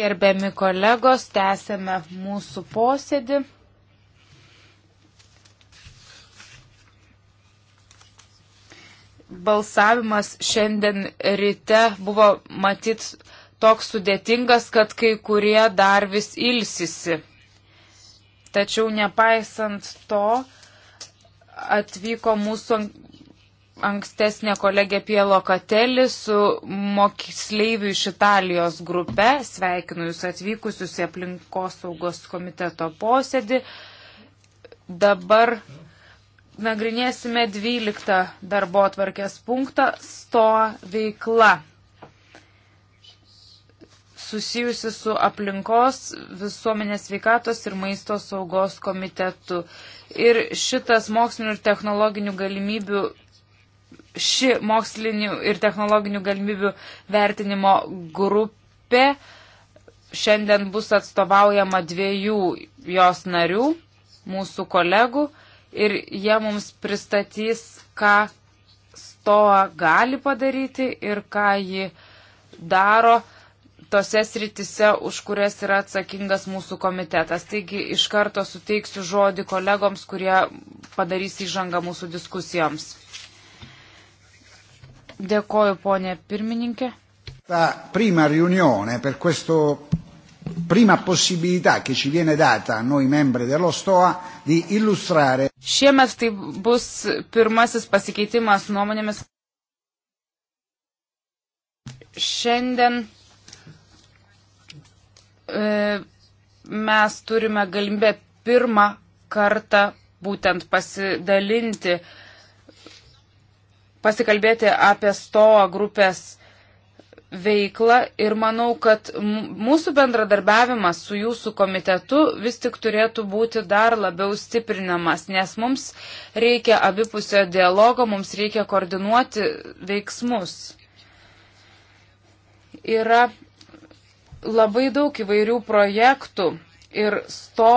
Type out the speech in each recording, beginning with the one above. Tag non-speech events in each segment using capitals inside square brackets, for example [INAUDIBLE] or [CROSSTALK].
Gerbiami kolegos, tęsėme mūsų posėdį. Balsavimas šiandien ryte buvo matyt toks sudėtingas, kad kai kurie dar vis ilsisi. Tačiau nepaisant to, atvyko mūsų ankstesnė kolegė Pielo Katelį su moksleivių iš Italijos grupe. Sveikinu Jūs atvykusius į aplinkosaugos komiteto posėdį. Dabar nagrinėsime 12 darbo atvarkės punktą - sto veikla susijusi su aplinkos, visuomenės sveikatos ir maisto saugos komitetu. Ir šitas mokslinių ir technologinių galimybių, ši mokslinių ir technologinių galimybių vertinimo grupė šiandien bus atstovaujama dviejų jos narių, mūsų kolegų, ir jie mums pristatys, ką stoa gali padaryti ir ką ji daro tose sritise, už kurias yra atsakingas mūsų komitetas. Taigi iš karto suteiksiu žodį kolegoms, kurie padarys įžangą mūsų diskusijoms. Dėkoju, ponė pirmininkė. Ta prima riunione per questo prima possibilità che ci viene data a noi membri dello STOA di illustrare. Šiemet tai bus pirmasis pasikeitimas nuomonėmis. Šiandien E, mes turime galimybę pirmą kartą būtent pasidalinti, pasikalbėti apie stoa grupės veiklą ir manau, kad mūsų bendradarbiavimas su jūsų komitetu vis tik turėtų būti dar labiau stiprinamas, nes mums reikia abipusio dialogo, mums reikia koordinuoti veiksmus. Yra labai daug įvairių projektų ir to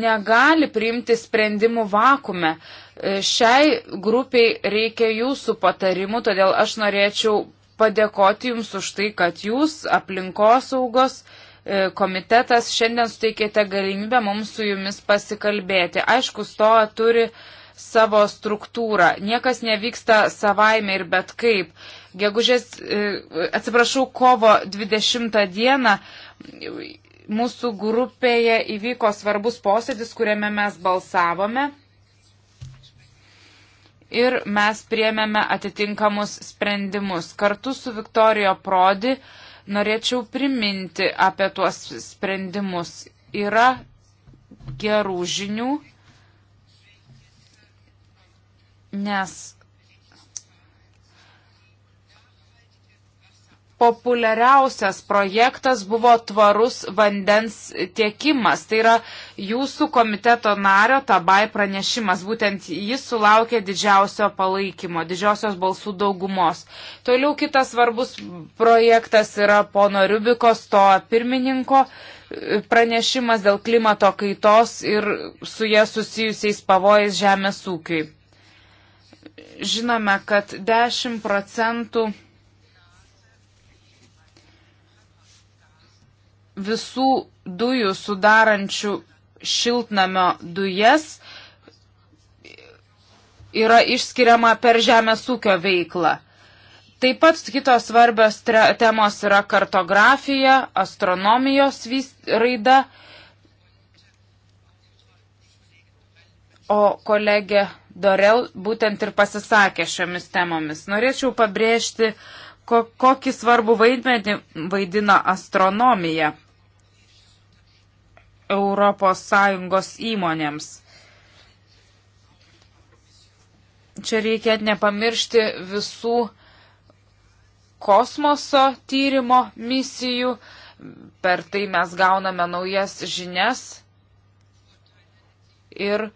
negali priimti sprendimų vakume. E, šiai grupiai reikia jūsų patarimų, todėl aš norėčiau padėkoti Jums už tai, kad Jūs aplinkosaugos e, komitetas šiandien suteikėte galimybę mums su Jumis pasikalbėti. Aišku, stoa turi savo struktūrą. Niekas nevyksta savaime ir bet kaip. Gegužės, e, atsiprašau, kovo 20 dieną mūsų grupėje įvyko svarbus posėdis, kuriame mes balsavome ir mes priemėme atitinkamus sprendimus. Kartu su Viktorijo Prodi norėčiau priminti apie tuos sprendimus. Yra gerų žinių, nes populiariausias projektas buvo tvarus vandens tiekimas. Tai yra jūsų komiteto nario tabai pranešimas. Būtent jis sulaukė didžiausio palaikymo, didžiosios balsų daugumos. Toliau kitas svarbus projektas yra pono Rubiko sto pirmininko e, pranešimas dėl klimato kaitos ir su jie susijusiais pavojais žemės ūkiui. Žinome, kad 10 procentų visų dujų sudarančių šiltnamio dujas yra išskiriama per žemės ūkio veiklą. Taip pat kitos svarbios temos yra kartografija, astronomijos raida. O kolegė Dorel būtent ir pasisakė šiomis temomis. Norėčiau pabrėžti, ko, kokį svarbų vaidmenį vaidina astronomija. ES įmonėms. Čia reikia nepamiršti visų kosmoso tyrimo misijų, per tai mes gauname naujas žinias ir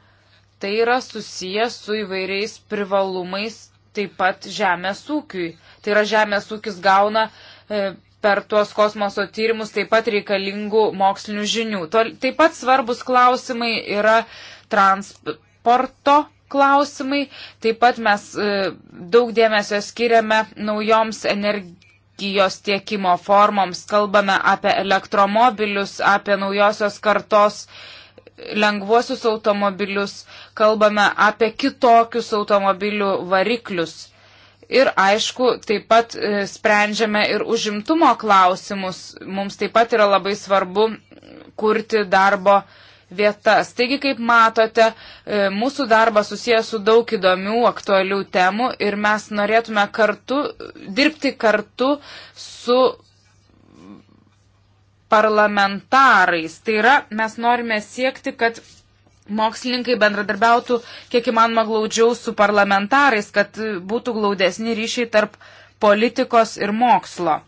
tai yra susijęs su įvairiais privalumais taip pat žemės ūkiui. Tai yra žemės ūkis gauna e, per tuos kosmoso tyrimus taip pat reikalingų mokslinių žinių. Taip pat svarbus klausimai yra transporto klausimai. Taip pat mes e, daug dėmesio skiriame naujoms energijos tiekimo formoms. Kalbame apie elektromobilius, apie naujosios kartos lengvuosius automobilius, kalbame apie kitokius automobilių variklius. Ir aišku, taip pat e, sprendžiame ir užimtumo klausimus. Mums taip pat yra labai svarbu kurti darbo vietas. Taigi, kaip matote, e, mūsų darbas susijęs su daug įdomių, aktualių temų ir mes norėtume kartu, dirbti kartu su parlamentarais. Tai yra, mes norime siekti, kad mokslininkai bendradarbiautų kiek įmanoma glaudžiau su parlamentarais, kad būtų glaudesni ryšiai tarp politikos ir mokslo.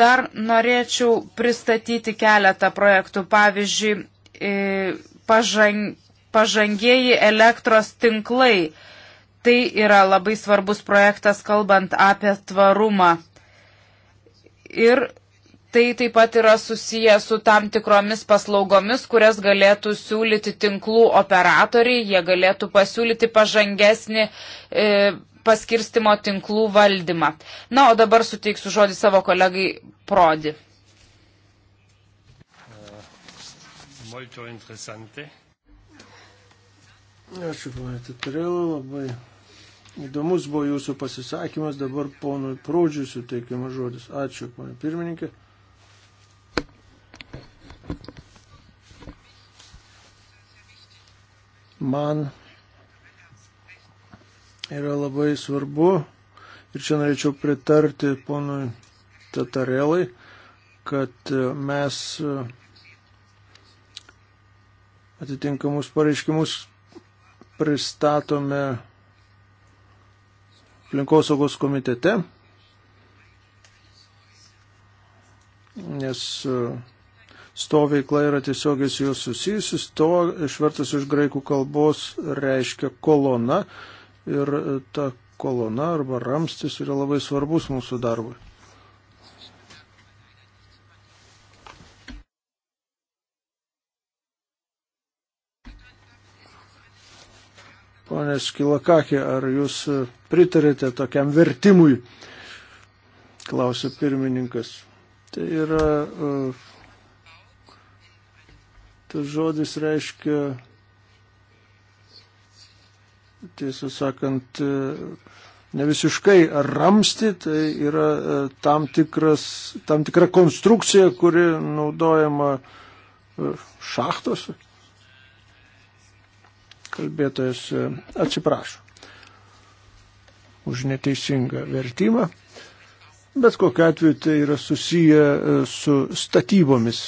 Dar norėčiau pristatyti keletą projektų. Pavyzdžiui, e, pažang, pažangieji elektros tinklai. Tai yra labai svarbus projektas, kalbant apie tvarumą. Ir tai taip pat yra susiję su tam tikromis paslaugomis, kurias galėtų siūlyti tinklų operatoriai, jie galėtų pasiūlyti pažangesnį e, paskirstimo tinklų valdymą. Na, o dabar suteiksiu žodį savo kolegai Prodi. Molto interessante. Ačiū, ponai, tikrai labai įdomus buvo jūsų pasisakymas, dabar ponui Prodžiui suteikiamas žodis. Ačiū, ponai pirmininkė. Man yra labai svarbu ir čia norėčiau pritarti ponui Tatarelai, kad mes atitinkamus pareiškimus pristatome aplinkosaugos komitete, nes uh, to veikla yra tiesiogiai su jos susijusius, to išvertus iš graikų kalbos reiškia kolona ir e, ta kolona arba ramstis yra labai svarbus mūsų darbui. Pone Skilakakė, ar jūs e, pritarėte tokiam vertimui? Klausė pirmininkas. Tai yra uh, Tas žodis reiškia, tiesą sakant, e, ne visiškai ramsti, tai yra e, tam, tikras, tam tikra konstrukcija, kuri naudojama e, šachtose. Kalbėtojas atsiprašo už neteisingą vertimą. Bet kokiu atveju tai yra susiję su statybomis.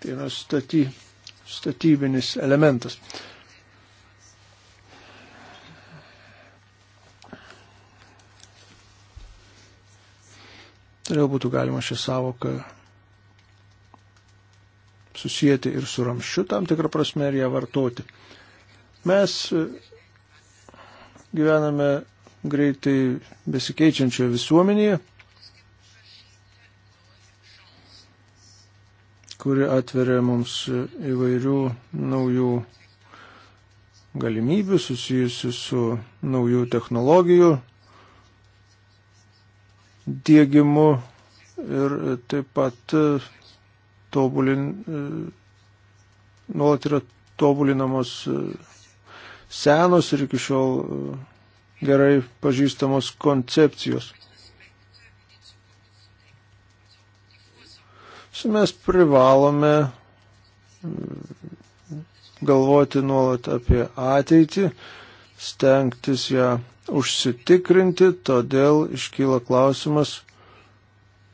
Tai yra statybomis statybinis elementas. Todėl būtų galima šią savoką susijęti ir su ramščiu tam tikrą prasme ir ją vartoti. Mes e, gyvename greitai besikeičiančioje visuomenėje kuri atveria mums įvairių naujų galimybių susijusių su naujų technologijų dėgymu ir taip pat tobulin, nuolat yra tobulinamos senos ir iki šiol gerai pažįstamos koncepcijos. Mes privalome galvoti nuolat apie ateitį, stengtis ją užsitikrinti, todėl iškyla klausimas,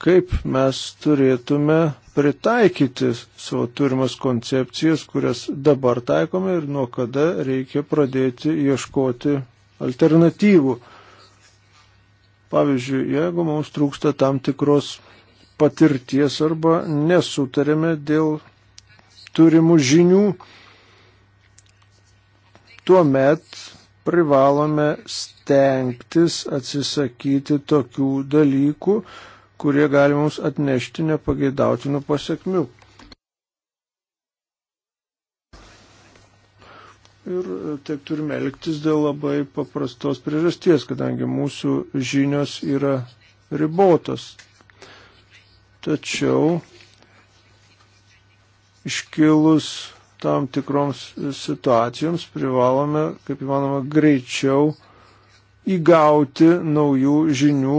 kaip mes turėtume pritaikyti savo turimas koncepcijas, kurias dabar taikome ir nuo kada reikia pradėti ieškoti alternatyvų. Pavyzdžiui, jeigu mums trūksta tam tikros patirties arba nesutarėme dėl turimų žinių, tuomet privalome stengtis atsisakyti tokių dalykų, kurie gali mums atnešti nepageidautinų pasiekmių. Ir taip turime elgtis dėl labai paprastos priežasties, kadangi mūsų žinios yra ribotos tačiau iškilus tam tikroms situacijoms privalome, kaip įmanoma, greičiau įgauti naujų žinių,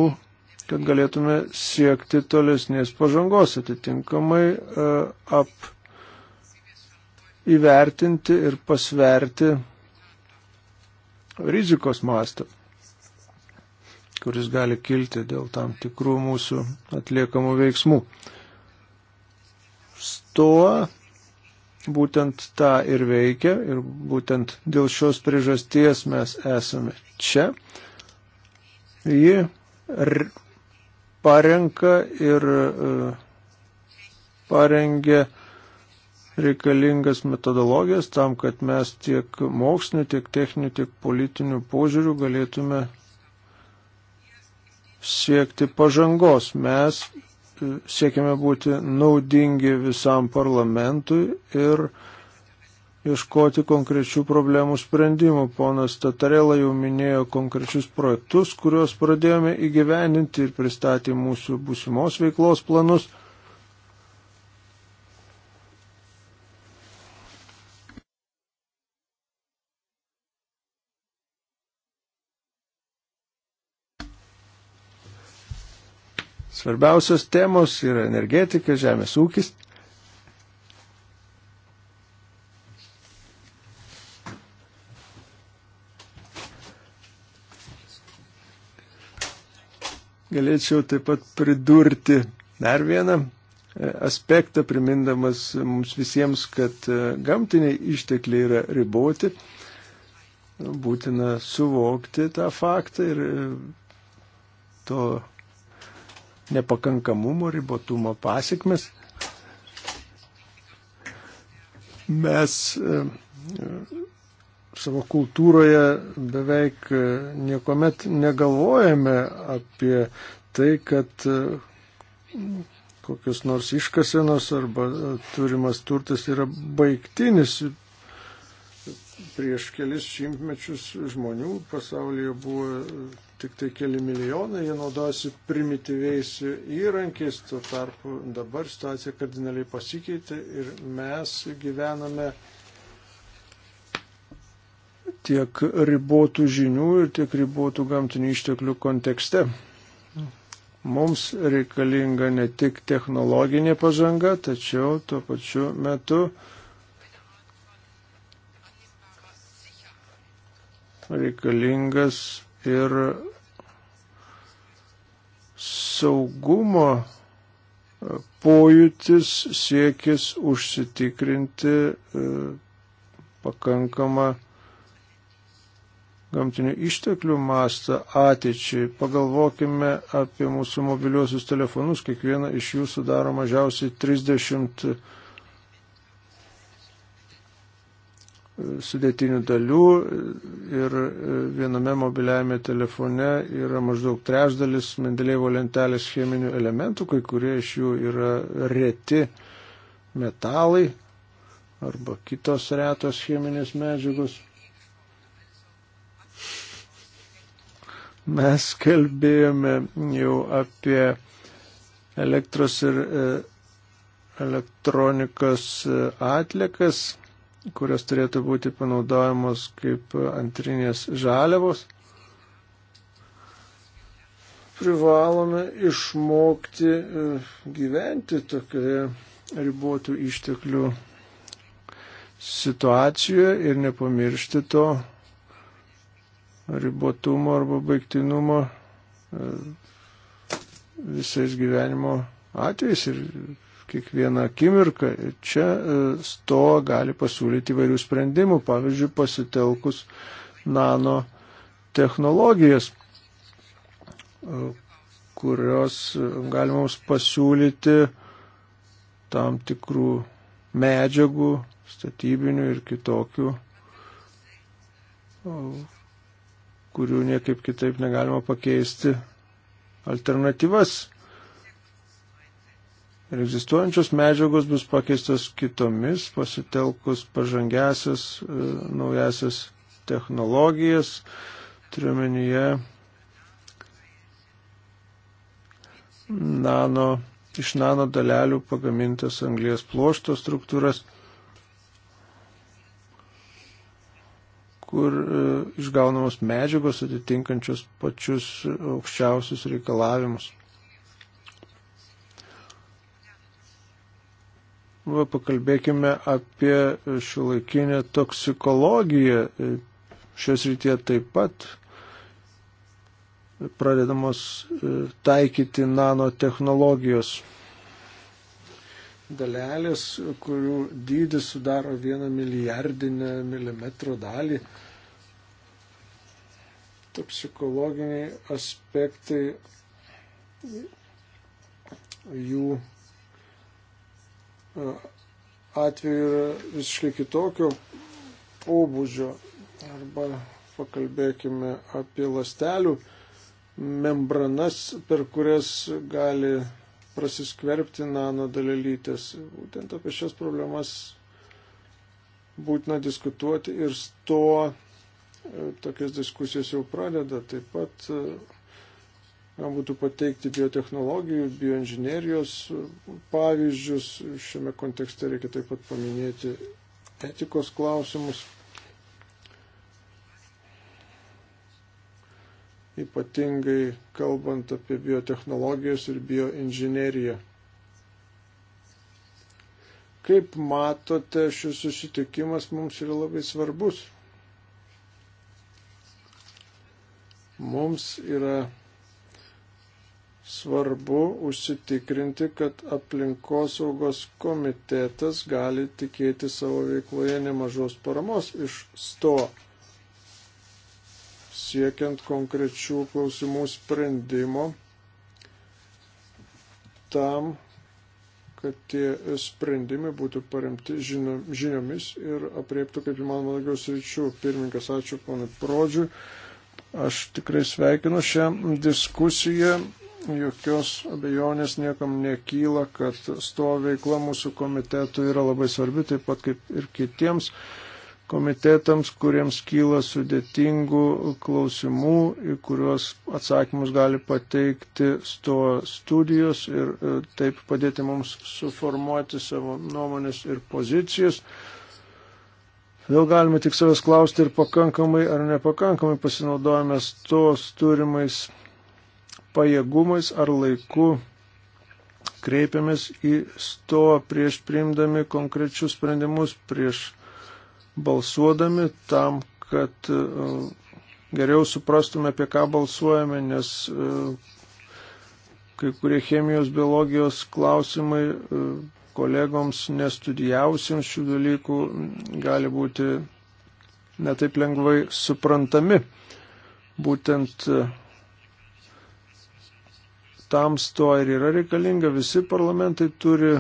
kad galėtume siekti tolesnės pažangos atitinkamai e, ap įvertinti ir pasverti rizikos mastą kuris gali kilti dėl tam tikrų mūsų atliekamų veiksmų. Stoa būtent tą ir veikia ir būtent dėl šios priežasties mes esame čia. Ji parenka ir e, parengia reikalingas metodologijas tam, kad mes tiek mokslinių, tiek techninių, tiek politinių požiūrių galėtume siekti pažangos. Mes e, siekime būti naudingi visam parlamentui ir ieškoti konkrečių problemų sprendimų. Ponas Tatarela jau minėjo konkrečius projektus, kuriuos pradėjome įgyveninti ir pristatė mūsų būsimos veiklos planus. Svarbiausios temos yra energetika, žemės ūkis. Galėčiau taip pat pridurti dar vieną e, aspektą, primindamas mums visiems, kad e, gamtiniai ištekliai yra riboti. Būtina suvokti tą faktą ir e, to nepakankamumo, ribotumo pasiekmes. Mes e, e, savo kultūroje beveik e, niekuomet negalvojame apie tai, kad kokios nors iškasenos arba turimas turtas yra baigtinis. Prieš kelis šimtmečius žmonių pasaulyje buvo tik tai keli milijonai, jie naudojasi primityviais įrankiais, tuo tarpu dabar situacija kardinaliai pasikeitė ir mes gyvename tiek ribotų žinių ir tiek ribotų gamtinių išteklių kontekste. Mums reikalinga ne tik technologinė pažanga, tačiau tuo pačiu metu reikalingas ir saugumo pojūtis siekis užsitikrinti e, pakankamą gamtinių išteklių mastą ateičiai. Pagalvokime apie mūsų mobiliuosius telefonus. Kiekviena iš jų sudaro mažiausiai 30 sudėtinių dalių ir e, viename mobiliajame telefone yra maždaug trečdalis Mendelėvo lentelės cheminių elementų, kai kurie iš jų yra reti metalai arba kitos retos cheminės medžiagos. Mes kalbėjome jau apie elektros ir e, elektronikos e, atlikas kurios turėtų būti panaudojamos kaip antrinės žaliavos, privalome išmokti e, gyventi tokioje ribotų išteklių situacijoje ir nepamiršti to ribotumo arba baigtinumo e, visais gyvenimo atvejais ir kiekvieną akimirką. Ir čia e, to gali pasiūlyti įvairių sprendimų, pavyzdžiui, pasitelkus nano technologijas, e, kurios e, galima mums pasiūlyti tam tikrų medžiagų, statybinių ir kitokių, kurių niekaip kitaip negalima pakeisti alternatyvas ir egzistuojančios medžiagos bus pakeistos kitomis, pasitelkus pažangesias e, naujasias technologijas, turiuomenyje nano, iš nano dalelių pagamintas anglijas plošto struktūras, kur e, išgaunamos medžiagos atitinkančios pačius aukščiausius reikalavimus. pakalbėkime apie šiuolaikinę toksikologiją. Šios rytie taip pat pradedamos e, taikyti nanotehnologijos dalelės, kurių dydis sudaro vieną milijardinę milimetro dalį. Toksikologiniai aspektai jų E, atveju yra visiškai kitokio pobūdžio. Arba pakalbėkime apie lastelių membranas, per kurias gali prasiskverbti nanodalelytės. Būtent apie šias problemas būtina diskutuoti ir to e, tokias diskusijas jau pradeda. Taip pat e, būtų pateikti biotehnologijų, bioinžinerijos pavyzdžius. Šiame kontekste reikia taip pat paminėti etikos klausimus. Ypatingai kalbant apie biotehnologijos ir bioinžineriją. Kaip matote, šis susitikimas mums yra labai svarbus. Mums yra svarbu užsitikrinti, kad aplinkosaugos komitetas gali tikėti savo veikloje nemažos paramos iš sto, siekiant konkrečių klausimų sprendimo tam, kad tie sprendimai būtų paremti žiniomis ir apriektų kaip įmanoma daugiau sričių. Pirmininkas, ačiū ponui Prodžiui. Aš tikrai sveikinu šią diskusiją jokios abejonės niekam nekyla, kad stovo veikla mūsų komitetų yra labai svarbi, taip pat kaip ir kitiems komitetams, kuriems kyla sudėtingų klausimų, į kuriuos atsakymus gali pateikti stovo studijos ir e, taip padėti mums suformuoti savo nuomonės ir pozicijas. Vėl galime tik savęs klausti ir pakankamai ar nepakankamai pasinaudojame tos turimais pajėgumais ar laiku kreipiamės į sto prieš priimdami konkrečius sprendimus, prieš balsuodami tam, kad e, geriau suprastume, apie ką balsuojame, nes e, kai kurie chemijos, biologijos klausimai e, kolegoms nestudijausiems šių dalykų gali būti netaip lengvai suprantami. Būtent tams to ir yra reikalinga. Visi parlamentai turi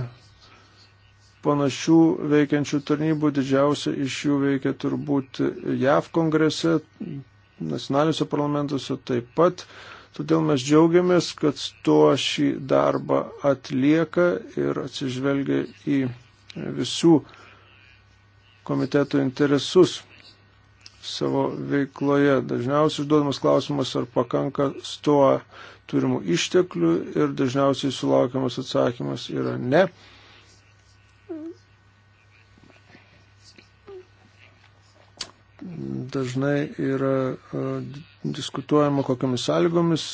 panašių veikiančių tarnybų, didžiausia iš jų veikia turbūt JAV kongrese, nacionaliniuose parlamentuose taip pat. Todėl mes džiaugiamės, kad tuo šį darbą atlieka ir atsižvelgia į visų komiteto interesus savo veikloje. Dažniausiai užduodamas klausimas, ar pakanka stoa turimų išteklių ir dažniausiai sulaukiamas atsakymas yra ne. Dažnai yra diskutuojama, kokiamis sąlygomis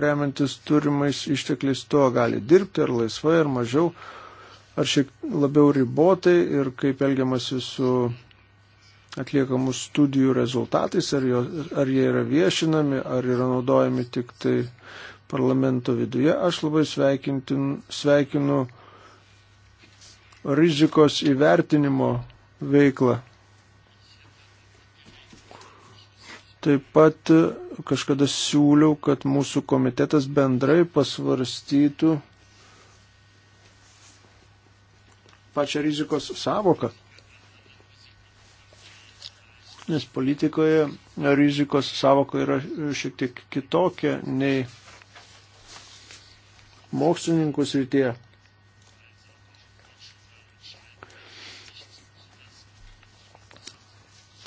remiantis turimais ištekliais to gali dirbti, ar laisvai, ar mažiau, ar šiek labiau ribotai ir kaip elgiamasi su atliekamų studijų rezultatais, ar, jo, ar jie yra viešinami, ar yra naudojami tik tai parlamento viduje. Aš labai sveikinu rizikos įvertinimo veiklą. Taip pat kažkada siūliau, kad mūsų komitetas bendrai pasvarstytų pačią rizikos savoką nes politikoje rizikos savoka yra šiek tiek kitokia nei mokslininkų srityje.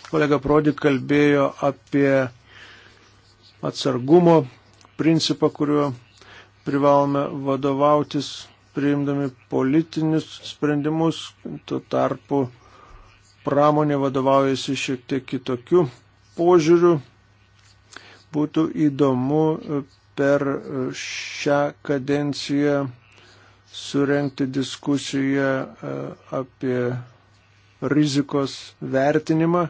Kolega Prodi kalbėjo apie atsargumo principą, kuriuo privalome vadovautis priimdami politinius sprendimus, tuo tarpu pramonė vadovaujasi šiek tiek kitokiu požiūriu. Būtų įdomu e, per e, šią kadenciją surenkti diskusiją e, apie rizikos vertinimą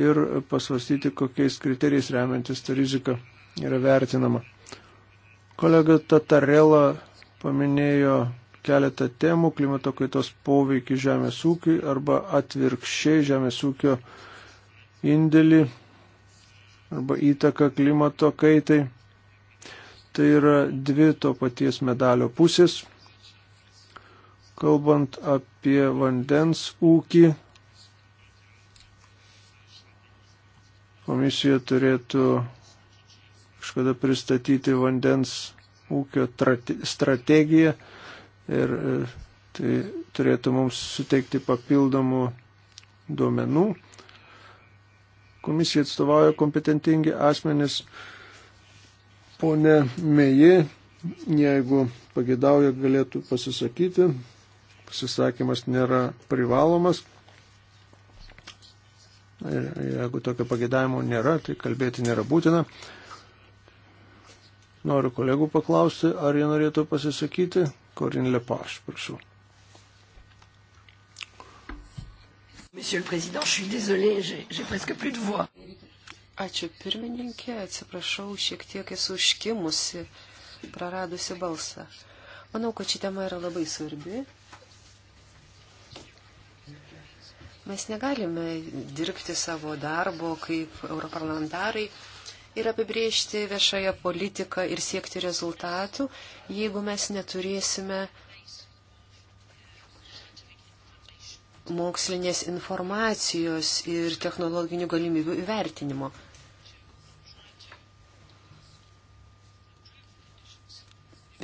ir pasvastyti, kokiais kriterijais remiantis ta rizika yra vertinama. Kolega Tatarela paminėjo keletą temų - klimato kaitos poveikį žemės ūkiui arba atvirkščiai žemės ūkio indėlį arba įtaką klimato kaitai. Tai yra dvi to paties medalio pusės. Kalbant apie vandens ūkį, komisija turėtų kažkada pristatyti vandens ūkio strategiją ir e, tai turėtų mums suteikti papildomų duomenų. Komisija atstovauja kompetentingi asmenys. Pone Meji, jeigu pagėdauja, galėtų pasisakyti. Pasisakymas nėra privalomas. Ir e, jeigu tokio pagėdavimo nėra, tai kalbėti nėra būtina. Noriu kolegų paklausti, ar jie norėtų pasisakyti. Korin Lepaš, prašau. Monsieur le Président, je suis désolée, j'ai presque plus de voix. Ačiū pirmininkė, atsiprašau, šiek tiek esu užkimusi, praradusi balsą. Manau, kad ši tema yra labai svarbi. Mes negalime dirbti savo darbo kaip europarlamentarai ir apibriežti viešąją politiką ir siekti rezultatų, jeigu mes neturėsime mokslinės informacijos ir technologinių galimybių įvertinimo.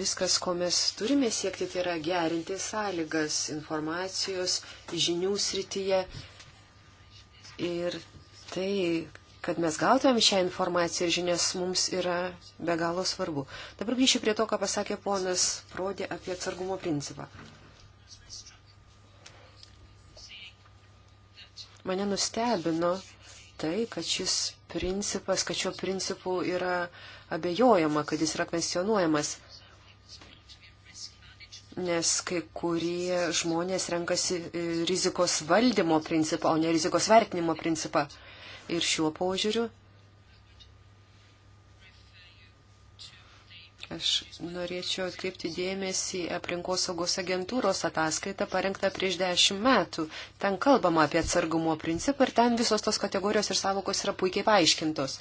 Viskas, ko mes turime siekti, tai yra gerinti sąlygas informacijos, žinių srityje ir tai kad mes gautumėm šią informaciją ir žinias mums yra be galo svarbu. Dabar grįšiu prie to, ką pasakė ponas Prodė apie atsargumo principą. Mane nustebino tai, kad šis principas, kad šio principu yra abejojama, kad jis yra kvestionuojamas. Nes kai kurie žmonės renkasi e, rizikos valdymo principą, o ne rizikos vertinimo principą. Ir šiuo požiūriu aš norėčiau atkreipti dėmesį aplinkosaugos agentūros ataskaitą parengtą prieš dešimt metų. Ten kalbama apie atsargumo principą ir ten visos tos kategorijos ir savokos yra puikiai paaiškintos.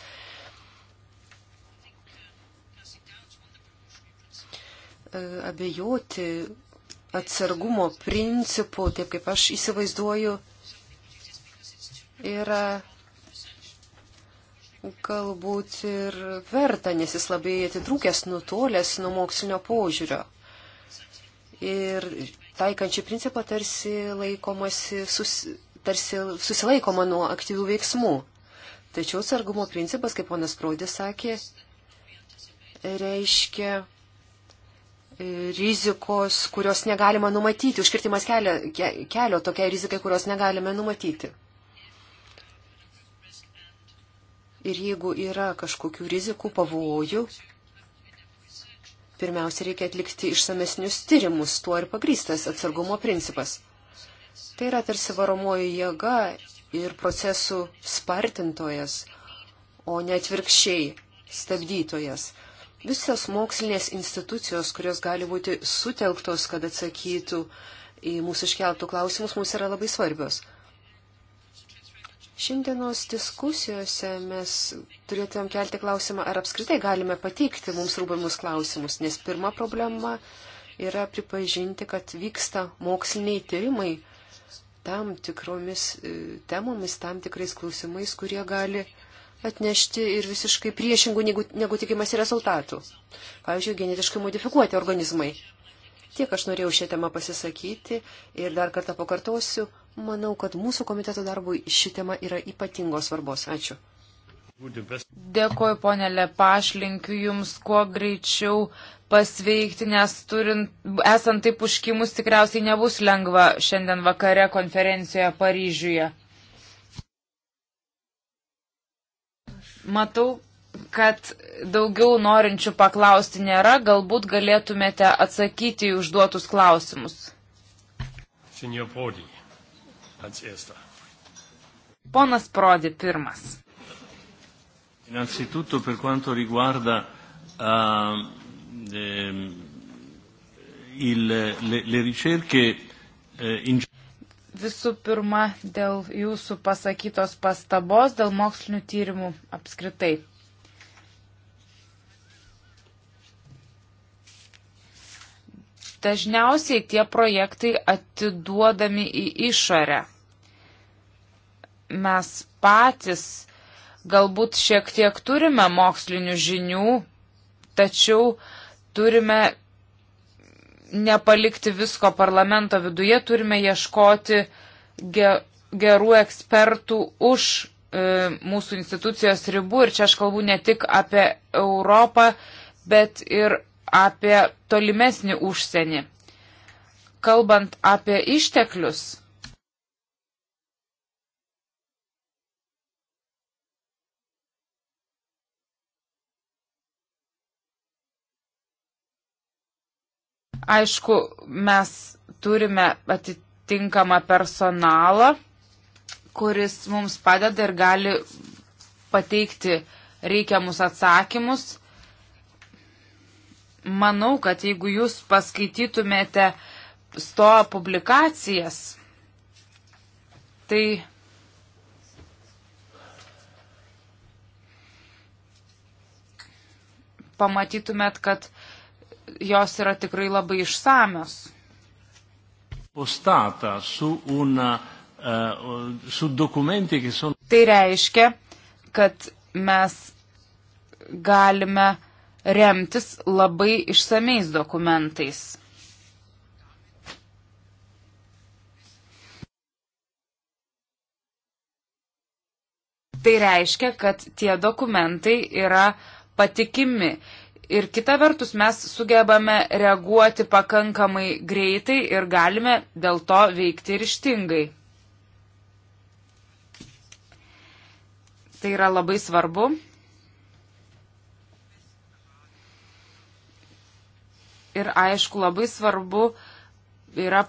E, abejoti atsargumo principų, taip kaip aš įsivaizduoju, yra galbūt ir verta, nes jis labai atitrūkęs, nutolęs nuo mokslinio požiūrio. Ir taikančių principą tarsi, sus, tarsi susilaikoma nuo aktyvių veiksmų. Tačiau sargumo principas, kaip ponas Praudė sakė, reiškia e, rizikos, kurios negalima numatyti, užkirtimas kelio, kelio tokiai rizikai, kurios negalime numatyti. Ir jeigu yra kažkokių rizikų, pavojų, pirmiausia, reikia atlikti išsamesnius tyrimus, tuo ir pagrystas atsargumo principas. Tai yra tarsi varomoji jėga ir procesų spartintojas, o ne atvirkščiai stabdytojas. Visos mokslinės institucijos, kurios gali būti sutelktos, kad atsakytų į mūsų iškeltų klausimus, mums yra labai svarbios. Šiandienos diskusijose mes turėtumėm kelti klausimą, ar apskritai galime pateikti mums rūpimus klausimus, nes pirma problema yra pripažinti, kad vyksta moksliniai tyrimai tam tikromis e, temomis, tam tikrais klausimais, kurie gali atnešti ir visiškai priešingų negu, negu tikimasi rezultatų. Pavyzdžiui, genetiškai modifikuoti organizmai. Tiek aš norėjau šią temą pasisakyti ir dar kartą pakartosiu, Manau, kad mūsų komiteto darbui ši tema yra ypatingos svarbos. Ačiū. Dėkuoju, ponė Lepaš, linkiu Jums kuo greičiau pasveikti, nes turint, esant taip užkimus, tikriausiai nebus lengva šiandien vakare konferencijoje Paryžiuje. Matau, kad daugiau norinčių paklausti nėra, galbūt galėtumėte atsakyti į užduotus klausimus. Signor Prodi als erster. Ponas Prodi pirmas. Innanzitutto per quanto riguarda uh, eh, il, le, le ricerche eh, in Visų pirma, dėl jūsų pasakytos pastabos, dėl mokslinių tyrimų apskritai. Dažniausiai tie projektai atiduodami į išorę mes patys galbūt šiek tiek turime mokslinių žinių, tačiau turime nepalikti visko parlamento viduje, turime ieškoti gerų ekspertų už e, mūsų institucijos ribų. Ir čia aš kalbu ne tik apie Europą, bet ir apie tolimesnį užsienį. Kalbant apie išteklius, Aišku, mes turime atitinkamą personalą, kuris mums padeda ir gali pateikti reikiamus atsakymus. Manau, kad jeigu jūs paskaitytumėte sto publikacijas, tai pamatytumėt, kad jos yra tikrai labai išsamios. Eh, tai reiškia, kad mes galime remtis labai išsamiais dokumentais. Tai reiškia, kad tie dokumentai yra patikimi ir kita vertus mes sugebame reaguoti pakankamai greitai ir galime dėl to veikti ryštingai. Tai yra labai svarbu. Ir aišku, labai svarbu yra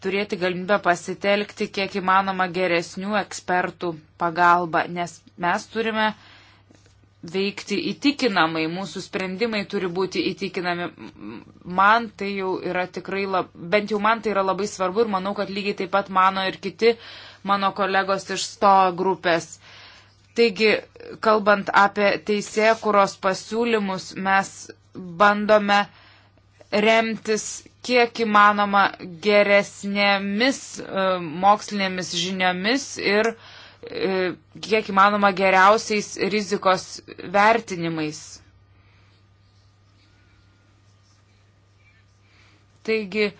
turėti galimybę pasitelkti kiek įmanoma geresnių ekspertų pagalbą, nes mes turime uh, veikti įtikinamai, mūsų sprendimai turi būti įtikinami. Man tai jau yra tikrai, lab, bent jau man tai yra labai svarbu ir manau, kad lygiai taip pat mano ir kiti mano kolegos iš sto grupės. Taigi, kalbant apie teisėkuros pasiūlymus, mes bandome remtis kiek įmanoma geresnėmis e, mokslinėmis žiniomis ir uh, E, kiek įmanoma geriausiais rizikos vertinimais. Taigi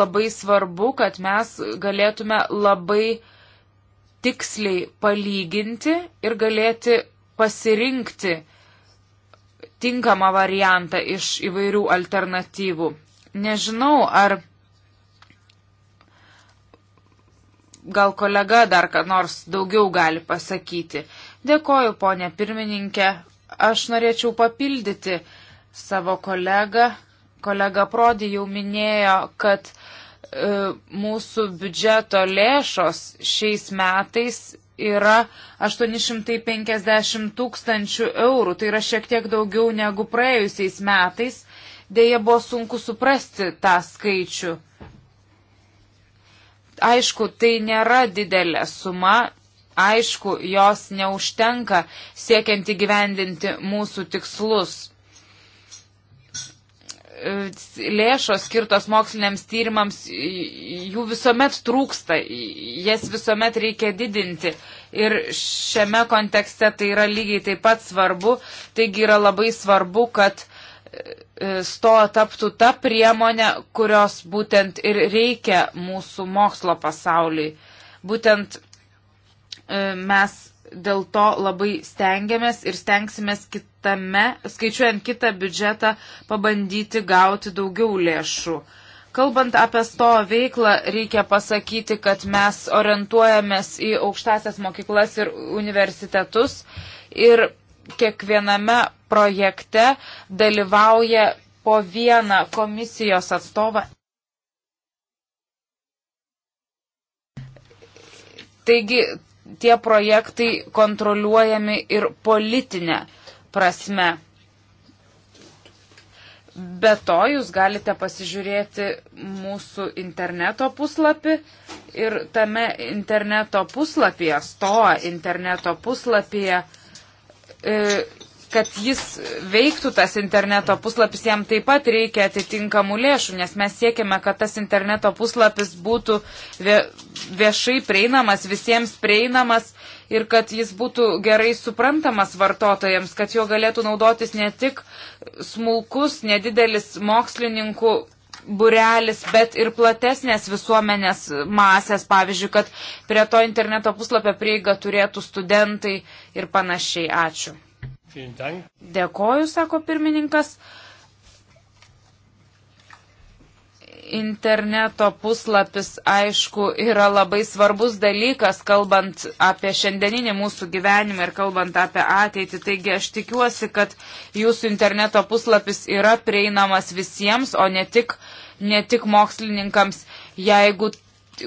labai svarbu, kad mes galėtume labai tiksliai palyginti ir galėti pasirinkti tinkamą variantą iš įvairių alternatyvų. Nežinau, ar gal kolega dar ką nors daugiau gali pasakyti. Dėkoju, ponė pirmininkė. Aš norėčiau papildyti savo kolegą. Kolega Prodi jau minėjo, kad e, mūsų biudžeto lėšos šiais metais yra 850 tūkstančių eurų. Tai yra šiek tiek daugiau negu praėjusiais metais. Deja, buvo sunku suprasti tą skaičių. Aišku, tai nėra didelė suma, aišku, jos neužtenka siekiant įgyvendinti mūsų tikslus. Lėšos skirtos moksliniams tyrimams, jų visuomet trūksta, jas visuomet reikia didinti. Ir šiame kontekste tai yra lygiai taip pat svarbu. Taigi yra labai svarbu, kad E, stoja taptų ta priemonė, kurios būtent ir reikia mūsų mokslo pasauliui. Būtent e, mes dėl to labai stengiamės ir stengsimės kitame, skaičiuojant kitą biudžetą, pabandyti gauti daugiau lėšų. Kalbant apie to veiklą, reikia pasakyti, kad mes orientuojamės į aukštasias mokyklas ir universitetus ir kiekviename projekte dalyvauja po vieną komisijos atstovą. Taigi tie projektai kontroliuojami ir politinė prasme. Be to, jūs galite pasižiūrėti mūsų interneto puslapį ir tame interneto puslapyje, stoa interneto puslapyje, E, kad jis veiktų tas interneto puslapis, jam taip pat reikia atitinkamų lėšų, nes mes siekiame, kad tas interneto puslapis būtų viešai prieinamas, visiems prieinamas ir kad jis būtų gerai suprantamas vartotojams, kad jo galėtų naudotis ne tik smulkus, nedidelis mokslininkų burelis, bet ir platesnės visuomenės masės, pavyzdžiui, kad prie to interneto puslapio prieiga turėtų studentai ir panašiai. Ačiū. Dėkoju, sako pirmininkas. interneto puslapis, aišku, yra labai svarbus dalykas, kalbant apie šiandieninį mūsų gyvenimą ir kalbant apie ateitį. Taigi aš tikiuosi, kad jūsų interneto puslapis yra prieinamas visiems, o ne tik, ne tik mokslininkams. Jeigu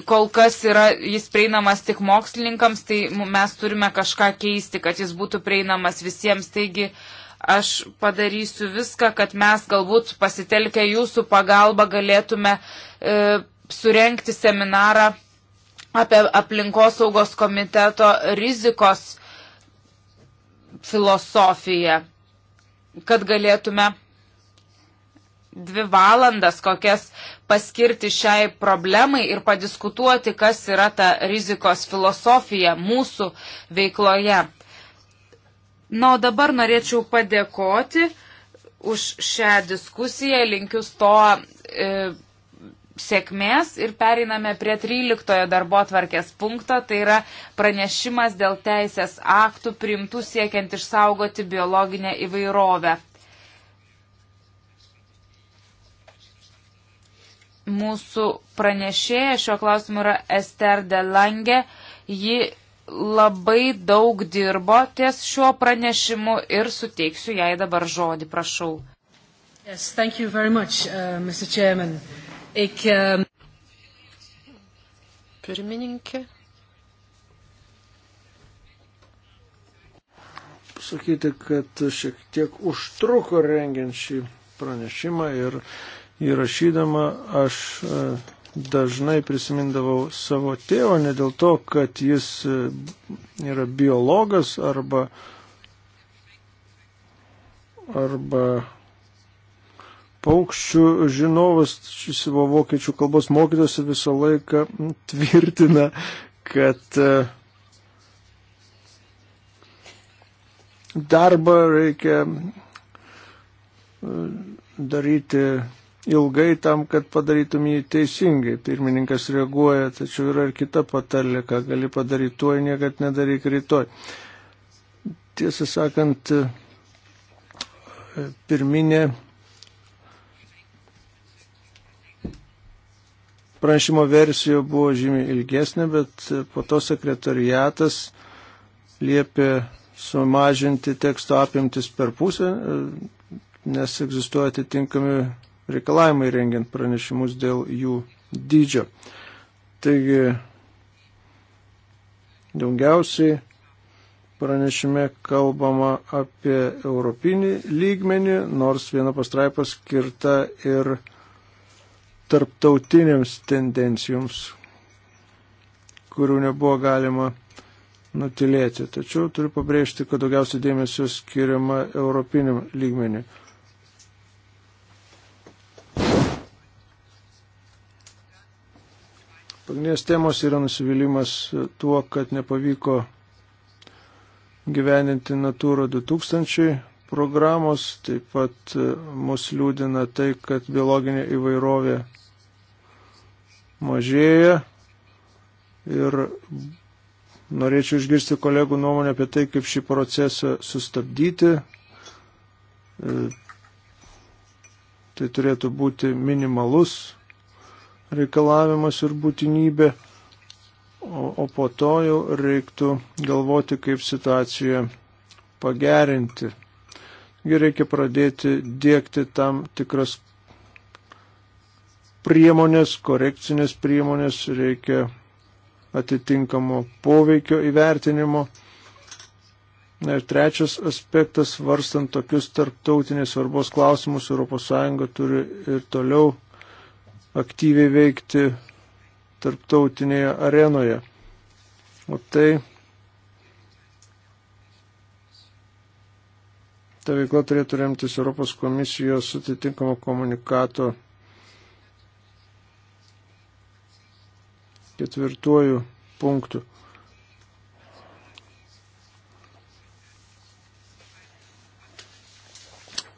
kol kas yra jis prieinamas tik mokslininkams, tai mes turime kažką keisti, kad jis būtų prieinamas visiems. Taigi, uh, Aš padarysiu viską, kad mes galbūt pasitelkę jūsų pagalbą galėtume e, surenkti seminarą apie aplinkosaugos komiteto rizikos filosofiją, kad galėtume dvi valandas kokias paskirti šiai problemai ir padiskutuoti, kas yra ta rizikos filosofija mūsų veikloje. Na, o dabar norėčiau padėkoti už šią diskusiją, linkiu to e, sėkmės ir pereiname prie 13 darbo tvarkės punkto, tai yra pranešimas dėl teisės aktų priimtų siekiant išsaugoti biologinę įvairovę. mūsų pranešėja šio klausimu yra Ester Delange. Ji labai daug dirbo ties šiuo pranešimu ir suteiksiu jai dabar žodį, prašau. Yes, thank you very much, uh, Mr. Chairman. Ik, um... Pirmininkė. Sakyti, kad šiek tiek užtruko rengiant šį pranešimą ir įrašydama aš uh, dažnai prisimindavau savo tėvą, ne dėl to, kad jis e, yra biologas arba, arba paukščių žinovas, šis buvo vokiečių kalbos mokytas ir visą laiką tvirtina, kad e, darbą reikia e, daryti ilgai tam, kad padarytum jį teisingai. Pirmininkas reaguoja, tačiau yra ir kita patarlė, ką gali padaryti tuoj, niekad nedaryk rytoj. Tiesą sakant, pirminė pranešimo versija buvo žymiai ilgesnė, bet po to sekretariatas liepė sumažinti teksto apimtis per pusę, nes egzistuoja atitinkami reikalavimai rengiant pranešimus dėl jų dydžio. Taigi, daugiausiai pranešime kalbama apie europinį lygmenį, nors viena pastraipa skirta ir tarptautiniams tendencijoms, kurių nebuvo galima nutilėti. Tačiau turiu pabrėžti, kad daugiausiai dėmesio skiriama europiniam lygmeniui. Pagrindinės temos yra nusivylimas tuo, kad nepavyko gyveninti Natūro 2000 programos, taip pat e, mus liūdina tai, kad biologinė įvairovė mažėja ir norėčiau išgirsti kolegų nuomonę apie tai, kaip šį procesą sustabdyti. E, tai turėtų būti minimalus reikalavimas ir būtinybė, o, o po to jau reiktų galvoti, kaip situaciją pagerinti. Ir reikia pradėti dėkti tam tikras priemonės, korekcinės priemonės, reikia atitinkamo poveikio įvertinimo. Na ir trečias aspektas, varstant tokius tarptautinės svarbos klausimus, ES turi ir toliau aktyviai veikti tarptautinėje arenoje. O tai ta veikla turėtų remtis Europos komisijos atitinkamo komunikato ketvirtuoju punktu.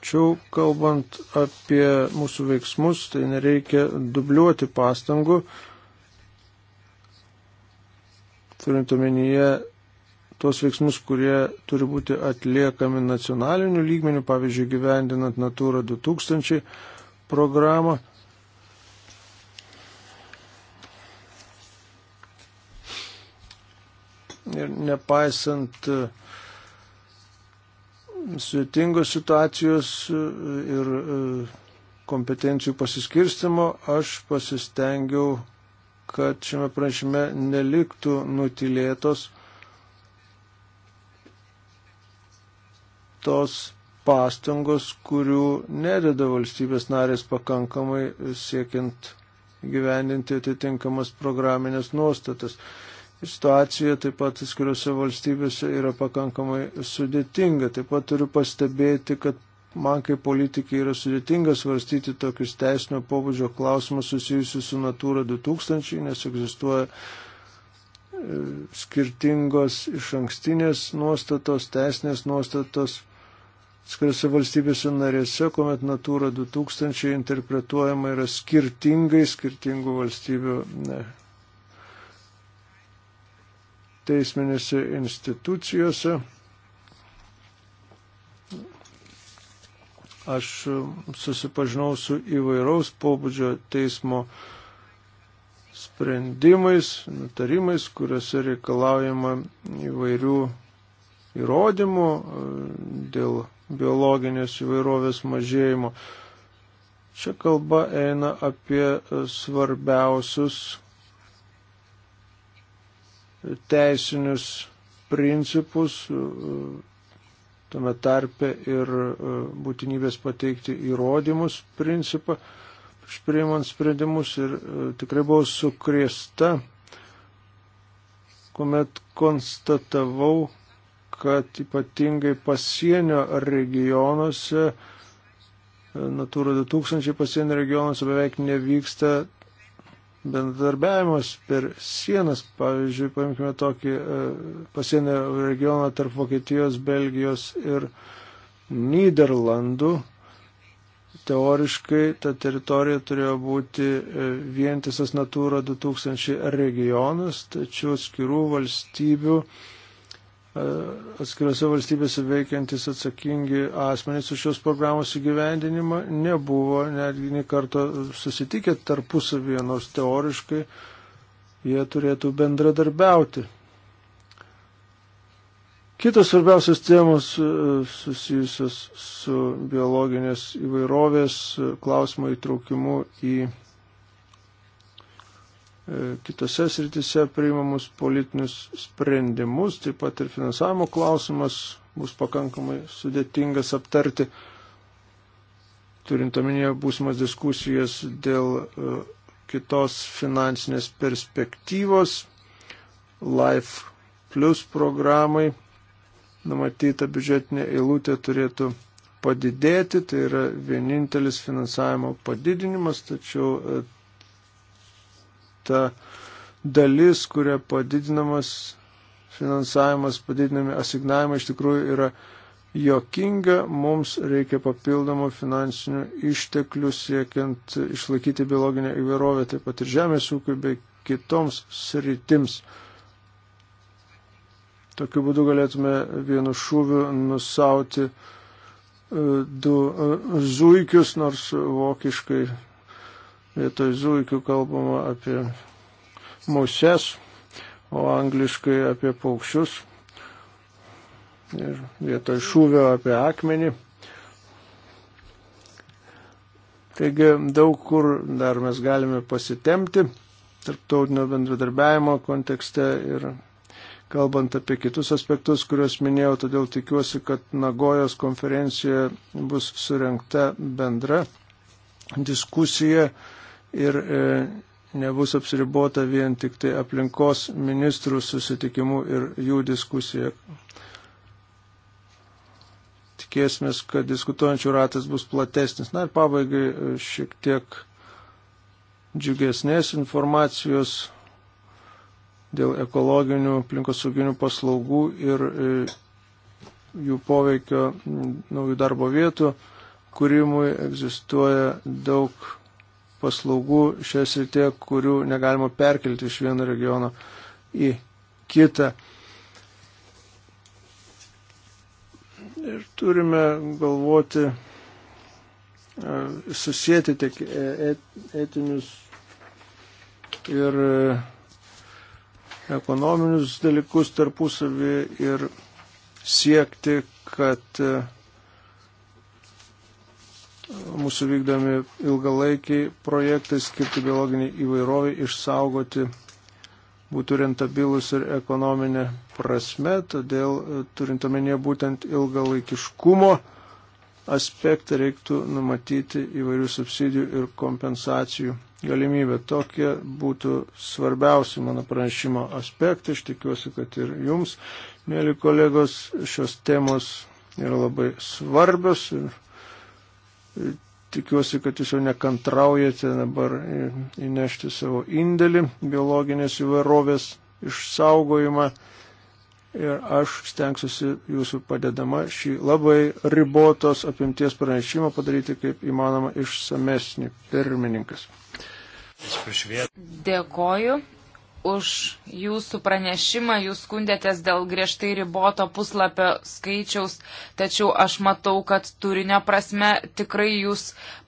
Tačiau, kalbant apie mūsų veiksmus, tai nereikia dubliuoti pastangų, turint omenyje tuos veiksmus, kurie turi būti atliekami nacionaliniu lygmeniu, pavyzdžiui, gyvendinant Natūra 2000 programą. Ir nepaisant uh, sudėtingos situacijos ir e, kompetencijų pasiskirstimo aš pasistengiau, kad šiame prašyme neliktų nutilėtos tos pastangos, kurių nededa valstybės narės pakankamai siekiant gyveninti atitinkamas programinės nuostatas situacija taip pat skiriuose valstybėse yra pakankamai sudėtinga. Taip pat turiu pastebėti, kad man kaip politikai yra sudėtinga svarstyti tokius teisinio pobūdžio klausimus susijusius su Natūra 2000, nes egzistuoja e, skirtingos iš ankstinės nuostatos, teisinės nuostatos skiriasi valstybėse narėse, kuomet Natūra 2000 interpretuojama yra skirtingai skirtingų valstybių ne, teisminėse institucijose. Aš susipažinau su įvairaus pobūdžio teismo sprendimais, nutarimais, kuriuose reikalaujama įvairių įrodymų e, dėl biologinės įvairovės mažėjimo. Čia kalba eina apie e, svarbiausius teisinius principus, tame tarpe ir e, būtinybės pateikti įrodymus principą, priimant sprendimus ir e, tikrai buvau sukrėsta, kuomet konstatavau, kad ypatingai pasienio regionuose e, Natūra 2000 pasienio regionuose beveik nevyksta bendarbiavimas per sienas, pavyzdžiui, paimkime tokį e, pasienio regioną tarp Vokietijos, Belgijos ir Niderlandų, teoriškai ta teritorija turėjo būti e, vientisas Natūra 2000 regionas, tačiau skirų valstybių E, atskirose valstybėse veikiantis atsakingi asmenys už šios programos įgyvendinimą nebuvo netgi nei karto susitikę tarpusavyje, nors teoriškai jie turėtų bendradarbiauti. Kitos svarbiausios temos e, susijusios su biologinės įvairovės e, klausimo įtraukimu į E, kitose sritise priimamus politinius sprendimus, taip pat ir finansavimo klausimas bus pakankamai sudėtingas aptarti, turint omenyje būsimas diskusijas dėl e, kitos finansinės perspektyvos, Life Plus programai numatyta biudžetinė eilutė turėtų padidėti, tai yra vienintelis finansavimo padidinimas, tačiau e, ta dalis, kuria padidinamas finansavimas, padidinami asignavimai iš tikrųjų yra jokinga, mums reikia papildomų finansinių išteklių siekiant išlaikyti biologinę įvairovę, taip pat ir žemės ūkiui bei kitoms sritims. Tokiu būdu galėtume vienu šūviu nusauti e, du e, zuikius, nors vokiškai vietoj zuikių kalbama apie muses, o angliškai apie paukščius. Ir vietoj šūvio apie akmenį. Taigi daug kur dar mes galime pasitemti tarptautinio bendradarbiavimo kontekste ir kalbant apie kitus aspektus, kuriuos minėjau, todėl tikiuosi, kad Nagojos konferencijoje bus surinkta bendra diskusija ir e, nebus apsiribota vien tik tai aplinkos ministrų susitikimu ir jų diskusija. Tikėsime, kad diskutuojančių ratas bus platesnis. Na ir pabaigai e, šiek tiek džiugesnės informacijos dėl ekologinių aplinkosauginių paslaugų ir e, jų poveikio naujų darbo vietų kūrimui egzistuoja daug paslaugų šioje srityje, kurių negalima perkelti iš vieno regiono į kitą. Ir turime galvoti, e, susijęti tiek e, etinius ir e, ekonominius dalykus tarpusavį ir siekti, kad mūsų vykdomi ilgalaikiai projektai skirti biologiniai įvairoviai išsaugoti būtų rentabilus ir ekonominė prasme, todėl e, turint omenyje būtent ilgalaikiškumo aspektą reiktų numatyti įvairių subsidijų ir kompensacijų galimybę. Tokie būtų svarbiausi mano pranešimo aspektai. Aš tikiuosi, kad ir jums, mėly kolegos, šios temos yra labai svarbios ir Tikiuosi, kad jūs jau nekantraujate dabar įnešti savo indėlį biologinės įvairovės išsaugojimą. Ir aš stengsiuosi jūsų padedama šį labai ribotos apimties pranešimą padaryti kaip įmanoma išsamesnį pirmininkas. Dėkoju už jūsų pranešimą. Jūs skundėtės dėl griežtai riboto puslapio skaičiaus, tačiau aš matau, kad turinio prasme tikrai jūs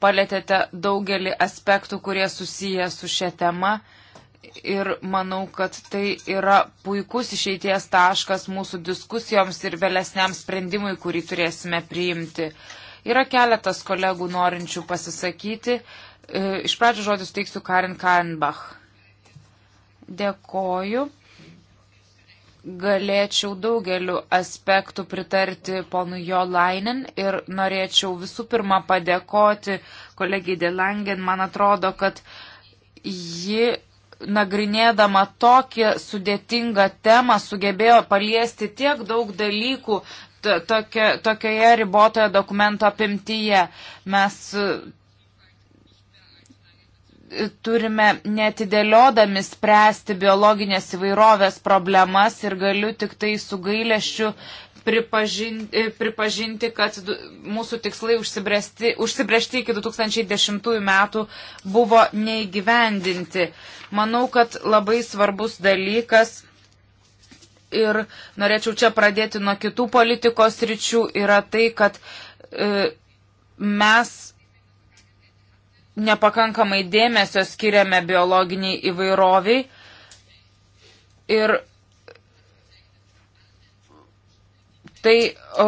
palėtėte daugelį aspektų, kurie susiję su šia tema. Ir manau, kad tai yra puikus išeities taškas mūsų diskusijoms ir vėlesniam sprendimui, kurį turėsime priimti. Yra keletas kolegų norinčių pasisakyti. E, iš pradžių žodžius teiksiu Karin Kainbach. Dėkoju. Galėčiau daugeliu aspektų pritarti ponu Jo Lainin ir norėčiau visų pirma padėkoti kolegijai Delangen. Man atrodo, kad ji nagrinėdama tokią sudėtingą temą sugebėjo paliesti tiek daug dalykų tokia, tokioje ribotoje dokumento apimtyje. Mes turime netidėliodami spręsti biologinės įvairovės problemas ir galiu tik tai su gailėščiu pripažinti, e, pripažinti kad mūsų tikslai užsibrėžti iki 2010 metų buvo neįgyvendinti. Manau, kad labai svarbus dalykas ir norėčiau čia pradėti nuo kitų politikos ryčių yra tai, kad e, mes nepakankamai dėmesio skiriame biologiniai įvairoviai ir tai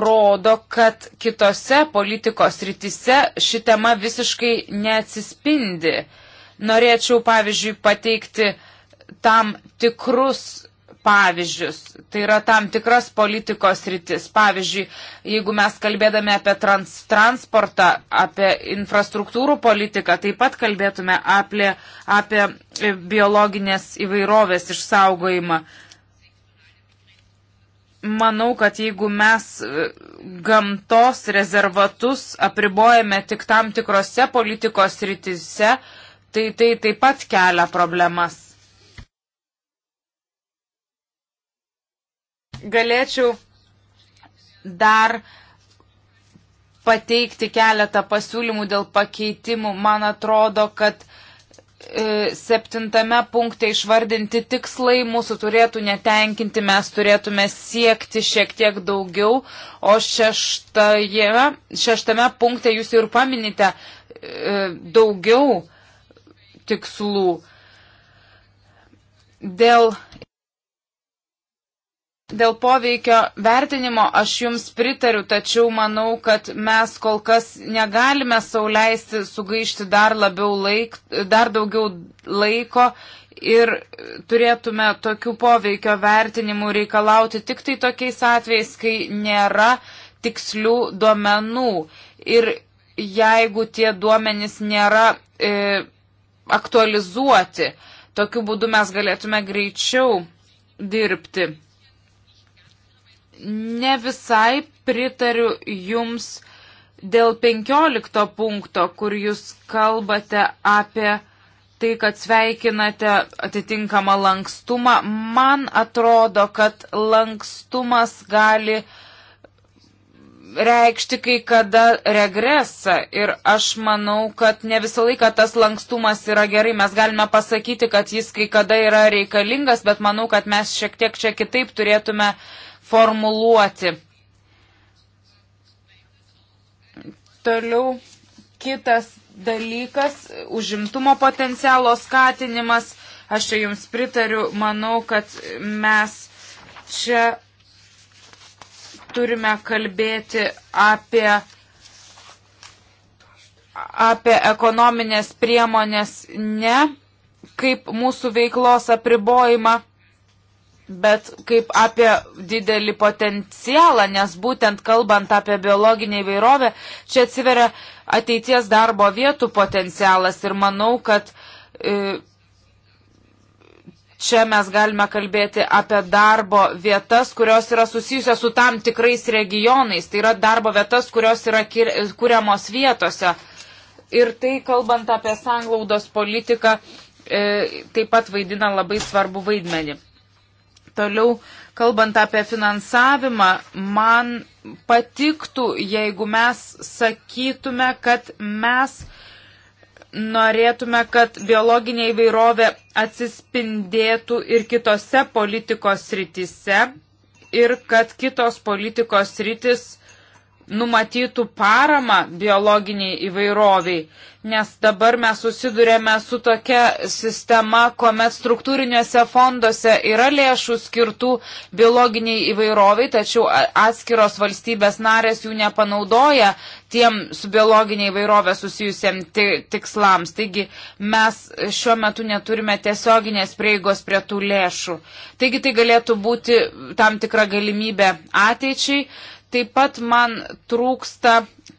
rodo, kad kitose politikos rytise ši tema visiškai neatsispindi. Norėčiau, pavyzdžiui, pateikti tam tikrus pavyzdžius. Tai yra tam tikras politikos rytis. Pavyzdžiui, jeigu mes kalbėdame apie trans, transportą, apie infrastruktūrų politiką, taip pat kalbėtume apie, apie biologinės įvairovės išsaugojimą. Manau, kad jeigu mes e, gamtos rezervatus apribojame tik tam tikrose politikos rytise, tai tai taip pat kelia problemas. galėčiau dar pateikti keletą pasiūlymų dėl pakeitimų. Man atrodo, kad e, septintame punkte išvardinti tikslai mūsų turėtų netenkinti, mes turėtume siekti šiek tiek daugiau, o šeštaje, šeštame punkte jūs ir paminite e, daugiau tikslų. Dėl Dėl poveikio vertinimo aš jums pritariu, tačiau manau, kad mes kol kas negalime sauliaisti sugaišti dar, laik, dar daugiau laiko ir turėtume tokių poveikio vertinimų reikalauti tik tai tokiais atvejais, kai nėra tikslių duomenų. Ir jeigu tie duomenys nėra e, aktualizuoti, tokiu būdu mes galėtume greičiau dirbti ne visai pritariu jums dėl 15 punkto, kur jūs kalbate apie tai, kad sveikinate atitinkamą lankstumą. Man atrodo, kad lankstumas gali uh, reikšti kai kada regresą ir aš manau, kad ne visą laiką tas lankstumas yra gerai. Mes galime pasakyti, kad jis kai kada yra reikalingas, bet manau, kad mes šiek tiek čia kitaip turėtume formuluoti. Toliau kitas dalykas - užimtumo potencialo skatinimas. Aš čia jums pritariu, manau, kad mes čia turime kalbėti apie, apie ekonominės priemonės ne kaip mūsų veiklos apribojimą, bet kaip apie didelį potencialą, nes būtent kalbant apie biologinę įvairovę, čia atsiveria ateities darbo vietų potencialas ir manau, kad e, Čia mes galime kalbėti apie darbo vietas, kurios yra susijusios su tam tikrais regionais. Tai yra darbo vietas, kurios yra kuriamos vietose. Ir tai, kalbant apie sanglaudos politiką, e, taip pat vaidina labai svarbu vaidmenį. Toliau, kalbant apie finansavimą, man patiktų, jeigu mes sakytume, kad mes norėtume, kad biologinė įvairovė atsispindėtų ir kitose politikos rytise ir kad kitos politikos rytis numatytų paramą biologiniai įvairoviai, nes dabar mes susidurėme su tokia sistema, kuomet struktūriniuose fonduose yra lėšų skirtų biologiniai įvairoviai, tačiau atskiros valstybės narės jų nepanaudoja tiem su biologinė įvairovė susijusiam tikslams. Taigi mes šiuo metu neturime tiesioginės prieigos prie tų lėšų. Taigi tai galėtų būti tam tikra galimybė ateičiai. Taip pat man trūksta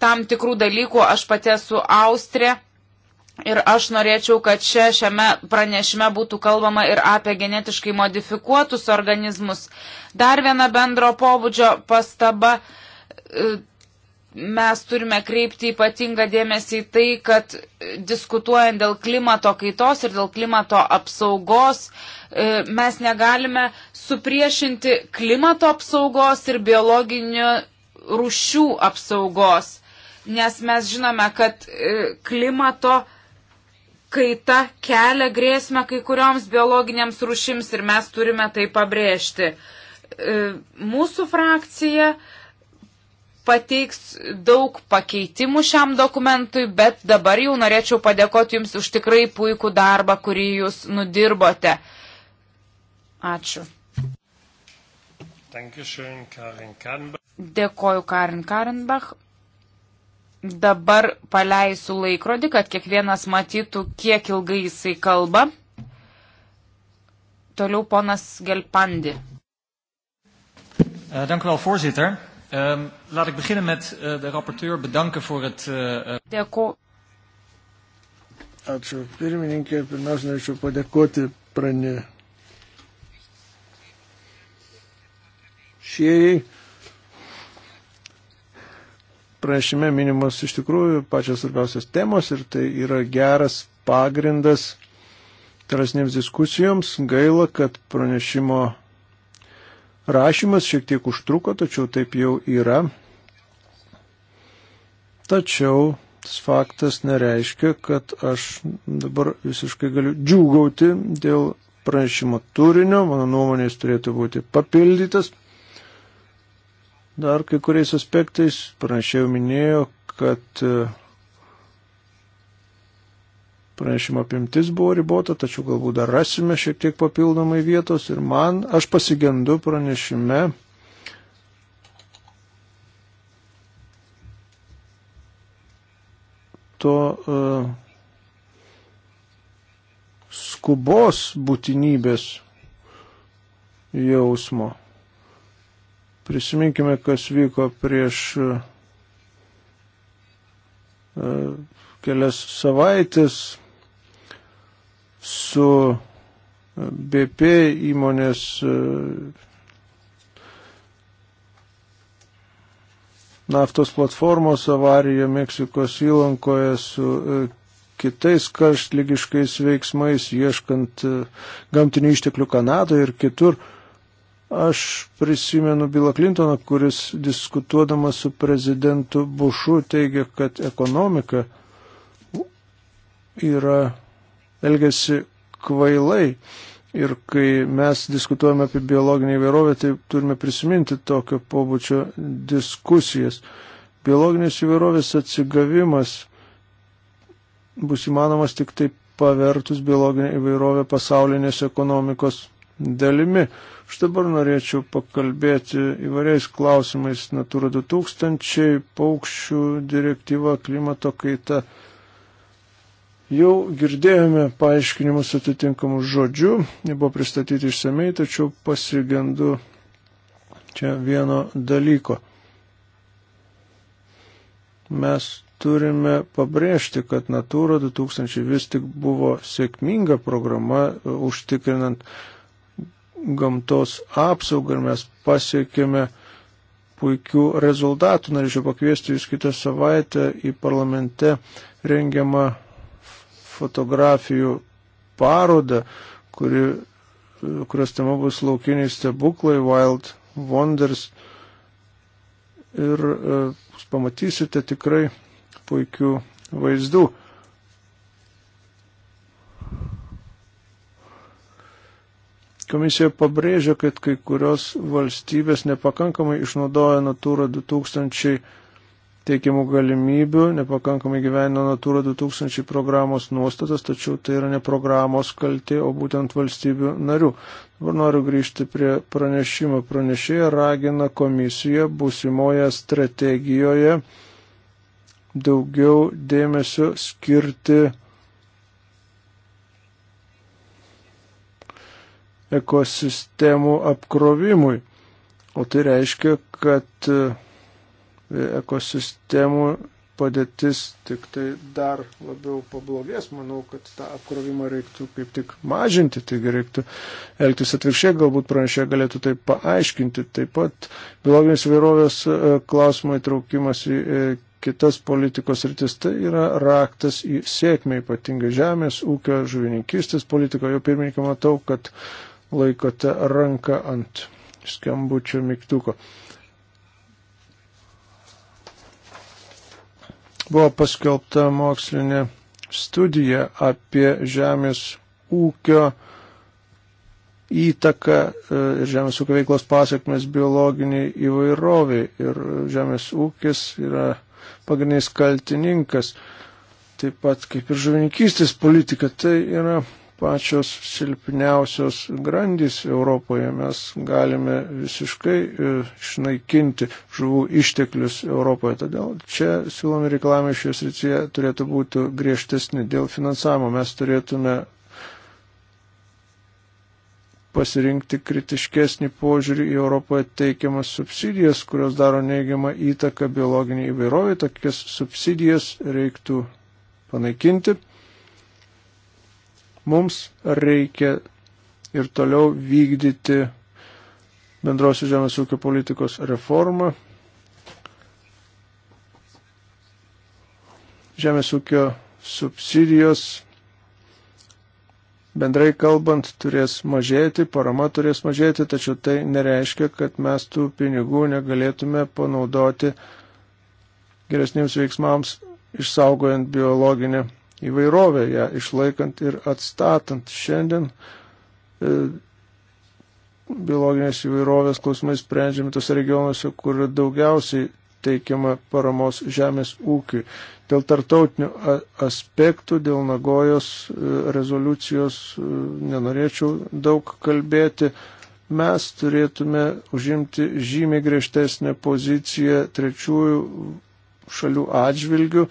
tam tikrų dalykų, aš pati esu Austrija. Ir aš norėčiau, kad čia šiame pranešime būtų kalbama ir apie genetiškai modifikuotus organizmus. Dar viena bendro pobūdžio pastaba e, mes turime kreipti ypatingą dėmesį į tai, kad diskutuojant dėl klimato kaitos ir dėl klimato apsaugos, e, mes negalime supriešinti klimato apsaugos ir biologinių rūšių apsaugos, nes mes žinome, kad e, klimato kaita kelia grėsmę kai kurioms biologiniams rūšims ir mes turime tai pabrėžti. E, mūsų frakcija uh, pateiks daug pakeitimų šiam dokumentui, bet dabar jau norėčiau padėkoti Jums už tikrai puikų darbą, kurį Jūs nudirbote. Ačiū. Dankeschön, Karin Karenbach. Dėkoju Karin Karenbach. Dabar paleisiu laikrodį, kad kiekvienas matytų, kiek ilgai jisai kalba. Toliau ponas Gelpandi. Uh, dank u wel, voorzitter. Um, laat ik beginnen met uh, de rapporteur bedanken voor het. Uh, eh, eh, Dėko. Ačiū pirmininkė, pirmiausia, norėčiau padėkoti pranešėjai. Pranešime minimos iš tikrųjų pačios svarbiausios temos ir tai yra geras pagrindas tolesnėms diskusijoms. Gaila, kad pranešimo rašymas šiek tiek užtruko, tačiau taip jau yra. Tačiau tas faktas nereiškia, kad aš dabar visiškai galiu džiūgauti dėl pranešimo turinio, mano nuomonės turėtų būti papildytas. Dar kai kuriais aspektais pranešėjau minėjo, kad Pranešimo apimtis buvo ribota, tačiau galbūt dar rasime šiek tiek papildomai vietos ir man, aš pasigendu pranešime to uh, skubos būtinybės jausmo. Prisiminkime, kas vyko prieš uh, kelias savaitės su e, BP įmonės e, naftos platformos avarija Meksikos įlankoje su e, kitais karštlygiškais veiksmais, ieškant gamtinių išteklių Kanadoje ir kitur. Aš prisimenu Bilą Clintoną, kuris diskutuodamas su prezidentu Bušu teigia, kad ekonomika yra elgesi kvailai. Ir kai mes diskutuojame apie biologinį įvairovę, tai turime prisiminti tokio pobūdžio diskusijas. Biologinės įvairovės atsigavimas bus įmanomas tik taip pavertus biologinę įvairovę pasaulinės ekonomikos dalimi. Aš dabar norėčiau pakalbėti įvairiais klausimais Natura 2000, paukščių direktyva, klimato kaita. Jau girdėjome paaiškinimus atitinkamų žodžių, jie buvo pristatyti išsamei, tačiau pasigendu čia vieno dalyko. Mes turime pabrėžti, kad Natūra 2000 vis tik buvo sėkminga programa e, užtikrinant gamtos apsaugą ir mes pasiekėme puikių rezultatų. Norėčiau pakviesti jūs kitą savaitę į parlamente rengiamą fotografijų parodą, kuri, kurios tema bus laukiniai stebuklai Wild Wonders. Ir jūs e, pamatysite tikrai puikių vaizdų. Komisija pabrėžia, kad kai kurios valstybės nepakankamai išnaudoja Natūra 2000 teikiamų galimybių, nepakankamai gyvenino Natūra 2000 programos nuostatas, tačiau tai yra ne programos kalti, o būtent valstybių narių. Dabar noriu grįžti prie pranešimo. Pranešėja ragina komisiją būsimoje strategijoje daugiau dėmesio skirti ekosistemų apkrovimui. O tai reiškia, kad ekosistemų padėtis tik tai dar labiau pablogės. Manau, kad tą apkrovimą reiktų kaip tik mažinti, taigi reiktų elgtis atvirkščiai, galbūt pranešė galėtų tai paaiškinti. Taip pat biologinės vairovės e, klausimo įtraukimas į e, kitas politikos rytis, tai yra raktas į sėkmę, ypatingai žemės, ūkio, žuvininkistės politiko. Jau pirmininkai matau, kad laikote ranką ant skambučio mygtuko. Buvo paskelbta mokslinė studija apie žemės ūkio įtaką e, ir žemės ūkio veiklos pasiekmes biologiniai įvairoviai. Ir žemės ūkis yra pagrindinis kaltininkas, taip pat kaip ir žuvininkystės politika. Tai yra pačios silpniausios grandys Europoje. Mes galime visiškai e, išnaikinti žuvų išteklius Europoje. Todėl čia siūlomi reikalavimai šioje srityje turėtų būti griežtesni. Dėl finansavimo mes turėtume pasirinkti kritiškesnį požiūrį į Europoje teikiamas subsidijas, kurios daro neigiamą įtaką biologiniai įvairoviai. Tokias subsidijas reiktų panaikinti. Mums reikia ir toliau vykdyti bendrosios žemės ūkio politikos reformą. Žemės ūkio subsidijos bendrai kalbant turės mažėti, parama turės mažėti, tačiau tai nereiškia, kad mes tų pinigų negalėtume panaudoti geresniems veiksmams, išsaugojant biologinę įvairovę, ją išlaikant ir atstatant. Šiandien e, biologinės įvairovės klausimai sprendžiami tose regionuose, kur daugiausiai teikiama paramos žemės ūkiui. Dėl tartautinių aspektų, dėl Nagojos e, rezoliucijos e, nenorėčiau daug kalbėti. Mes turėtume užimti žymiai griežtesnę poziciją trečiųjų šalių atžvilgių,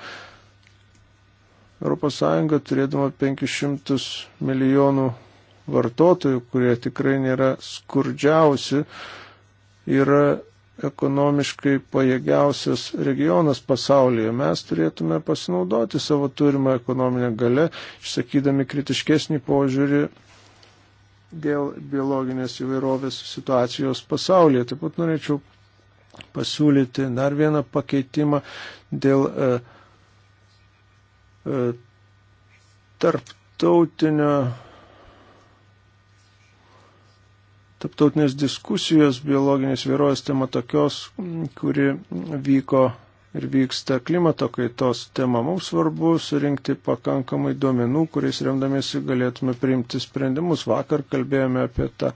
ES turėdama 500 milijonų vartotojų, kurie tikrai nėra skurdžiausi, yra ekonomiškai pajėgiausias regionas pasaulyje. Mes turėtume pasinaudoti savo turimą ekonominę galę, išsakydami kritiškesnį požiūrį dėl biologinės įvairovės situacijos pasaulyje. Taip pat norėčiau pasiūlyti dar vieną pakeitimą dėl uh, E, tarptautinio taptautinės diskusijos biologinės vėrovės tema tokios, kuri vyko ir vyksta klimato kaitos tema. Mums svarbu surinkti pakankamai duomenų, kuriais remdamėsi galėtume priimti sprendimus. Vakar kalbėjome apie tą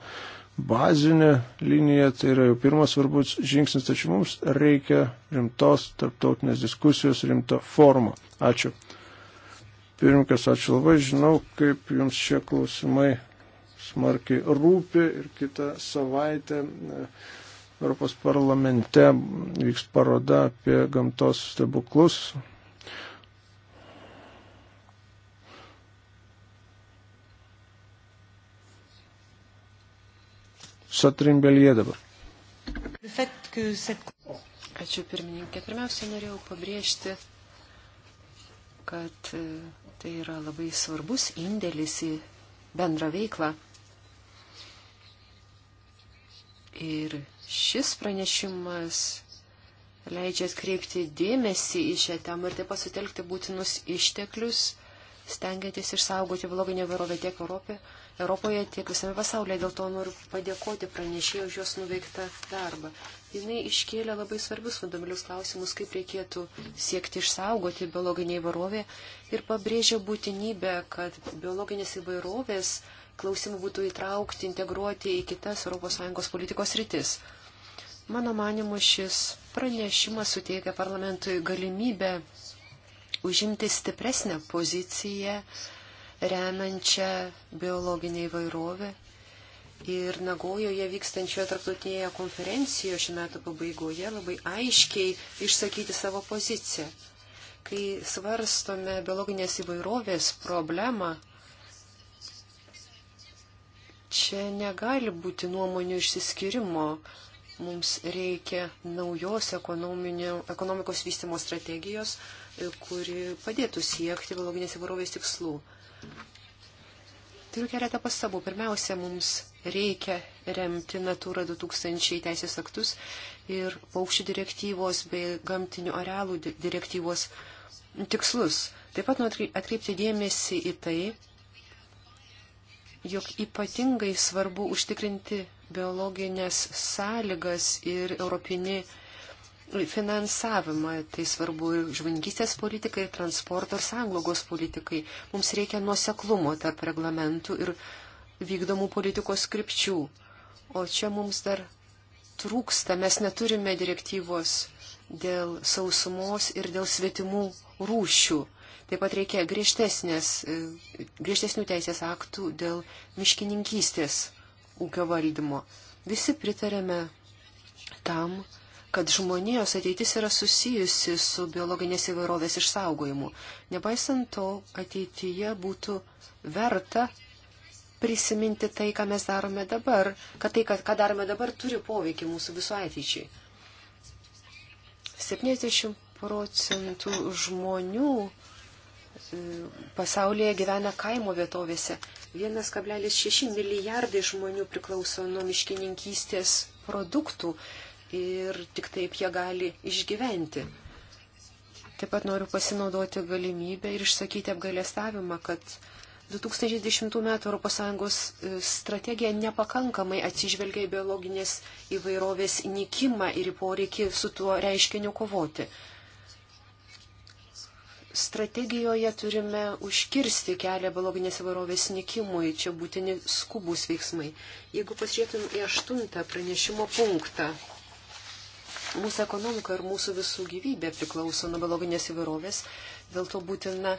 bazinę liniją, tai yra jau pirmas svarbus žingsnis, tačiau mums reikia rimtos tarptautinės diskusijos, rimto formo. Ačiū. Pirmkas, ačiū labai, žinau, kaip jums šie klausimai smarkiai rūpi ir kitą savaitę e, Europos parlamente vyks paroda apie gamtos stebuklus. Satrimbelė dabar. Ačiū pirmininkė. Pirmiausia, norėjau pabrėžti, kad e, Tai yra labai svarbus indėlis į bendrą veiklą. Ir šis pranešimas leidžia atkreipti dėmesį į šią temą ir taip pasitelkti būtinus išteklius, stengiantis išsaugoti bloginę vairovę tiek Europoje, Europoje, tiek visame pasaulyje. Dėl to noriu padėkoti pranešėjai už jos nuveiktą darbą. Jis iškėlė labai svarbius fundamentalius klausimus, kaip reikėtų siekti išsaugoti biologinį įvairovę ir pabrėžė būtinybę, kad biologinės įvairovės klausimų būtų įtraukti, integruoti į kitas ES politikos rytis. Mano manimu, šis pranešimas suteikia parlamentui galimybę užimti stipresnę poziciją remiančią biologinę įvairovę. Ir Nagojoje vykstančioje tarptautinėje konferencijoje šiuo metu pabaigoje labai aiškiai išsakyti savo poziciją. Kai svarstome biologinės įvairovės problemą, čia negali būti nuomonių išsiskirimo. Mums reikia naujos ekonomikos vystimo strategijos, kuri padėtų siekti biologinės įvairovės tikslų. Turiu keletą pastabų. Pirmiausia, mums reikia remti Natūra 2000 teisės aktus ir paukščių direktyvos bei gamtinių arealų direktyvos tikslus. Taip pat noriu atkreipti dėmesį į tai, jog ypatingai svarbu užtikrinti biologinės sąlygas ir europinį finansavimą. Tai svarbu ir žvangystės politikai, ir transporto, ir sanglogos politikai. Mums reikia nuoseklumo tarp reglamentų ir vykdomų politikos skripčių. O čia mums dar trūksta, mes neturime direktyvos dėl sausumos ir dėl svetimų rūšių. Taip pat reikia griežtesnių teisės aktų dėl miškininkystės ūkio valdymo. Visi pritarėme tam, kad žmonijos ateitis yra susijusi su biologinės įvairovės išsaugojimu. Nepaisant to, ateityje būtų verta prisiminti tai, ką mes darome dabar, kad tai, kad, ką darome dabar, turi poveikį mūsų visų ateičiai. 70 procentų žmonių e, pasaulyje gyvena kaimo vietovėse. 1,6 milijardai žmonių priklauso nuo miškininkystės produktų ir tik taip jie gali išgyventi. Taip pat noriu pasinaudoti galimybę ir išsakyti apgalėstavimą, kad 2010 m. ES strategija nepakankamai atsižvelgia į biologinės įvairovės nikimą ir į poreikį su tuo reiškiniu kovoti. Strategijoje turime užkirsti kelią biologinės įvairovės nikimui, čia būtini skubus veiksmai. Jeigu pasižiūrėtum į aštuntą pranešimo punktą, Mūsų ekonomika ir mūsų visų gyvybė priklauso nuo biologinės įvairovės, dėl to būtina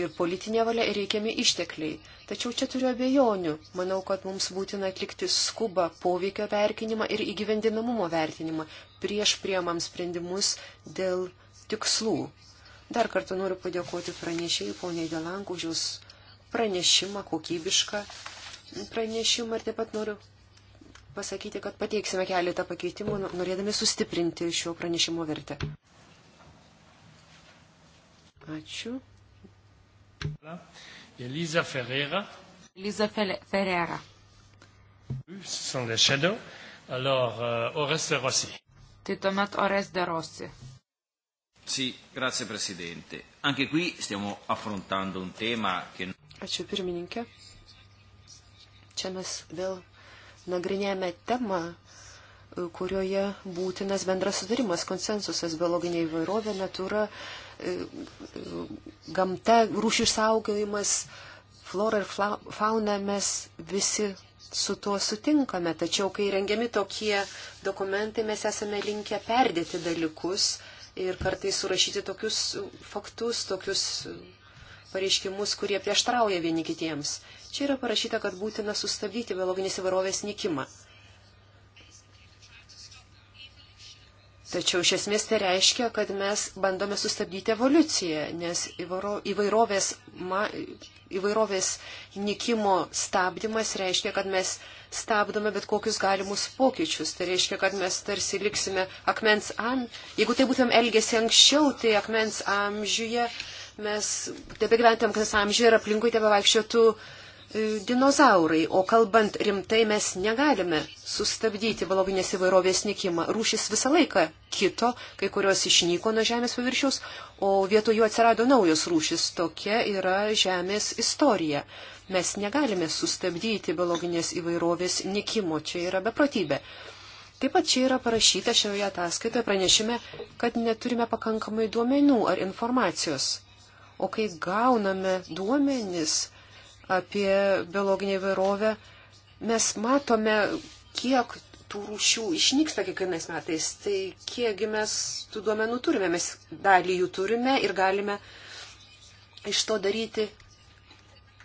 ir politinė valia ir reikiami ištekliai. Tačiau čia turiu abejonių. Manau, kad mums būtina atlikti skubą poveikio vertinimą ir įgyvendinamumo vertinimą prieš priemam sprendimus dėl tikslų. Dar kartą noriu padėkoti pranešėjai poniai Delankų už jos pranešimą, kokybišką pranešimą ir taip pat noriu pasakyti, kad pateiksime keletą pakeitimų, nu, norėdami sustiprinti šio pranešimo vertę. Ačiū. Elisa Ferreira. Elisa Ferreira. Alors, uh, tai tuomet Ores de Rossi. Sì, grazie Presidente. Anche qui stiamo affrontando un tema che... Ačiū pirmininkė. Čia mes vėl nagrinėjame temą, kurioje būtinas bendras sudarimas, konsensusas, biologinė įvairovė, natūra, e, e, gamta, rūšių išsaugojimas, flora ir fauna, mes visi su tuo sutinkame. Tačiau, kai rengiami tokie dokumentai, mes esame linkę perdėti dalykus ir kartais surašyti tokius faktus, tokius pareiškimus, kurie prieštrauja vieni kitiems. Čia yra parašyta, kad būtina sustabdyti biologinės įvairovės nikimą. Tačiau iš esmės tai reiškia, kad mes bandome sustabdyti evoliuciją, nes įvairovės, ma, įvairovės nikimo stabdymas reiškia, kad mes stabdome bet kokius galimus pokyčius. Tai reiškia, kad mes tarsi liksime akmens am. Jeigu tai būtum elgėsi anksčiau, tai akmens amžiuje mes tebe gyventėm akmens amžiuje ir aplinkui tebe vaikščiotų uh, E, dinozaurai, o kalbant rimtai mes negalime sustabdyti biologinės įvairovės nikimą. Rūšis visą laiką kito, kai kurios išnyko nuo Žemės paviršiaus, o vietoj jų atsirado naujos rūšis. Tokia yra Žemės istorija. Mes negalime sustabdyti biologinės įvairovės nikimo, čia yra beprotybė. Taip pat čia yra parašyta šioje ataskaitoje pranešime, kad neturime pakankamai duomenų ar informacijos. O kai gauname duomenis, apie biologinę įvairovę, mes matome, kiek tų rūšių išnyksta kiekvienais metais. Tai kiekgi mes tų duomenų turime, mes dalį jų turime ir galime iš to daryti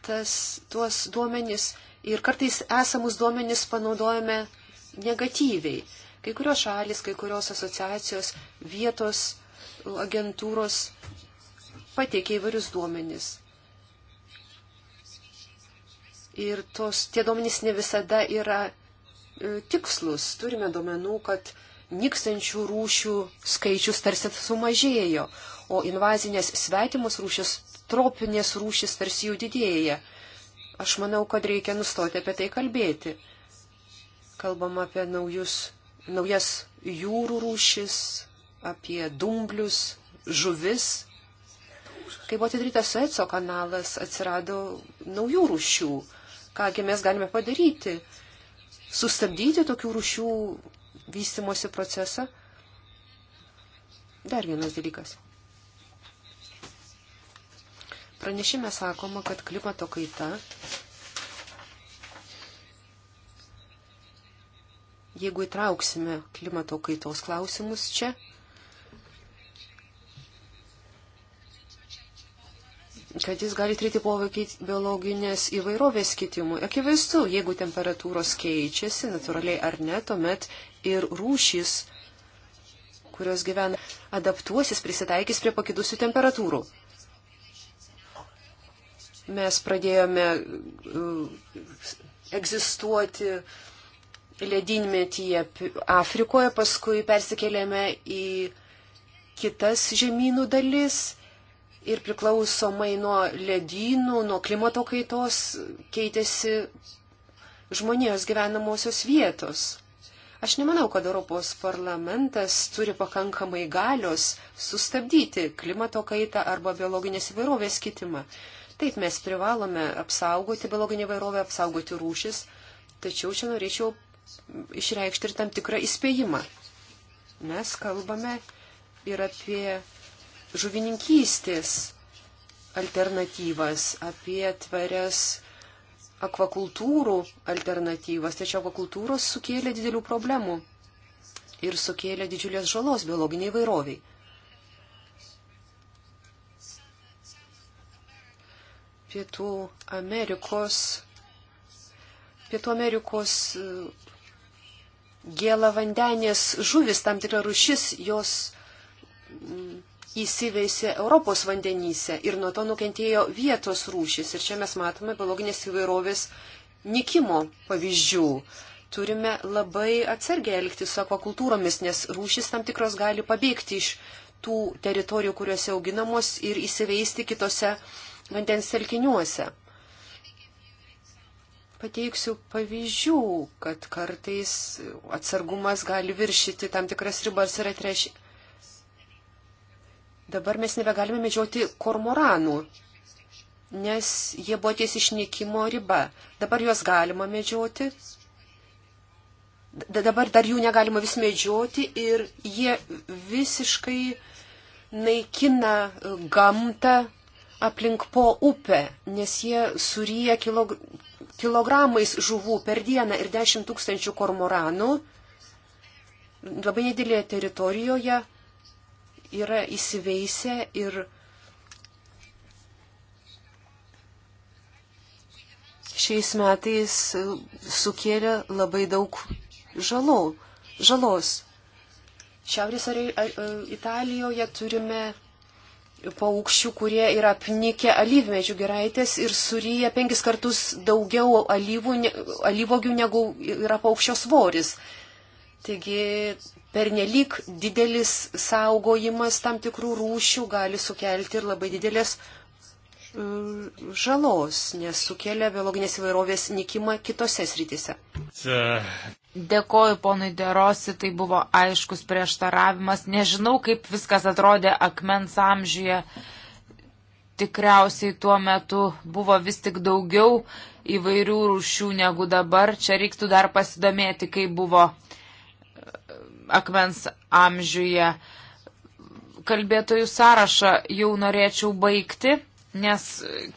tas, tuos duomenys. Ir kartais esamus duomenys panaudojame negatyviai. Kai kurios šalis, kai kurios asociacijos, vietos agentūros pateikia įvairius duomenys ir tos, tie duomenys ne visada yra e, tikslus. Turime duomenų, kad nykstančių rūšių skaičius tarsi sumažėjo, o invazinės svetimus rūšis, tropinės rūšis tarsi jų didėja. Aš manau, kad reikia nustoti apie tai kalbėti. Kalbam apie naujus, naujas jūrų rūšis, apie dumblius, žuvis. Kai buvo atidarytas Sueco kanalas, atsirado naujų rūšių Kągi mes galime padaryti? Sustabdyti tokių rušių vystimosi procesą? Dar vienas dalykas. Pranešime sakoma, kad klimato kaita, jeigu įtrauksime klimato kaitos klausimus čia, kad jis gali turėti poveikį biologinės įvairovės kitimui. Akivaizdu, jeigu temperatūros keičiasi, natūraliai ar ne, tuomet ir rūšys, kurios gyvena, adaptuosis, prisitaikys prie pakitusių temperatūrų. Mes pradėjome uh, egzistuoti ledynmetyje Afrikoje, paskui persikėlėme į kitas žemynų dalis ir priklausomai nuo ledynų, nuo klimato kaitos keitėsi žmonijos gyvenamosios vietos. Aš nemanau, kad Europos parlamentas turi pakankamai galios sustabdyti klimato kaitą arba biologinės įvairovės kitimą. Taip mes privalome apsaugoti biologinę įvairovę, apsaugoti rūšis, tačiau čia norėčiau išreikšti ir tam tikrą įspėjimą. Mes kalbame ir apie žuvininkystės alternatyvas, apie tvarias akvakultūrų alternatyvas. Tačiau akvakultūros sukėlė didelių problemų ir sukėlė didžiulės žalos biologiniai vairoviai. Pietų Amerikos, Pietų Amerikos e, gėla vandenės žuvis, tam tikra rušis, jos įsiveisė Europos vandenyse ir nuo to nukentėjo vietos rūšis. Ir čia mes matome biologinės įvairovės nikimo pavyzdžių. Turime labai atsargiai elgti su akvakultūromis, nes rūšis tam tikros gali pabėgti iš tų teritorijų, kuriuose auginamos ir įsiveisti kitose vandens telkiniuose. Pateiksiu pavyzdžių, kad kartais atsargumas gali viršyti tam tikras ribas ir atrešti Dabar mes nebegalime medžioti kormoranų, nes jie buvo ties išnykimo riba. Dabar juos galima medžioti. Dabar dar jų negalima vis medžioti ir jie visiškai naikina gamtą aplink po upę, nes jie suryja kilog... kilogramais žuvų per dieną ir 10 tūkstančių kormoranų labai nedėlėje teritorijoje yra įsiveisę ir šiais metais sukėlė labai daug žalau, žalos. Šiaurės ar, ar, Italijoje turime paukščių, kurie yra apnikę alyvmedžių geraitės ir suryja penkis kartus daugiau alyvų, alyvogių negu yra paukščio svoris. Taigi pernelik didelis saugojimas tam tikrų rūšių gali sukelti ir labai didelės e, žalos, nes sukelia biologinės įvairovės nikimą kitose srityse. Dėkoju ponui Derosi, tai buvo aiškus prieštaravimas. Nežinau, kaip viskas atrodė akmens amžiuje. Tikriausiai tuo metu buvo vis tik daugiau įvairių rūšių negu dabar. Čia reiktų dar pasidomėti, kaip buvo akmens amžiuje. Kalbėtojų sąrašą jau norėčiau baigti, nes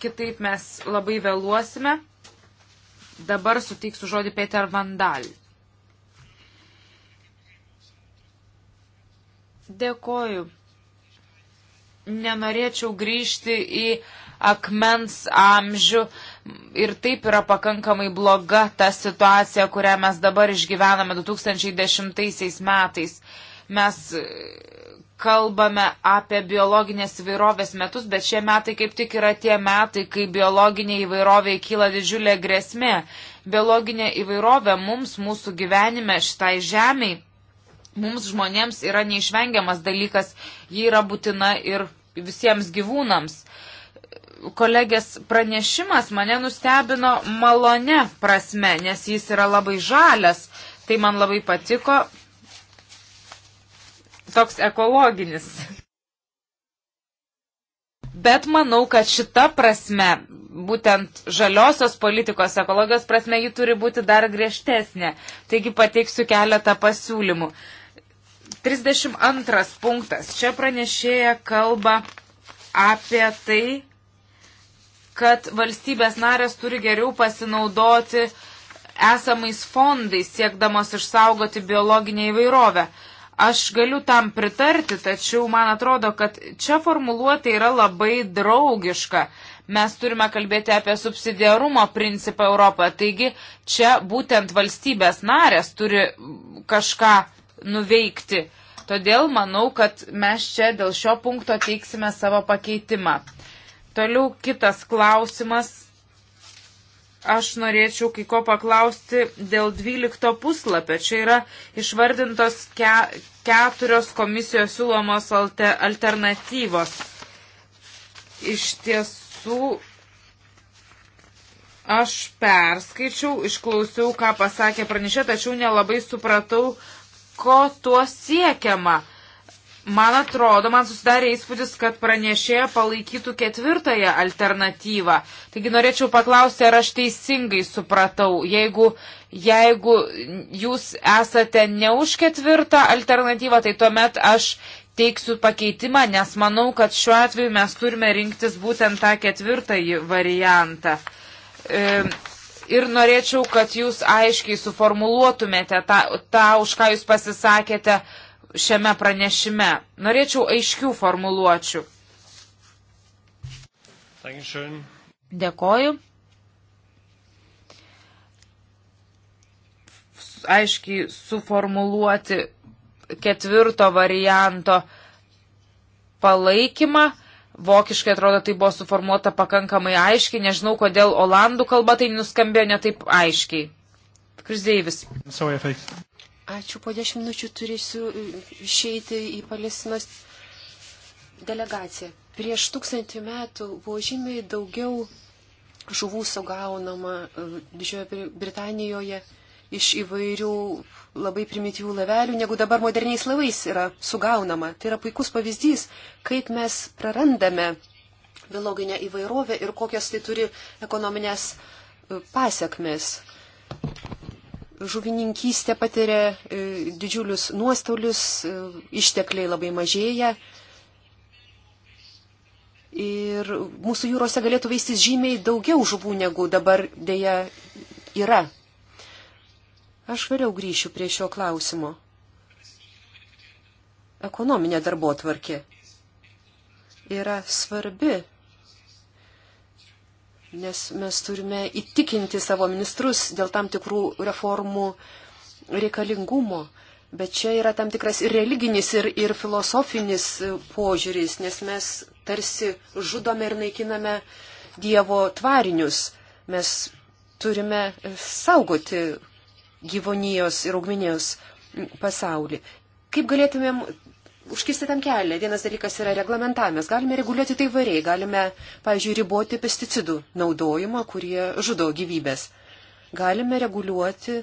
kitaip mes labai vėluosime. Dabar suteiksiu žodį Peter Vandal. Dėkoju. Nenorėčiau grįžti į akmens amžių, ir taip yra pakankamai bloga ta situacija, kurią mes dabar išgyvename 2010 metais. Mes e, kalbame apie biologinės įvairovės metus, bet šie metai kaip tik yra tie metai, kai biologinė įvairovė kyla didžiulė grėsmė. Biologinė įvairovė mums, mūsų gyvenime, šitai žemiai, mums žmonėms yra neišvengiamas dalykas, ji yra būtina ir visiems gyvūnams kolegės pranešimas mane nustebino malone prasme, nes jis yra labai žalias, tai man labai patiko toks ekologinis. Bet manau, kad šita prasme, būtent žaliosios politikos ekologijos prasme, ji turi būti dar griežtesnė. Taigi pateiksiu keletą pasiūlymų. 32 punktas. Čia pranešėja kalba apie tai, kad valstybės narės turi geriau pasinaudoti esamais fondais, siekdamos išsaugoti biologinę įvairovę. Aš galiu tam pritarti, tačiau man atrodo, kad čia formuluotė yra labai draugiška. Mes turime kalbėti apie subsidiarumo principą Europoje. Taigi čia būtent valstybės narės turi kažką nuveikti. Todėl manau, kad mes čia dėl šio punkto teiksime savo pakeitimą. Toliau kitas klausimas. Aš norėčiau kai ko paklausti dėl 12 puslapio. Čia yra išvardintos ke keturios komisijos siūlomos alte alternatyvos. Iš tiesų, aš perskaičiau, išklausiau, ką pasakė pranešė, tačiau nelabai supratau, ko tuo siekiama. Man atrodo, man susidarė įspūdis, kad pranešėja palaikytų ketvirtąją alternatyvą. Taigi norėčiau paklausti, ar aš teisingai supratau, jeigu, jeigu jūs esate ne už ketvirtą alternatyvą, tai tuomet aš teiksiu pakeitimą, nes manau, kad šiuo atveju mes turime rinktis būtent tą ketvirtąjį variantą. E, ir norėčiau, kad jūs aiškiai suformuluotumėte tą, tą už ką jūs pasisakėte šiame pranešime. Norėčiau aiškių formuluočių. Dėkoju. Aiškiai suformuluoti ketvirto varianto palaikymą. Vokiškai atrodo, tai buvo suformuota pakankamai aiškiai. Nežinau, kodėl olandų kalba tai nuskambėjo netaip aiškiai. Kris Deivis. Ačiū, po dešimt minučių turėsiu e, išeiti į Palestinos delegaciją. Prieš tūkstantį metų buvo žymiai daugiau žuvų sugaunama e, Didžiojo Britanijoje iš įvairių labai primityvių lavelių, negu dabar moderniais laivais yra sugaunama. Tai yra puikus pavyzdys, kaip mes prarandame biologinę įvairovę ir kokios tai turi ekonominės e, pasiekmes žuvininkystė patiria e, didžiulius nuostolius, e, ištekliai labai mažėja. Ir mūsų jūrose galėtų veistis žymiai daugiau žuvų, negu dabar dėja yra. Aš vėliau grįšiu prie šio klausimo. Ekonominė darbo tvarkė yra svarbi nes mes turime įtikinti savo ministrus dėl tam tikrų reformų reikalingumo. Bet čia yra tam tikras ir religinis, ir, ir filosofinis e, požiūris, nes mes tarsi žudome ir naikiname Dievo tvarinius. Mes turime e, saugoti gyvonijos ir augminijos pasaulį. Kaip galėtumėm užkisti tam kelią. Vienas dalykas yra reglamentavimas. Galime reguliuoti tai variai, galime, pavyzdžiui, riboti pesticidų naudojimą, kurie žudo gyvybės. Galime reguliuoti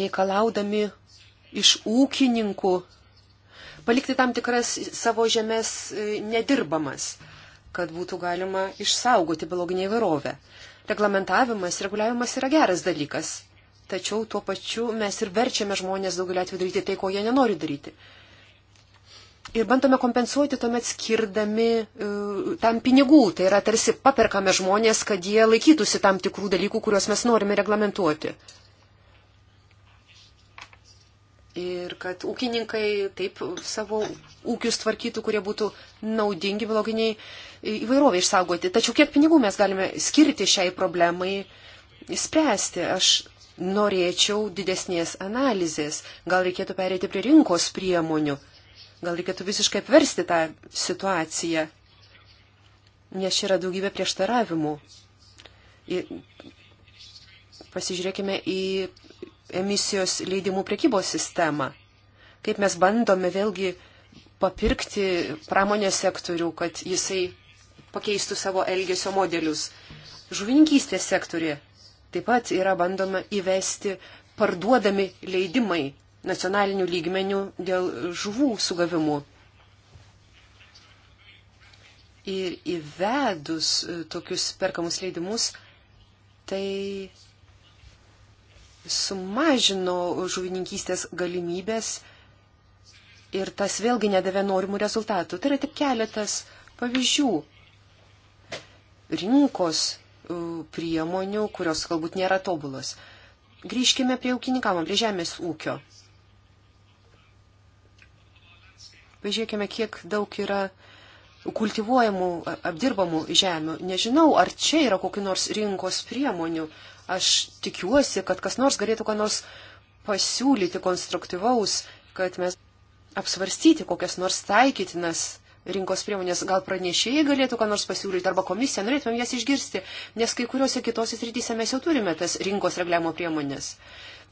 reikalaudami iš ūkininkų palikti tam tikras savo žemės e, nedirbamas, kad būtų galima išsaugoti biologinį įvairovę. Reglamentavimas, reguliavimas yra geras dalykas tačiau tuo pačiu mes ir verčiame žmonės daugelį atvejų daryti tai, ko jie nenori daryti. Ir bandome kompensuoti tuomet skirdami uh, tam pinigų, tai yra tarsi paperkame žmonės, kad jie laikytųsi tam tikrų dalykų, kuriuos mes norime reglamentuoti. Ir kad ūkininkai taip savo ūkius tvarkytų, kurie būtų naudingi biologiniai įvairoviai išsaugoti. Tačiau kiek pinigų mes galime skirti šiai problemai spręsti? Aš norėčiau didesnės analizės. Gal reikėtų pereiti prie rinkos priemonių. Gal reikėtų visiškai apversti tą situaciją. Nes čia yra daugybė prieštaravimų. Ir pasižiūrėkime į emisijos leidimų prekybos sistemą. Kaip mes bandome vėlgi papirkti pramonės sektorių, kad jisai pakeistų savo elgesio modelius. Žuvininkystės sektorė Taip pat yra bandoma įvesti parduodami leidimai nacionalinių lygmenių dėl žuvų sugavimų. Ir įvedus e, tokius perkamus leidimus, tai sumažino žuvininkystės galimybės ir tas vėlgi nedavė norimų rezultatų. Tai yra tik keletas pavyzdžių. Rinkos priemonių, kurios galbūt nėra tobulos. Grįžkime prie ūkininkavimo, prie žemės ūkio. Pažiūrėkime, kiek daug yra kultivuojamų, apdirbamų žemių. Nežinau, ar čia yra kokiu nors rinkos priemonių. Aš tikiuosi, kad kas nors galėtų ką nors pasiūlyti konstruktyvaus, kad mes apsvarstyti kokias nors taikytinas rinkos priemonės. Gal pranešėjai galėtų ką nors pasiūlyti arba komisija, norėtumėm jas išgirsti, nes kai kuriuose kitose srityse mes jau turime tas rinkos reguliavimo priemonės.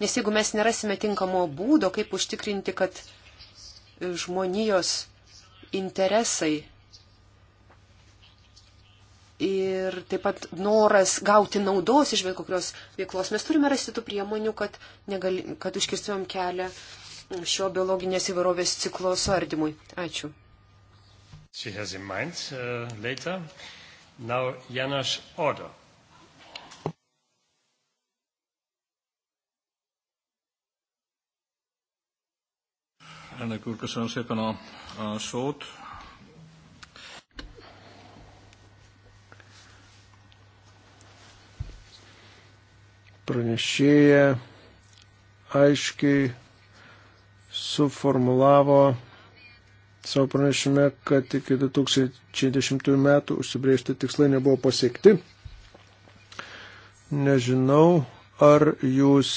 Nes jeigu mes nerasime tinkamo būdo, kaip užtikrinti, kad e, žmonijos interesai ir taip pat noras gauti naudos iš bet kokios veiklos, mes turime rasti tų priemonių, kad, negali, kad užkirstumėm kelią šio biologinės įvairovės ciklo suardymui. Ačiū. She has in mind uh, later. Now, Janos Order. Elnök úr, köszönöm szépen a, a szót. Pranešėja aiškiai suformulavo savo pranešime, kad iki 2010 metų užsibriežti tikslai nebuvo pasiekti. Nežinau, ar jūs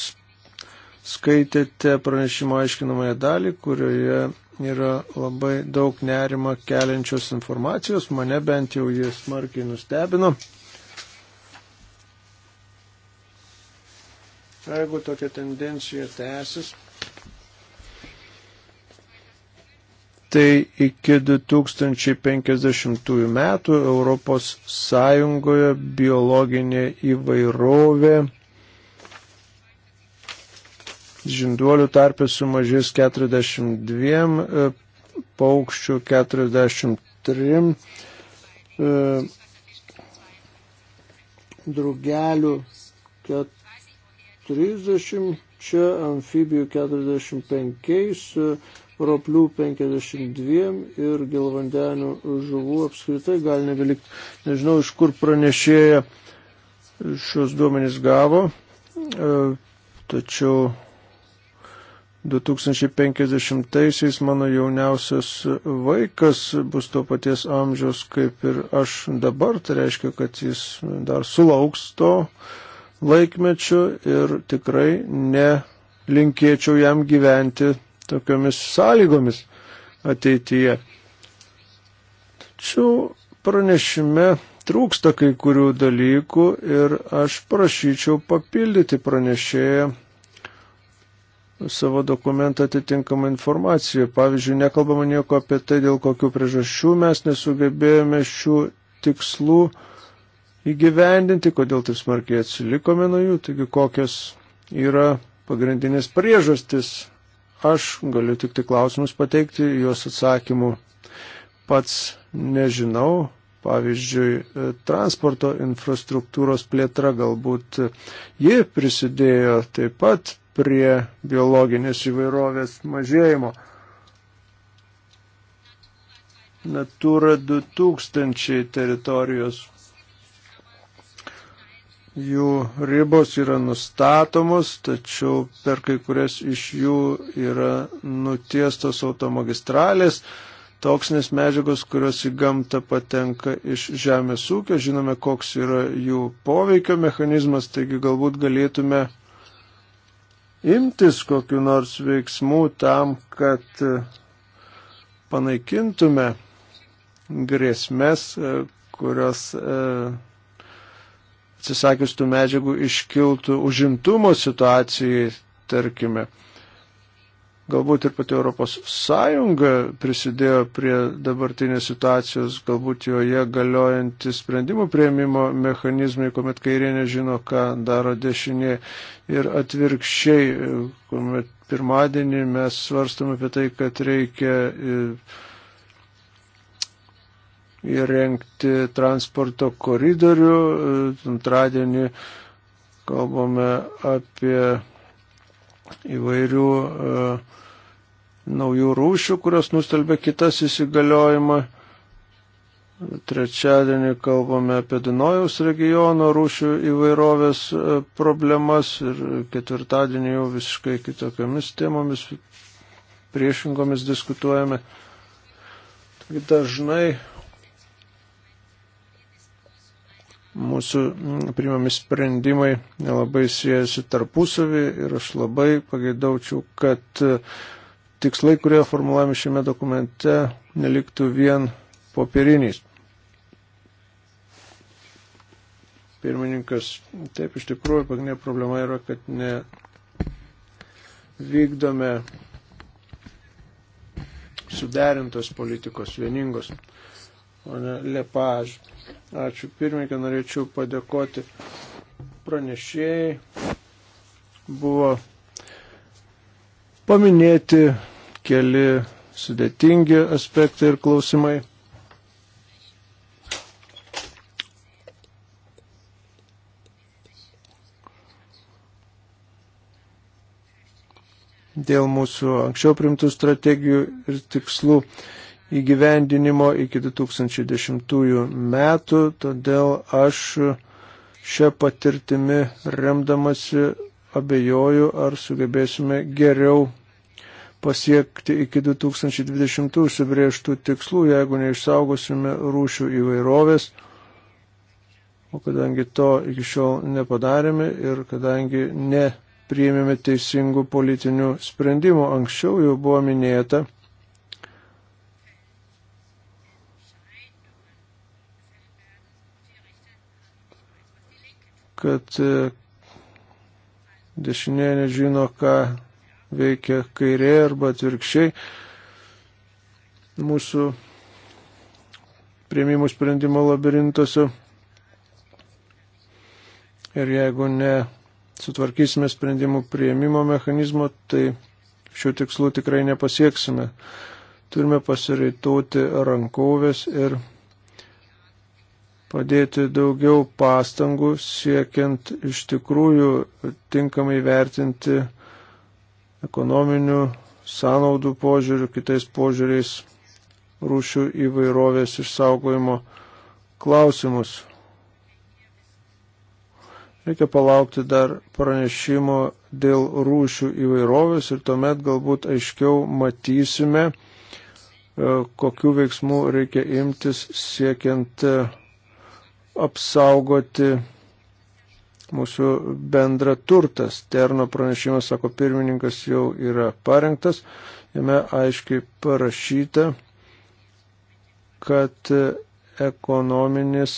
skaitėte pranešimo aiškinamąją dalį, kurioje yra labai daug nerima keliančios informacijos. Mane bent jau jis smarkiai nustebino. Jeigu tokia tendencija tęsis, tai iki 2050 metų Europos Sąjungoje biologinė įvairovė žinduolių tarpė sumažės 42, paukščių 43, drugelių 30, amfibijų 45, roplių 52 ir gilvandenių žuvų apskritai gali nebelikti. Nežinau, iš kur pranešėja šios duomenys gavo, e, tačiau 2050-aisiais mano jauniausias vaikas bus to paties amžiaus kaip ir aš dabar, tai reiškia, kad jis dar sulauks to laikmečio ir tikrai nelinkėčiau jam gyventi tokiomis sąlygomis ateityje. Tačiau pranešime trūksta kai kurių dalykų ir aš prašyčiau papildyti pranešėją savo dokumentą atitinkamą informaciją. Pavyzdžiui, nekalbama nieko apie tai, dėl kokių priežasčių mes nesugebėjome šių tikslų įgyvendinti, kodėl taip smarkiai atsilikome nuo jų, taigi kokios yra pagrindinės priežastis aš, galiu tik tai klausimus pateikti, juos atsakymų pats nežinau. Pavyzdžiui, transporto infrastruktūros plėtra galbūt ji prisidėjo taip pat prie biologinės įvairovės mažėjimo. Natura 2000 teritorijos jų ribos yra nustatomos, tačiau per kai kurias iš jų yra nutiestos automagistralės, toksinės medžiagos, kurios į gamtą patenka iš žemės ūkio. Žinome, koks yra jų poveikio mechanizmas, taigi galbūt galėtume imtis kokiu nors veiksmu tam, kad panaikintume grėsmės, kurios e, atsisakius tų medžiagų iškiltų užimtumo situacijai, tarkime. Galbūt ir pati Europos Sąjunga prisidėjo prie dabartinės situacijos, galbūt joje galiojantys sprendimų prieimimo mechanizmai, kuomet kairė nežino, ką daro dešinė ir atvirkščiai, kuomet pirmadienį mes svarstame apie tai, kad reikia įrengti transporto koridorių. Antradienį kalbame apie įvairių e, naujų rūšių, kurios nustelbė kitas įsigaliojimą. Trečiadienį kalbame apie Dinojaus regiono rūšių įvairovės e, problemas ir ketvirtadienį jau visiškai kitokiamis temomis priešingomis diskutuojame. Dažnai mūsų mm, priimami sprendimai nelabai siejasi tarpusavį ir aš labai pageidaučiau, kad e, tikslai, kurie formuluojami šiame dokumente, neliktų vien popieriniais. Pirmininkas, taip iš tikrųjų, pagrindinė problema yra, kad ne vykdome suderintos politikos, vieningos, o ne lepaž. Ačiū pirmininkai, norėčiau padėkoti pranešėjai. Buvo paminėti keli sudėtingi aspektai ir klausimai. Dėl mūsų anksčiau primtų strategijų ir tikslų įgyvendinimo iki 2010 metų, todėl aš šią patirtimį remdamasi abejoju, ar sugebėsime geriau pasiekti iki 2020 užsibrieštų tikslų, jeigu neišsaugosime rūšių įvairovės. O kadangi to iki šiol nepadarėme ir kadangi nepriėmėme teisingų politinių sprendimų, anksčiau jau buvo minėta, kad e, dešinė nežino, ką veikia kairė arba atvirkščiai. Mūsų prieimimų sprendimo labirintose. Ir jeigu ne sutvarkysime sprendimų prieimimo mechanizmo, tai šių tikslų tikrai nepasieksime. Turime pasireitauti rankovės ir padėti daugiau pastangų siekiant iš tikrųjų tinkamai vertinti ekonominių sąnaudų požiūrių, kitais požiūriais rūšių įvairovės išsaugojimo klausimus. Reikia palaukti dar pranešimo dėl rūšių įvairovės ir tuomet galbūt aiškiau matysime, e, kokiu veiksmu reikia imtis siekiant e, apsaugoti mūsų bendrą turtą. Sterno pranešimas, sako pirmininkas, jau yra parengtas. Jame aiškiai parašyta, kad ekonominis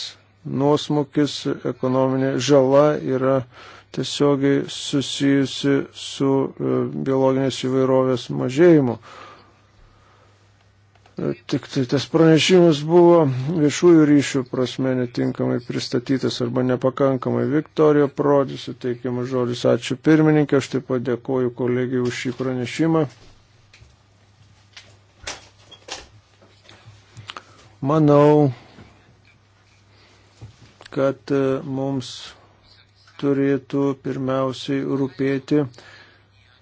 nuosmukis, ekonominė žala yra tiesiogiai susijusi su e, biologinės įvairovės mažėjimu. Tik tai tas pranešimas buvo viešųjų ryšių prasme netinkamai pristatytas arba nepakankamai. Viktorija Prodi suteikiamas žodis. Ačiū pirmininkė, aš taip pat dėkoju kolegijai už šį pranešimą. Manau, kad e, mums turėtų pirmiausiai rūpėti,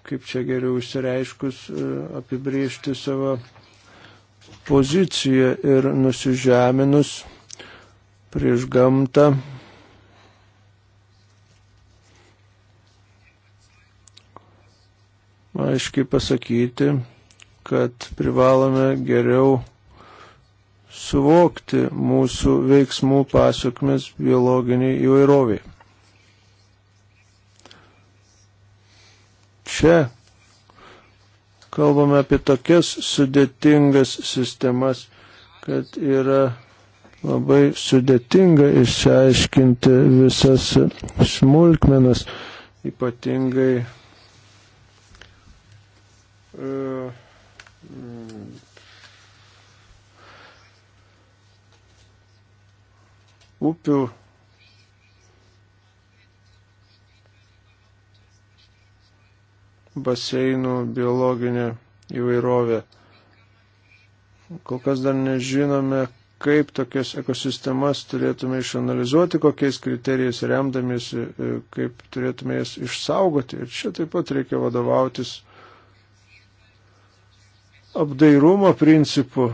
kaip čia geriau išsireiškus, e, apibriežti savo poziciją ir nusižeminus prieš gamtą. Aiškiai pasakyti, kad privalome geriau suvokti mūsų veiksmų pasiekmes biologiniai įvairoviai. Čia kalbame apie tokias sudėtingas sistemas, kad yra labai sudėtinga išsiaiškinti visas smulkmenas, ypatingai uh, upių baseinų biologinė įvairovė. Kol kas dar nežinome, kaip tokias ekosistemas turėtume išanalizuoti, kokiais kriterijais remdamiesi, e, kaip turėtume jas išsaugoti. Ir čia taip pat reikia vadovautis apdairumo principu.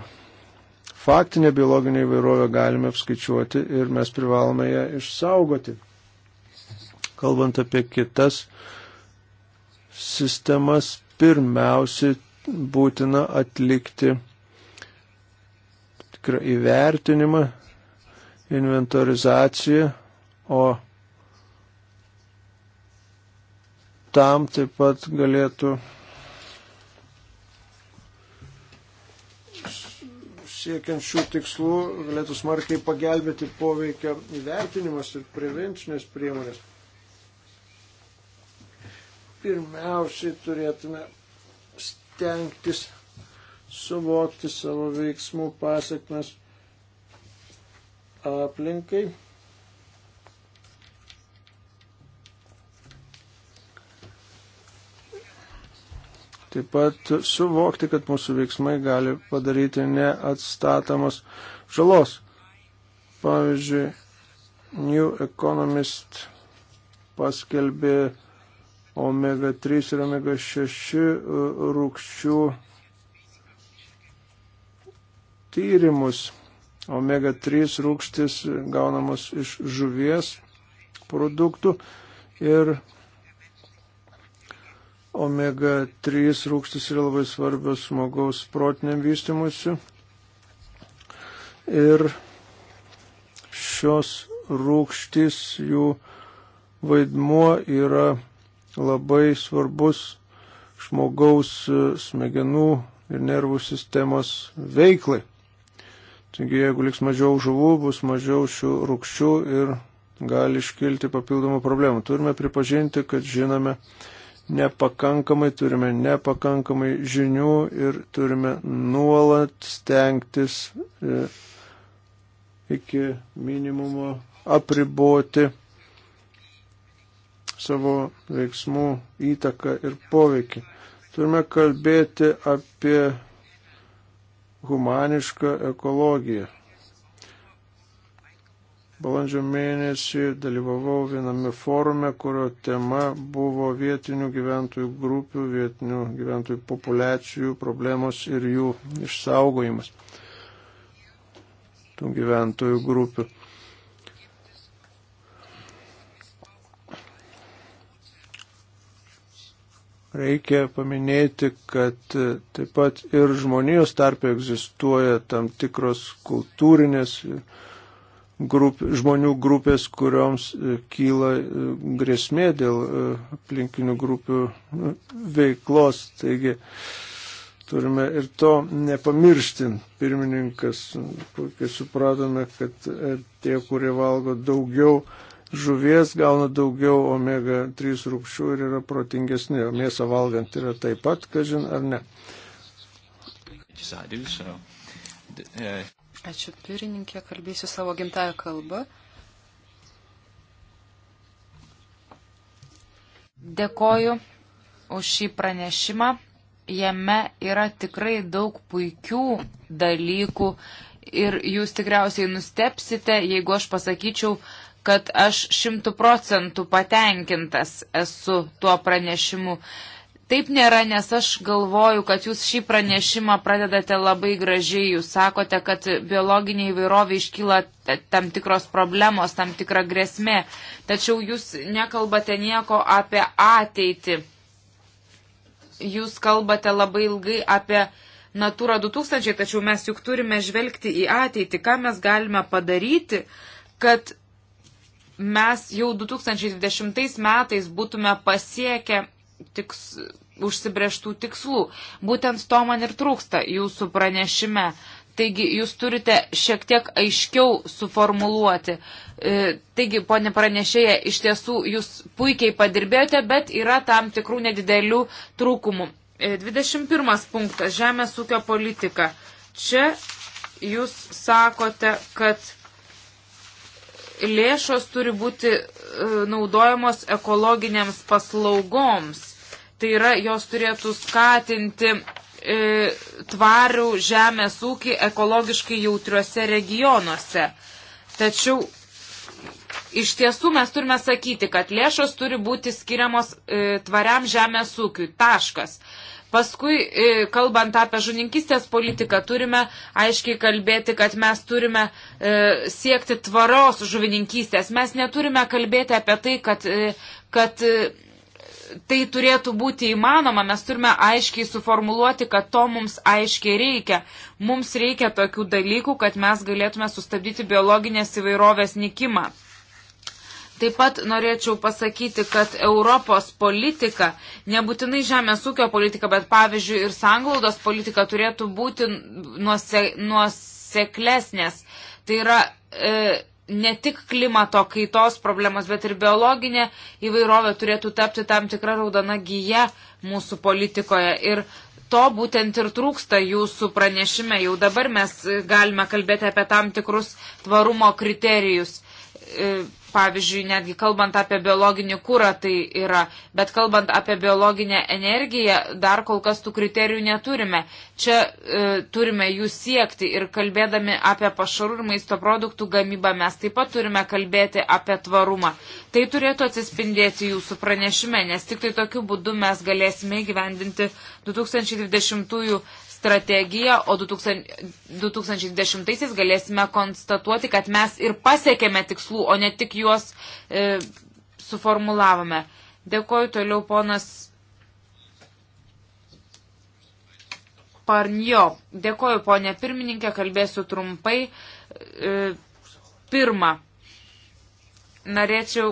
Faktinę biologinę įvairovę galime apskaičiuoti ir mes privalome ją išsaugoti. Kalbant apie kitas uh, sistemas pirmiausiai būtina atlikti tikrą įvertinimą, inventorizaciją, o tam taip pat galėtų siekiant šių tikslų galėtų smarkiai pagelbėti poveikio įvertinimas ir prevencinės priemonės pirmiausiai turėtume stengtis suvokti savo veiksmų pasiekmes aplinkai. Taip pat suvokti, kad mūsų veiksmai gali padaryti neatstatomos žalos. Pavyzdžiui, New Economist paskelbė omega 3 ir omega 6 e, rūkščių tyrimus. Omega 3 rūkštis gaunamos iš žuvies produktų ir omega 3 rūkštis yra labai svarbios žmogaus protiniam vystimuisi. Ir šios rūkštis jų vaidmuo yra labai svarbus žmogaus e, smegenų ir nervų sistemos veiklai. Taigi, jeigu liks mažiau žuvų, bus mažiau šių rūkščių ir gali iškilti papildomų problemų. Turime pripažinti, kad žinome nepakankamai, turime nepakankamai žinių ir turime nuolat stengtis e, iki minimumo apriboti savo veiksmų įtaką ir poveikį. Turime kalbėti apie humanišką ekologiją. Balandžio mėnesį dalyvavau viename forume, kurio tema buvo vietinių gyventojų grupių, vietinių gyventojų populiacijų problemos ir jų išsaugojimas tų gyventojų grupių. Reikia paminėti, kad e, taip pat ir žmonijos tarpe egzistuoja tam tikros kultūrinės grup, žmonių grupės, kurioms e, kyla e, grėsmė dėl aplinkinių grupių veiklos. Taigi turime ir to nepamiršti. Pirmininkas puikiai supratome, kad tie, kurie valgo daugiau, žuvies gauna daugiau omega 3 rūpščių ir yra protingesni, o mėsą valgant yra taip pat, kažin ar ne. Ačiū pirininkė, kalbėsiu savo gimtają kalbą. Dėkoju už šį pranešimą. Jame yra tikrai daug puikių dalykų ir jūs tikriausiai nustepsite, jeigu aš pasakyčiau, kad aš šimtų procentų patenkintas esu tuo pranešimu. Taip nėra, nes aš galvoju, kad jūs šį pranešimą pradedate labai gražiai. Jūs sakote, kad biologinė įvairovė iškyla tam tikros problemos, tam tikra grėsmė. Tačiau jūs nekalbate nieko apie ateitį. Jūs kalbate labai ilgai apie Natūra 2000, tačiau mes juk turime žvelgti į ateitį, ką mes galime padaryti, kad mes jau 2020 metais būtume pasiekę tiks, užsibrieštų tikslų. Būtent to man ir trūksta jūsų pranešime. Taigi jūs turite šiek tiek aiškiau suformuluoti. E, taigi, ponė pranešėja, iš tiesų jūs puikiai padirbėjote, bet yra tam tikrų nedidelių trūkumų. E, 21 punktas - žemės ūkio politika. Čia jūs sakote, kad lėšos turi būti e, naudojamos ekologiniams paslaugoms. Tai yra, jos turėtų skatinti e, tvarių žemės ūkį ekologiškai jautriuose regionuose. Tačiau iš tiesų mes turime sakyti, kad lėšos turi būti skiriamos e, tvariam žemės ūkiui. Taškas. Paskui, e, kalbant apie žuninkistės politiką, turime aiškiai kalbėti, kad mes turime e, siekti tvaros žuvininkystės. Mes neturime kalbėti apie tai, kad, e, kad tai turėtų būti įmanoma, mes turime aiškiai suformuluoti, kad to mums aiškiai reikia. Mums reikia tokių dalykų, kad mes galėtume sustabdyti biologinės įvairovės nikimą. Taip pat norėčiau pasakyti, kad Europos politika, nebūtinai žemės ūkio politika, bet pavyzdžiui ir sanglaudos politika turėtų būti nuose, nuoseklesnės. Tai yra e, ne tik klimato kaitos problemos, bet ir biologinė įvairovė turėtų tapti tam tikrą raudoną giją mūsų politikoje. Ir to būtent ir trūksta jūsų pranešime. Jau dabar mes galime kalbėti apie tam tikrus tvarumo kriterijus. E, Pavyzdžiui, netgi kalbant apie biologinį kūrą tai yra, bet kalbant apie biologinę energiją, dar kol kas tų kriterijų neturime. Čia e, turime jų siekti ir kalbėdami apie pašarų ir maisto produktų gamybą mes taip pat turime kalbėti apie tvarumą. Tai turėtų atsispindėti jūsų pranešime, nes tik tai tokiu būdu mes galėsime įgyvendinti 2020 strategiją, o 2010 galėsime konstatuoti, kad mes ir pasiekėme tikslų, o ne tik juos e, suformulavome. Dėkoju toliau ponas Parnio. Dėkoju ponė pirmininkė, kalbėsiu trumpai. E, pirma, norėčiau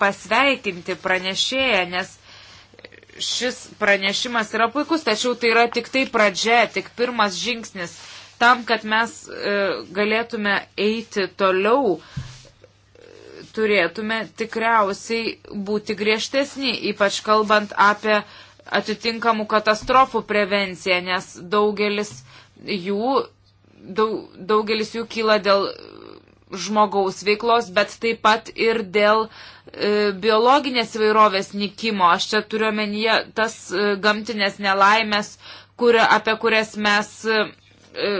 pasveikinti pranešėją, nes šis pranešimas yra puikus, tačiau tai yra tik tai pradžia, tik pirmas žingsnis tam, kad mes e, galėtume eiti toliau turėtume tikriausiai būti griežtesni, ypač kalbant apie atitinkamų katastrofų prevenciją, nes daugelis jų, daug, daugelis jų kyla dėl žmogaus veiklos, bet taip pat ir dėl E, biologinės įvairovės nikimo. Aš čia turiu omenyje tas e, gamtinės nelaimės, kur, apie kurias mes, e,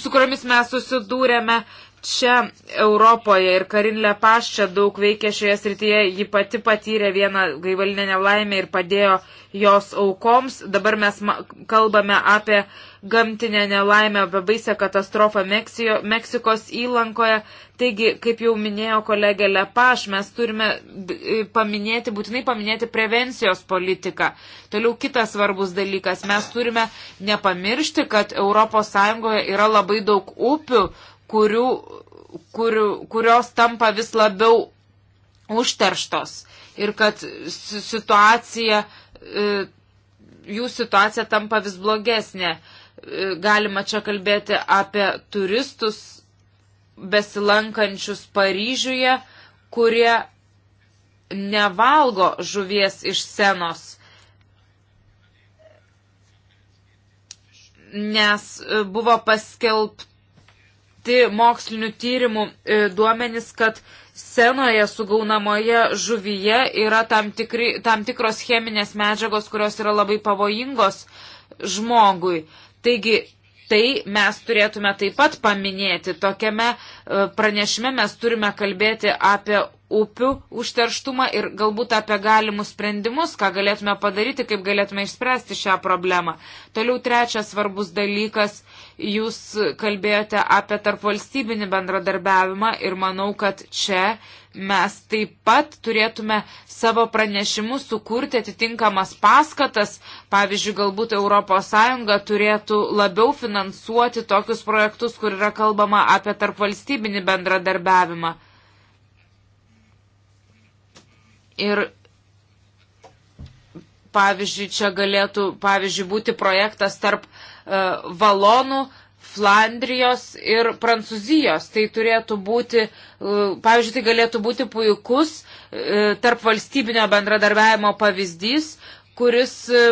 su kuriomis mes susidūrėme čia Europoje ir Karin Lepaš čia daug veikė šioje srityje, ji pati patyrė vieną gaivalinę nelaimę ir padėjo jos aukoms. Dabar mes kalbame apie gamtinę nelaimę, apie baisę katastrofą Meksijo, Meksikos įlankoje. Taigi, kaip jau minėjo kolegė Lepaš, mes turime e, paminėti, būtinai paminėti prevencijos politiką. Toliau kitas svarbus dalykas, mes turime nepamiršti, kad ES yra labai daug upių, kurių, kurių, kurios tampa vis labiau užterštos ir kad situacija, e, jų situacija tampa vis blogesnė galima čia kalbėti apie turistus besilankančius Paryžiuje, kurie nevalgo žuvies iš senos. Nes e, buvo paskelbti mokslinių tyrimų e, duomenys, kad senoje sugaunamoje žuvyje yra tam, tikri, tam tikros cheminės medžiagos, kurios yra labai pavojingos žmogui. E, Taigi, tai mes turėtume taip pat paminėti. Tokiame e, pranešime mes turime kalbėti apie upių užterštumą ir galbūt apie galimus sprendimus, ką galėtume padaryti, kaip galėtume išspręsti šią problemą. Toliau trečias svarbus dalykas, jūs kalbėjote apie tarpvalstybinį bendradarbiavimą ir manau, kad čia mes taip pat turėtume savo pranešimus sukurti atitinkamas paskatas. Pavyzdžiui, galbūt ES turėtų labiau finansuoti tokius projektus, kur yra kalbama apie tarpvalstybinį bendradarbiavimą. Ir pavyzdžiui, čia galėtų, pavyzdžiui, būti projektas tarp uh, valonų, uh, Flandrijos ir Prancūzijos. Tai turėtų būti, e, pavyzdžiui, tai galėtų būti puikus e, tarp valstybinio bendradarbiavimo pavyzdys, kuris e,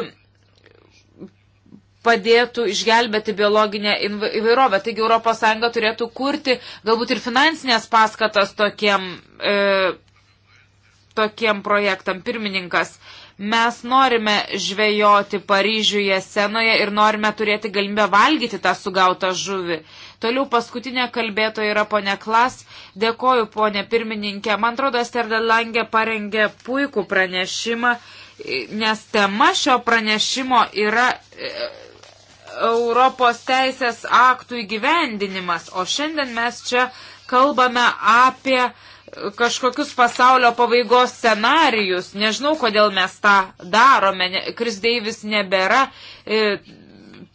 padėtų išgelbėti biologinę įvairovę. Taigi ES turėtų kurti galbūt ir finansinės paskatas tokiem, e, tokiem projektam pirmininkas. E, Mes norime žvejoti Paryžiuje senoje ir norime turėti galimybę valgyti tą sugautą žuvį. Toliau paskutinė kalbėtoja yra ponė Klas. Dėkoju, ponė pirmininkė. Man atrodo, Sterdelangė parengė puikų pranešimą, nes tema šio pranešimo yra e, Europos teisės aktų įgyvendinimas. O šiandien mes čia kalbame apie uh, kažkokius pasaulio pabaigos scenarijus. Nežinau, kodėl mes tą darome. Kris Deivis nebėra. E,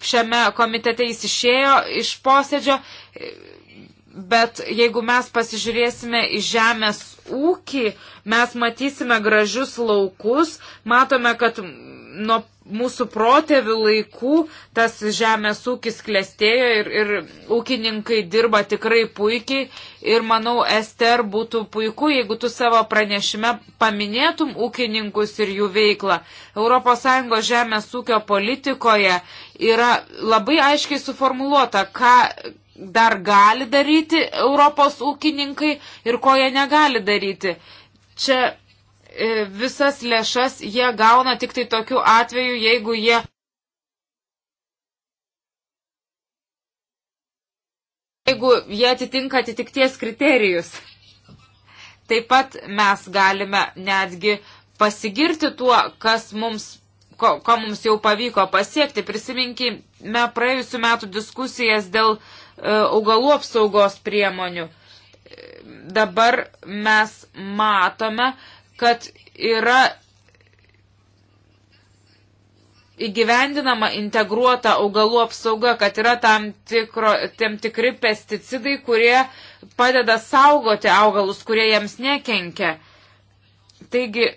šiame komitete jis išėjo iš posėdžio. E, bet jeigu mes pasižiūrėsime į žemės ūkį, mes matysime gražius laukus, matome, kad nuo mūsų protėvių laikų tas žemės ūkis klestėjo ir, ir ūkininkai dirba tikrai puikiai. Ir manau, Ester būtų puiku, jeigu tu savo pranešime paminėtum ūkininkus ir jų veiklą. ES žemės ūkio politikoje yra labai aiškiai suformuoluota, ką dar gali daryti Europos ūkininkai ir ko jie negali daryti. Čia E, visas lėšas jie gauna tik tai tokiu atveju, jeigu jie. Jeigu jie atitinka atitikties kriterijus. Taip pat mes galime netgi pasigirti tuo, kas mums, ko, ko mums jau pavyko pasiekti. Prisiminkime praėjusiu metu diskusijas dėl e, augalų apsaugos priemonių. Dabar mes matome, e, kad yra įgyvendinama integruota augalų apsauga, kad yra tam, tikro, tam tikri pesticidai, kurie padeda saugoti augalus, kurie jiems nekenkia. Taigi,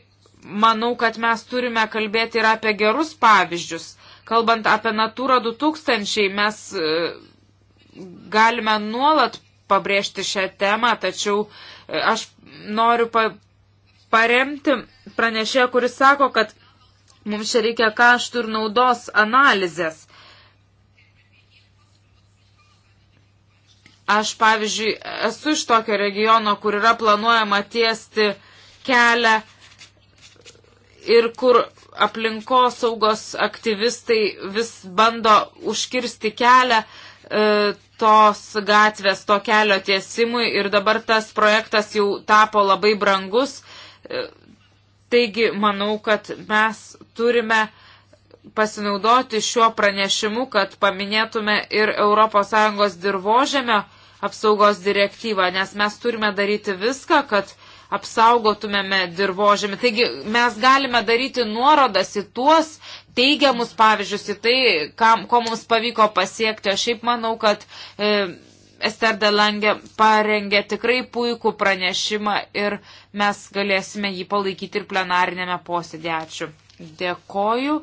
manau, kad mes turime kalbėti ir apie gerus pavyzdžius. Kalbant apie Natūrą 2000, mes e, galime nuolat pabrėžti šią temą, tačiau e, aš noriu pa paremti pranešėją, kuris sako, kad mums čia reikia kaštų ir naudos analizės. Aš, pavyzdžiui, esu iš tokio regiono, kur yra planuojama tiesti kelią ir kur aplinkosaugos aktyvistai vis bando užkirsti kelią e, tos gatvės, to kelio tiesimui ir dabar tas projektas jau tapo labai brangus Taigi, manau, kad mes turime pasinaudoti šiuo pranešimu, kad paminėtume ir ES dirbožėmio apsaugos direktyvą, nes mes turime daryti viską, kad apsaugotumėme dirbožėmį. Taigi mes galime daryti nuorodas į tuos teigiamus pavyzdžius, į tai, kam, ko mums pavyko pasiekti. Aš šiaip manau, kad e, Ester Delangė parengė tikrai puikų pranešimą ir mes galėsime jį palaikyti ir plenarinėme posėdė. Ačiū. Dėkoju.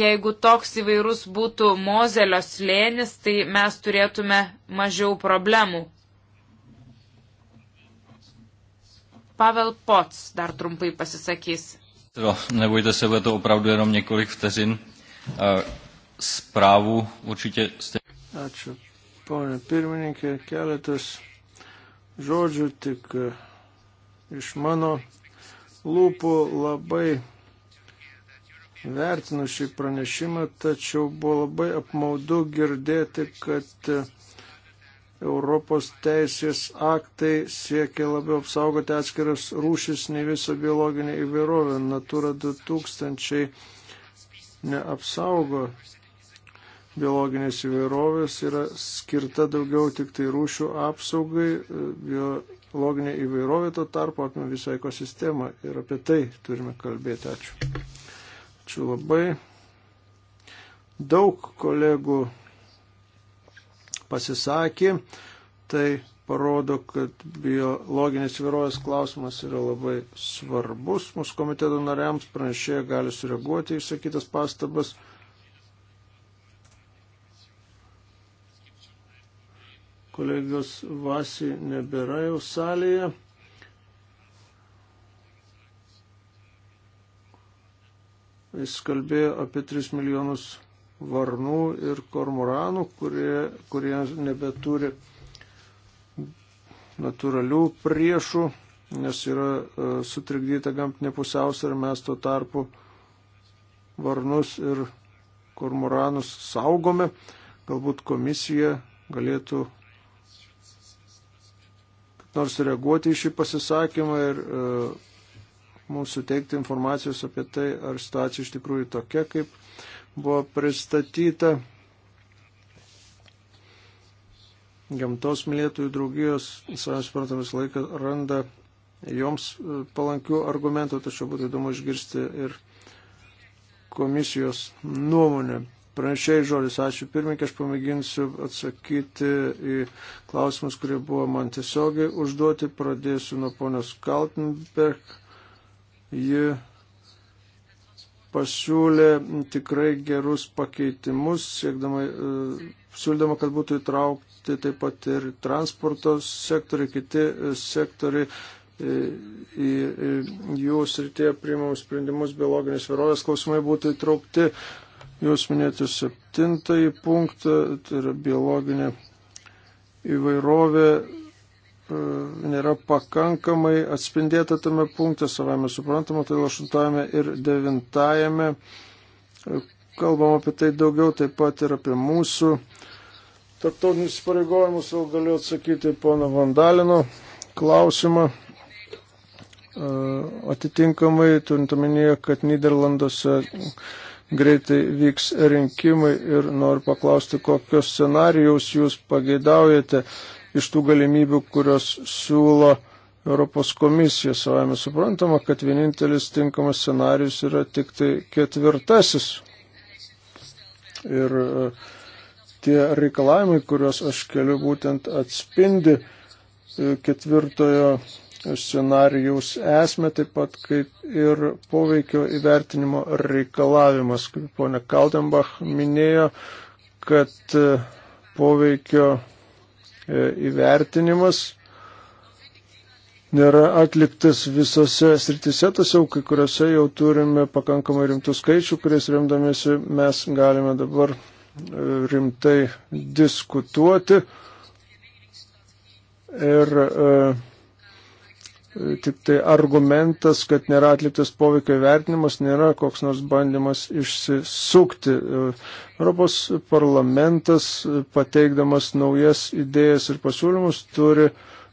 Jeigu toks įvairus būtų mozelio slėnis, tai mes turėtume mažiau problemų. Pavel Pots dar trumpai pasisakys. Nebojte se, bude to opravdu jenom několik vteřin. Eh, zprávu určitě jste. Ačiū, ponė pirmininkė, keletas žodžių tik e, iš mano lūpų labai vertinu šį pranešimą, tačiau buvo labai apmaudu girdėti, kad e, Europos teisės aktai siekia labiau apsaugoti atskiras rūšis nei visą biologinę įvairovę. Natura 2000 neapsaugo biologinės įvairovės yra skirta daugiau tik tai rūšių apsaugai, biologinė įvairovė to tarpo apima visą ekosistemą ir apie tai turime kalbėti. Ačiū. Ačiū labai. Daug kolegų pasisakė, tai parodo, kad biologinės įvairovės klausimas yra labai svarbus. Mūsų komiteto nariams pranešėjai gali sureaguoti išsakytas pastabas. Kolegos Vasi nebėra jau salėje. Jis kalbėjo apie 3 milijonus varnų ir kormoranų, kurie, kurie nebeturi natūralių priešų, nes yra uh, sutrikdyta gamtinė pusiausvė ir mes tuo tarpu varnus ir kormoranus saugome. Galbūt komisija galėtų nors reaguoti į šį pasisakymą ir e, mums suteikti informacijos apie tai, ar situacija iš tikrųjų tokia, kaip buvo pristatyta gamtos mylėtojų draugijos, savai suprantamas laiką randa joms e, palankių argumentų, tačiau būtų įdomu išgirsti ir komisijos nuomonę. Pranešėjai žodis, ačiū pirmininkė, aš pamėginsiu atsakyti į klausimus, kurie buvo man tiesiogiai užduoti. Pradėsiu nuo ponios Kaltenberg. Ji pasiūlė tikrai gerus pakeitimus, siekdama, e, siūlydama, kad būtų įtraukti taip pat ir transporto sektoriai, kiti e, sektoriai į, e, į, į jų srityje priimamus sprendimus biologinės vėrovės klausimai būtų įtraukti. Jūs minėjote septintąjį punktą, tai yra biologinė įvairovė e, nėra pakankamai atspindėta tame punkte, savame suprantama, tai 8 ir 9 e, kalbam apie tai daugiau, taip pat ir apie mūsų tarptautinius pareigojimus, jau galiu atsakyti pono Vandalino klausimą. E, atitinkamai turint omenyje, kad Niderlanduose greitai vyks rinkimai ir noriu paklausti, kokios scenarijaus jūs pageidaujate iš tų galimybių, kurios siūlo Europos komisija. Savame suprantama, kad vienintelis tinkamas scenarius yra tik tai ketvirtasis. Ir e, tie reikalavimai, kuriuos aš keliu, būtent atspindi e, ketvirtojo scenarijaus esmę, taip pat kaip ir poveikio įvertinimo reikalavimas. Kaip ponia Kaldenbach minėjo, kad e, poveikio e, įvertinimas nėra atliktas visose sritise, tačiau kai kuriuose jau turime pakankamai rimtų skaičių, kuriais remdamėsi mes galime dabar e, rimtai diskutuoti. Ir uh, tik tai argumentas, kad nėra atliktas poveikio vertinimas, nėra koks nors bandymas išsisukti. Europos parlamentas, pateikdamas naujas idėjas ir pasiūlymus, turi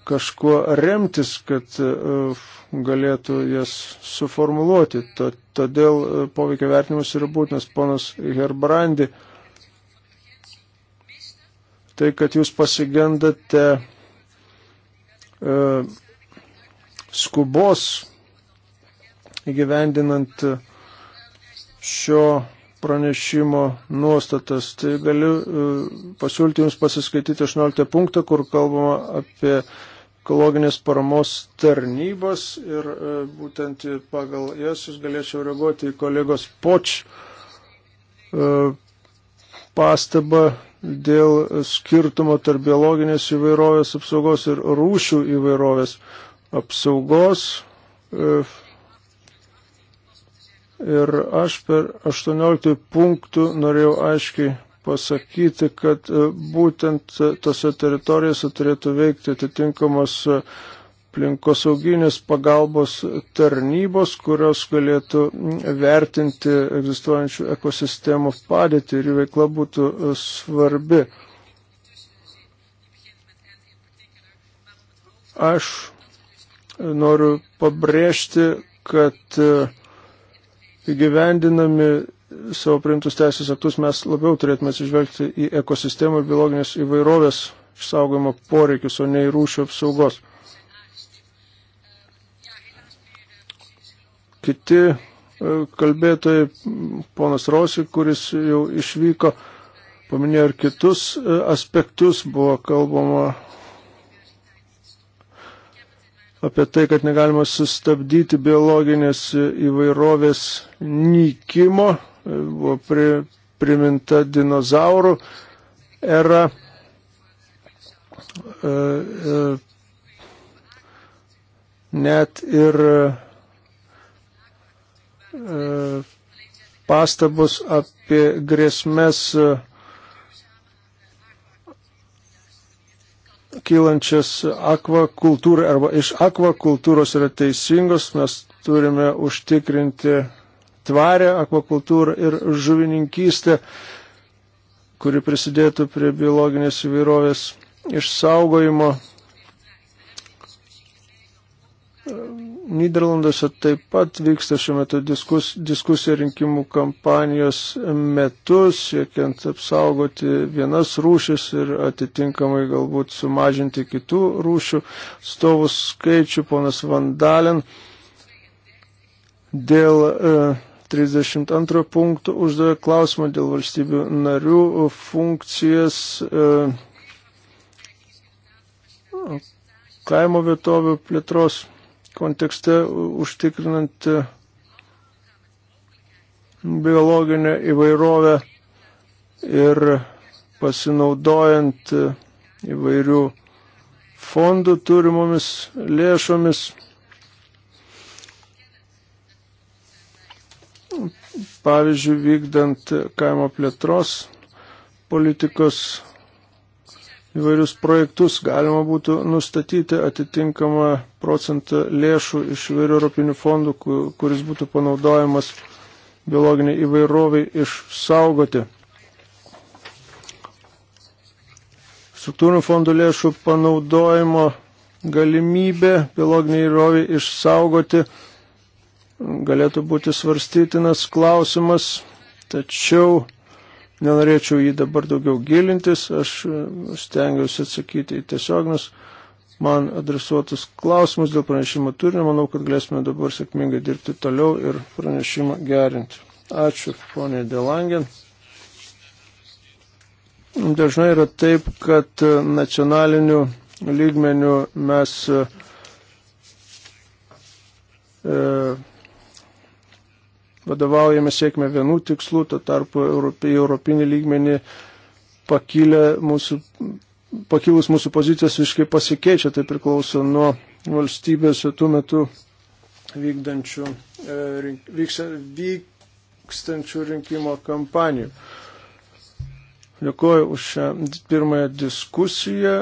kažkuo remtis, kad uh, galėtų jas suformuluoti. Todėl uh, poveikio vertinimas yra būtinas, ponas Herbrandi. Tai, kad jūs pasigendate uh, skubos įgyvendinant šio pranešimo nuostatas. Tai galiu e, pasiūlyti Jums pasiskaityti 18 punktą, kur kalbama apie ekologinės paramos tarnybas ir e, būtent pagal jas jūs galėčiau reaguoti į kolegos poč e, pastabą dėl skirtumo tarp biologinės įvairovės apsaugos ir rūšių įvairovės. Uh, apsaugos. E, ir aš per 18 punktų norėjau aiškiai pasakyti, kad e, būtent tose teritorijose turėtų veikti atitinkamos e, aplinkosauginės pagalbos tarnybos, kurios galėtų vertinti egzistuojančių ekosistemų padėtį ir veikla būtų svarbi. Aš Noriu pabrėžti, kad e, įgyvendinami savo priimtus teisės aktus mes labiau turėtume atsižvelgti į ekosistemų ir biologinės įvairovės išsaugojimo poreikius, o ne į rūšių apsaugos. Kiti e, kalbėtojai, ponas Rosi, kuris jau išvyko, paminėjo ir kitus e, aspektus, buvo kalbama apie tai, kad negalima sustabdyti biologinės įvairovės nykimo, buvo pri, priminta dinozaurų era. E, e, net ir e, pastabus apie grėsmės kylančias akvakultūrai arba iš akvakultūros yra teisingos, mes turime užtikrinti tvarę akvakultūrą ir žuvininkystę, kuri prisidėtų prie biologinės įvairovės išsaugojimo. Niderlanduose taip pat vyksta šiuo metu diskus, diskusija rinkimų kampanijos metu, siekiant apsaugoti vienas rūšis ir atitinkamai galbūt sumažinti kitų rūšių stovų skaičių. Ponas Vandalin dėl e, 32 punktų uždavė klausimą dėl valstybių narių funkcijas. E, kaimo vietovių plėtros kontekste užtikrinant e, biologinę įvairovę ir pasinaudojant e, įvairių fondų turimomis lėšomis pavyzdžiui, vykdant kaimo plėtros politikos įvairius projektus galima būtų nustatyti atitinkamą procentą lėšų iš įvairių europinių fondų, kuris būtų panaudojamas biologiniai įvairoviai išsaugoti. Struktūrinių fondų lėšų panaudojimo galimybė biologiniai įvairoviai išsaugoti galėtų būti svarstytinas klausimas, tačiau Nenorėčiau jį dabar daugiau gilintis, aš e, stengiuosi atsakyti į tiesioginius man adresuotus klausimus dėl pranešimo turinio. Manau, kad galėsime dabar sėkmingai dirbti toliau ir pranešimą gerinti. Ačiū, ponė Delangin. Dažnai yra taip, kad e, nacionaliniu lygmeniu mes e, e vadovaujame siekime vienų tikslų, to tarpu Europė, europinį lygmenį pakilę mūsų, pakilus mūsų pozicijos visiškai pasikeičia, tai priklauso nuo valstybės tuo metu vykdančių, e, vykstančių rinkimo kampanijų. Dėkuoju už šią pirmąją diskusiją.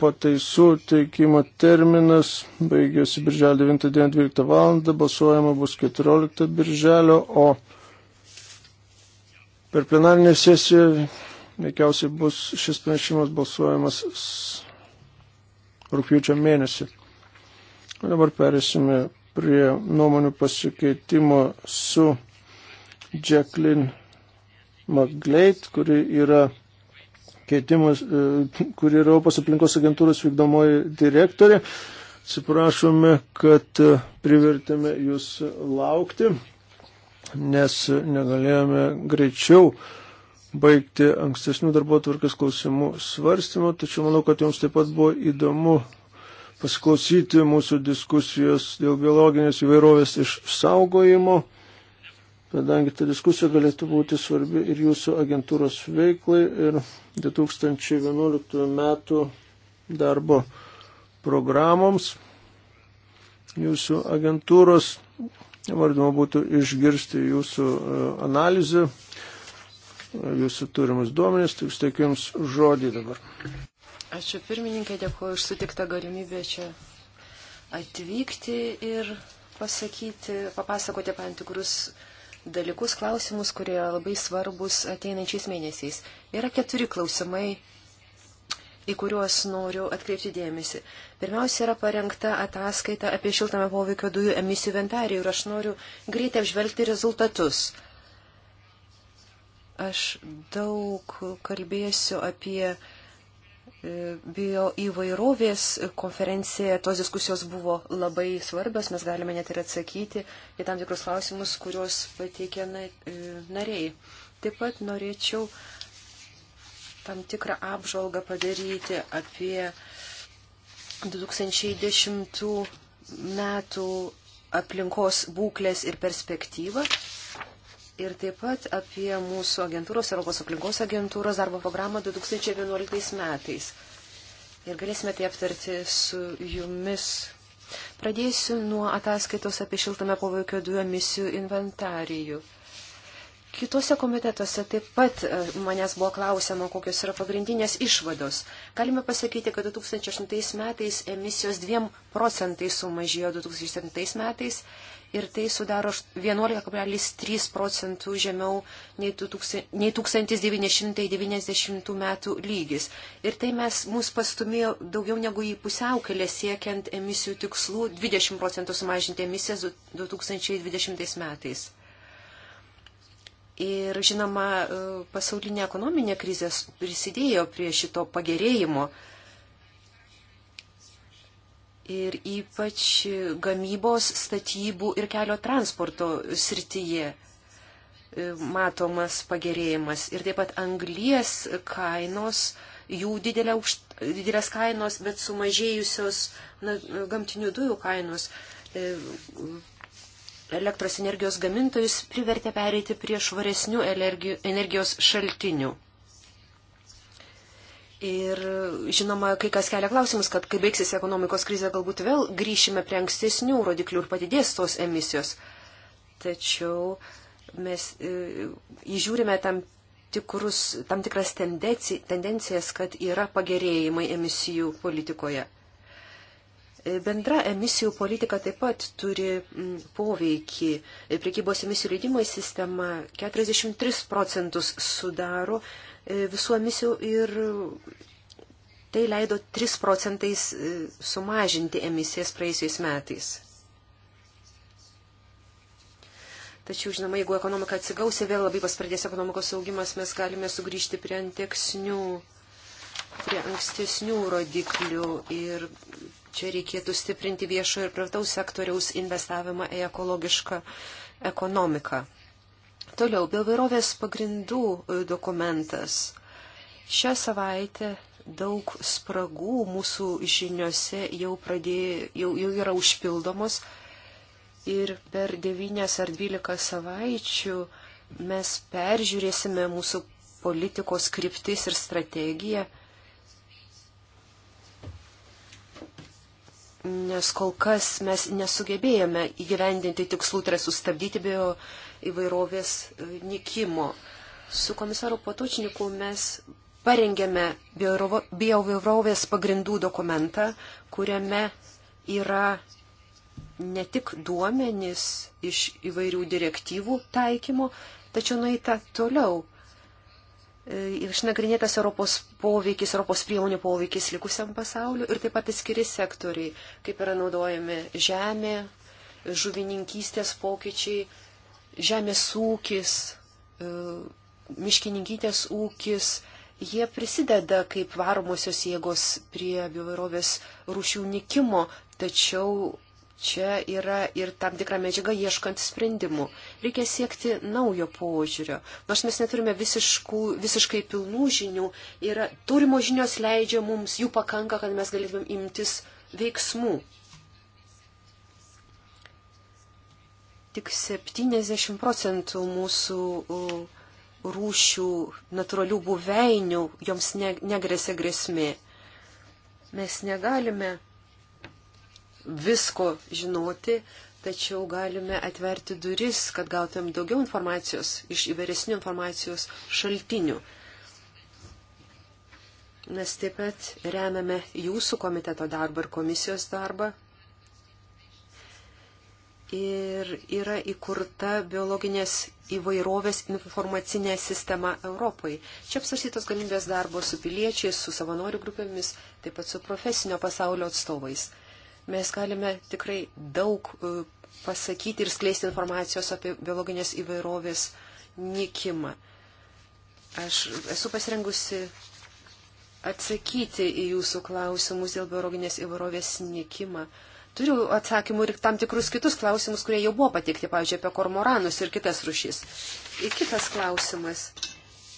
Pataisų teikimo terminas baigėsi birželio 9 dieną 12 val. Balsuojama bus 14 birželio, o per plenarinę sesiją veikiausiai bus šis pranešimas balsuojamas rūpjūčio mėnesį. O dabar perėsime prie nuomonių pasikeitimo su Jacqueline McGlade, kuri yra keitimas, e, kuri yra Europos aplinkos agentūros vykdomoji direktorė. Atsiprašome, kad e, privertėme jūs laukti, nes negalėjome greičiau baigti ankstesnių darbo tvarkės klausimų svarstymą, tačiau manau, kad jums taip pat buvo įdomu pasiklausyti mūsų diskusijos dėl biologinės įvairovės išsaugojimo kadangi ta diskusija galėtų būti svarbi ir jūsų agentūros veiklai ir 2011 metų darbo programoms jūsų agentūros. Vardimo būtų išgirsti jūsų e, analizę, jūsų turimus duomenys, tai tik steikiu jums žodį dabar. Ačiū pirmininkė, dėkuoju už sutiktą galimybę čia atvykti ir pasakyti, papasakoti apie antikrus dalykus, klausimus, kurie labai svarbus ateinančiais mėnesiais. Yra keturi klausimai, į kuriuos noriu atkreipti dėmesį. Pirmiausia, yra parengta ataskaita apie šiltame poveikio dujų emisijų inventarijų ir aš noriu greitai apžvelgti rezultatus. Aš daug kalbėsiu apie bio įvairovės konferencija, tos diskusijos buvo labai svarbios, mes galime net ir atsakyti į tam tikrus klausimus, kuriuos pateikė e, nariai. Taip pat norėčiau tam tikrą apžvalgą padaryti apie 2010 metų aplinkos būklės ir perspektyvą ir taip pat apie mūsų agentūros, Europos aplinkos agentūros darbo programą 2011 metais. Ir galėsime tai aptarti su jumis. Pradėsiu nuo ataskaitos apie šiltame poveikio dujų emisijų inventarijų. Kitose komitetuose taip pat e, manęs buvo klausima, kokios yra pagrindinės išvados. Galime pasakyti, kad 2008 metais emisijos 2 procentais sumažėjo 2007 metais ir tai sudaro 11,3 procentų žemiau nei, 2000, nei 1990 metų lygis. Ir tai mes, mus pastumėjo daugiau negu į pusiaukelę siekiant emisijų tikslų 20 procentų sumažinti emisijas 2020 metais. Ir žinoma, e, pasaulinė ekonominė krizė prisidėjo prie šito pagerėjimo. Ir ypač gamybos, statybų ir kelio transporto srityje e, matomas pagerėjimas. Ir taip pat anglies kainos, jų didelė aukšt, didelės kainos, bet sumažėjusios na, gamtinių dujų kainos e, elektros energijos gamintojus privertė pereiti prie švaresnių energijos šaltinių. Ir žinoma, kai kas kelia klausimus, kad kai baigsis ekonomikos krizė, galbūt vėl grįšime prie ankstesnių rodiklių ir padidės tos emisijos. Tačiau mes e, įžiūrime tam, tikrus, tam tikras tendencijas, kad yra pagerėjimai emisijų politikoje. Bendra emisijų politika taip pat turi mm, poveikį. Prekybos emisijų leidimai sistema 43 procentus sudaro e, visų emisijų ir tai leido 3 procentais e, sumažinti emisijas praeisiais metais. Tačiau, žinoma, jeigu ekonomika atsigausia, vėl labai paspardės ekonomikos augimas, mes galime sugrįžti prie anteksnių prie ankstesnių rodiklių ir Čia reikėtų stiprinti viešo ir privataus sektoriaus investavimą į ekologišką ekonomiką. Toliau, bioverovės pagrindų e, dokumentas. Šią savaitę daug spragų mūsų žiniuose jau, pradėjo, jau, jau yra užpildomos ir per 9 ar 12 savaičių mes peržiūrėsime mūsų politikos kryptis ir strategiją nes kol kas mes nesugebėjome įgyvendinti tikslų, tai yra sustabdyti bio įvairovės e, nikimo. Su komisaru Patočniku mes parengėme bioįvairovės pagrindų dokumentą, kuriame yra ne tik duomenys iš įvairių direktyvų taikymo, tačiau nueita toliau. E, išnagrinėtas Europos poveikis, Europos priemonių poveikis likusiam pasauliu ir taip pat atskiri sektoriai, kaip yra naudojami žemė, žuvininkystės pokyčiai, žemės ūkis, e, miškininkytės ūkis. Jie prisideda kaip varomosios jėgos prie bioverovės rūšių nikimo, tačiau Čia yra ir tam tikra medžiaga ieškant sprendimų. Reikia siekti naujo požiūrio. Nors mes neturime visiškų, visiškai pilnų žinių, yra, turimo žinios leidžia mums, jų pakanka, kad mes galėtumėm imtis veiksmų. Tik 70 procentų mūsų rūšių natūralių buveinių joms negresia grėsmė. Mes negalime visko žinoti, tačiau galime atverti duris, kad gautum daugiau informacijos iš įvairesnių informacijos šaltinių. Mes taip pat remiame jūsų komiteto darbą ir komisijos darbą. Ir yra įkurta biologinės įvairovės informacinė sistema Europai. Čia apsarsytos galimybės darbo su piliečiais, su savanorių grupėmis, taip pat su profesinio pasaulio atstovais. Mes galime tikrai daug e, pasakyti ir skleisti informacijos apie biologinės įvairovės nikimą. Aš esu pasirengusi atsakyti į jūsų klausimus dėl biologinės įvairovės nikimą. Turiu atsakymų ir tam tikrus kitus klausimus, kurie jau buvo patikti, pavyzdžiui, apie kormoranus ir kitas rušys. Ir kitas klausimas.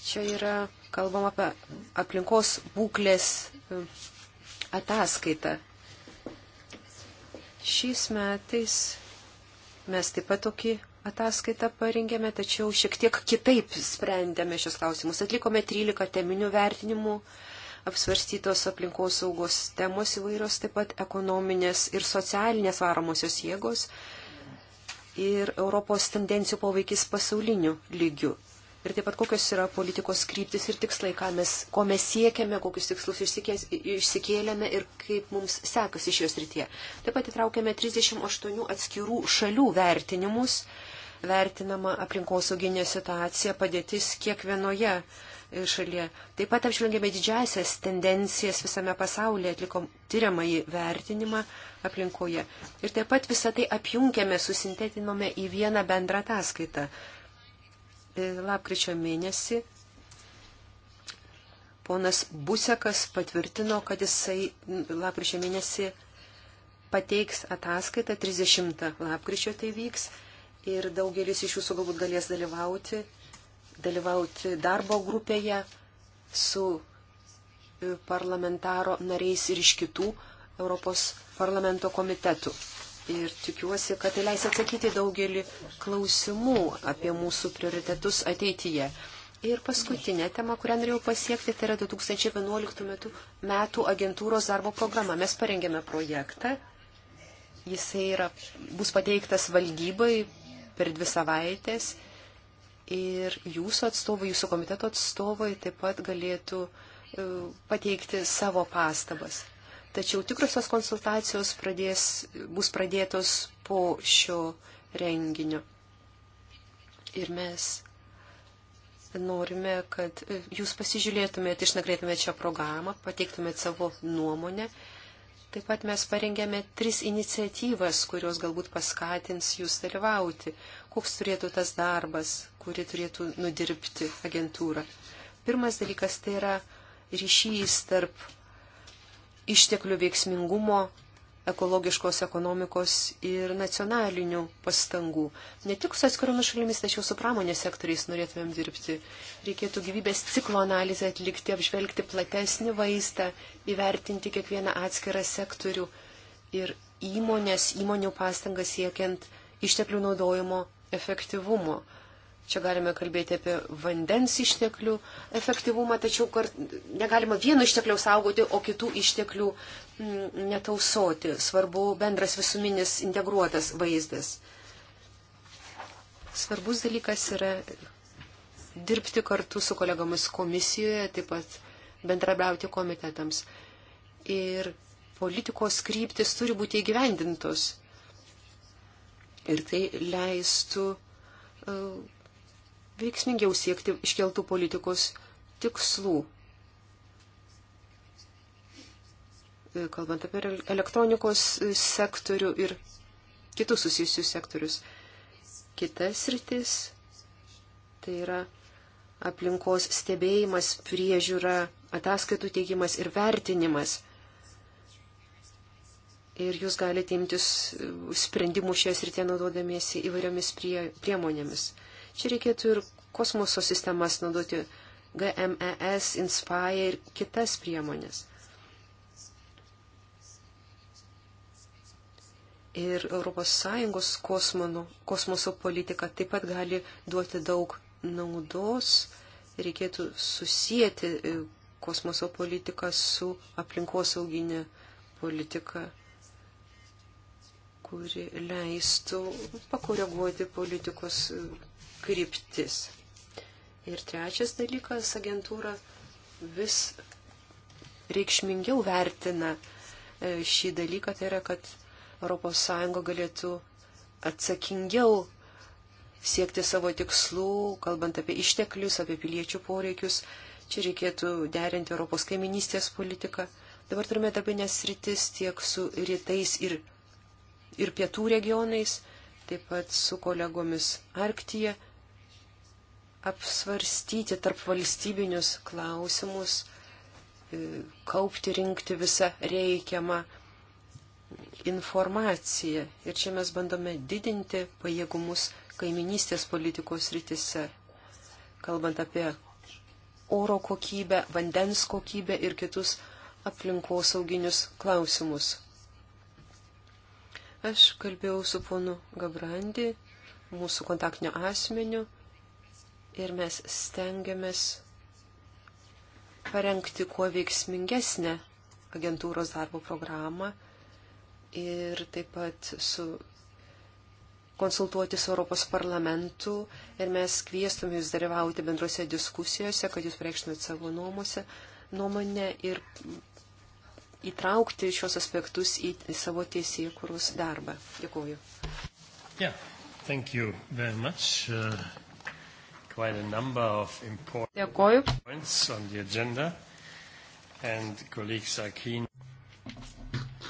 Čia yra kalbama apie aplinkos būklės e, ataskaitą. Šiais metais mes taip pat tokį ataskaitą parengėme, tačiau šiek tiek kitaip sprendėme šios klausimus. Atlikome 13 teminių vertinimų, apsvarstytos aplinkos saugos temos įvairios, taip pat ekonominės ir socialinės varomosios jėgos ir Europos tendencijų poveikis pasauliniu lygiu ir taip pat kokios yra politikos kryptis ir tikslai, mes, ko mes siekiame, kokius tikslus išsikėlėme ir kaip mums sekasi šios rytie. Taip pat įtraukėme 38 atskirų šalių vertinimus, vertinama aplinkosauginė situacija, padėtis kiekvienoje šalyje. Taip pat apžvelgėme didžiasias tendencijas visame pasaulyje, atlikom tyriamąjį vertinimą aplinkoje. Ir taip pat visą tai apjungėme, susintetinome į vieną bendrą ataskaitą E, lapkričio mėnesį ponas Busekas patvirtino, kad jisai lapkričio mėnesį pateiks ataskaitą, 30 lapkričio tai vyks ir daugelis iš jūsų galbūt galės dalyvauti, dalyvauti darbo grupėje su e, parlamentaro nariais ir iš kitų Europos parlamento komitetų ir tikiuosi, kad tai leis atsakyti daugelį klausimų apie mūsų prioritetus ateityje. Ir paskutinė tema, kurią norėjau pasiekti, tai yra 2011 metų, metų agentūros darbo programa. Mes parengėme projektą, jisai yra, bus pateiktas valdybai per dvi savaitės ir jūsų atstovai, jūsų komiteto atstovai taip pat galėtų e, pateikti savo pastabas tačiau tikrusios konsultacijos pradės, bus pradėtos po šio renginio. Ir mes norime, kad jūs pasižiūrėtumėte, išnagrėtumėte šią programą, pateiktumėte savo nuomonę. Taip pat mes parengėme tris iniciatyvas, kurios galbūt paskatins jūs dalyvauti. Koks turėtų tas darbas, kurį turėtų nudirbti agentūra. Pirmas dalykas tai yra ryšys tarp išteklių veiksmingumo, ekologiškos ekonomikos ir nacionalinių pastangų. Ne tik su atskiromis šalimis, tačiau su pramonės sektoriais norėtumėm dirbti. Reikėtų gyvybės ciklo analizę atlikti, apžvelgti platesnį vaizdą, įvertinti kiekvieną atskirą sektorių ir įmonės, įmonių pastangas siekiant išteklių naudojimo efektyvumo. Čia galime kalbėti apie vandens išteklių efektyvumą, tačiau kart, negalima vieno išteklių saugoti, o kitų išteklių mm, netausoti. Svarbu bendras visuminis integruotas vaizdas. Svarbus dalykas yra dirbti kartu su kolegomis komisijoje, taip pat bendrabiauti komitetams. Ir politikos kryptis turi būti įgyvendintos. Ir tai leistų uh, veiksmingiau siekti iškeltų politikos tikslų. E, kalbant apie elektronikos sektorių ir kitus susijusius sektorius. Kitas rytis tai yra aplinkos stebėjimas, priežiūra, ataskaitų teikimas ir vertinimas. Ir jūs galite imtis sprendimų šią sritį naudodamiesi įvairiomis prie, priemonėmis. Čia reikėtų ir kosmoso sistemas naudoti GMES, Inspire ir kitas priemonės. Ir ES kosmono, kosmoso politika taip pat gali duoti daug naudos. Reikėtų susijęti e, kosmoso politiką su aplinkosauginė politika, kuri leistų pakoreguoti politikos e, kryptis. Ir trečias dalykas, agentūra vis reikšmingiau vertina e, šį dalyką, tai yra, kad ES galėtų atsakingiau siekti savo tikslų, kalbant apie išteklius, apie piliečių poreikius. Čia reikėtų derinti Europos kaiminystės politiką. Dabar turime darbinės rytis tiek su rytais ir, ir pietų regionais, taip pat su kolegomis Arktyje, apsvarstyti tarp valstybinius klausimus, e, kaupti, rinkti visą reikiamą informaciją. Ir čia mes bandome didinti pajėgumus kaiminystės politikos rytise, kalbant apie oro kokybę, vandens kokybę ir kitus aplinkosauginius klausimus. Aš kalbėjau su ponu Gabrandi, mūsų kontaktinio asmeniu, ir mes stengiamės parengti kuo veiksmingesnę agentūros darbo programą ir taip pat su konsultuoti su Europos parlamentu ir mes kvieštume jūs dalyvauti bendrose diskusijose, kad jūs reikštumėt savo nuomose, nuomonę ir įtraukti šios aspektus į savo teisėjų kūrus darbą. Dėkuoju. Yeah. Thank you very much. Uh... Dėkoju.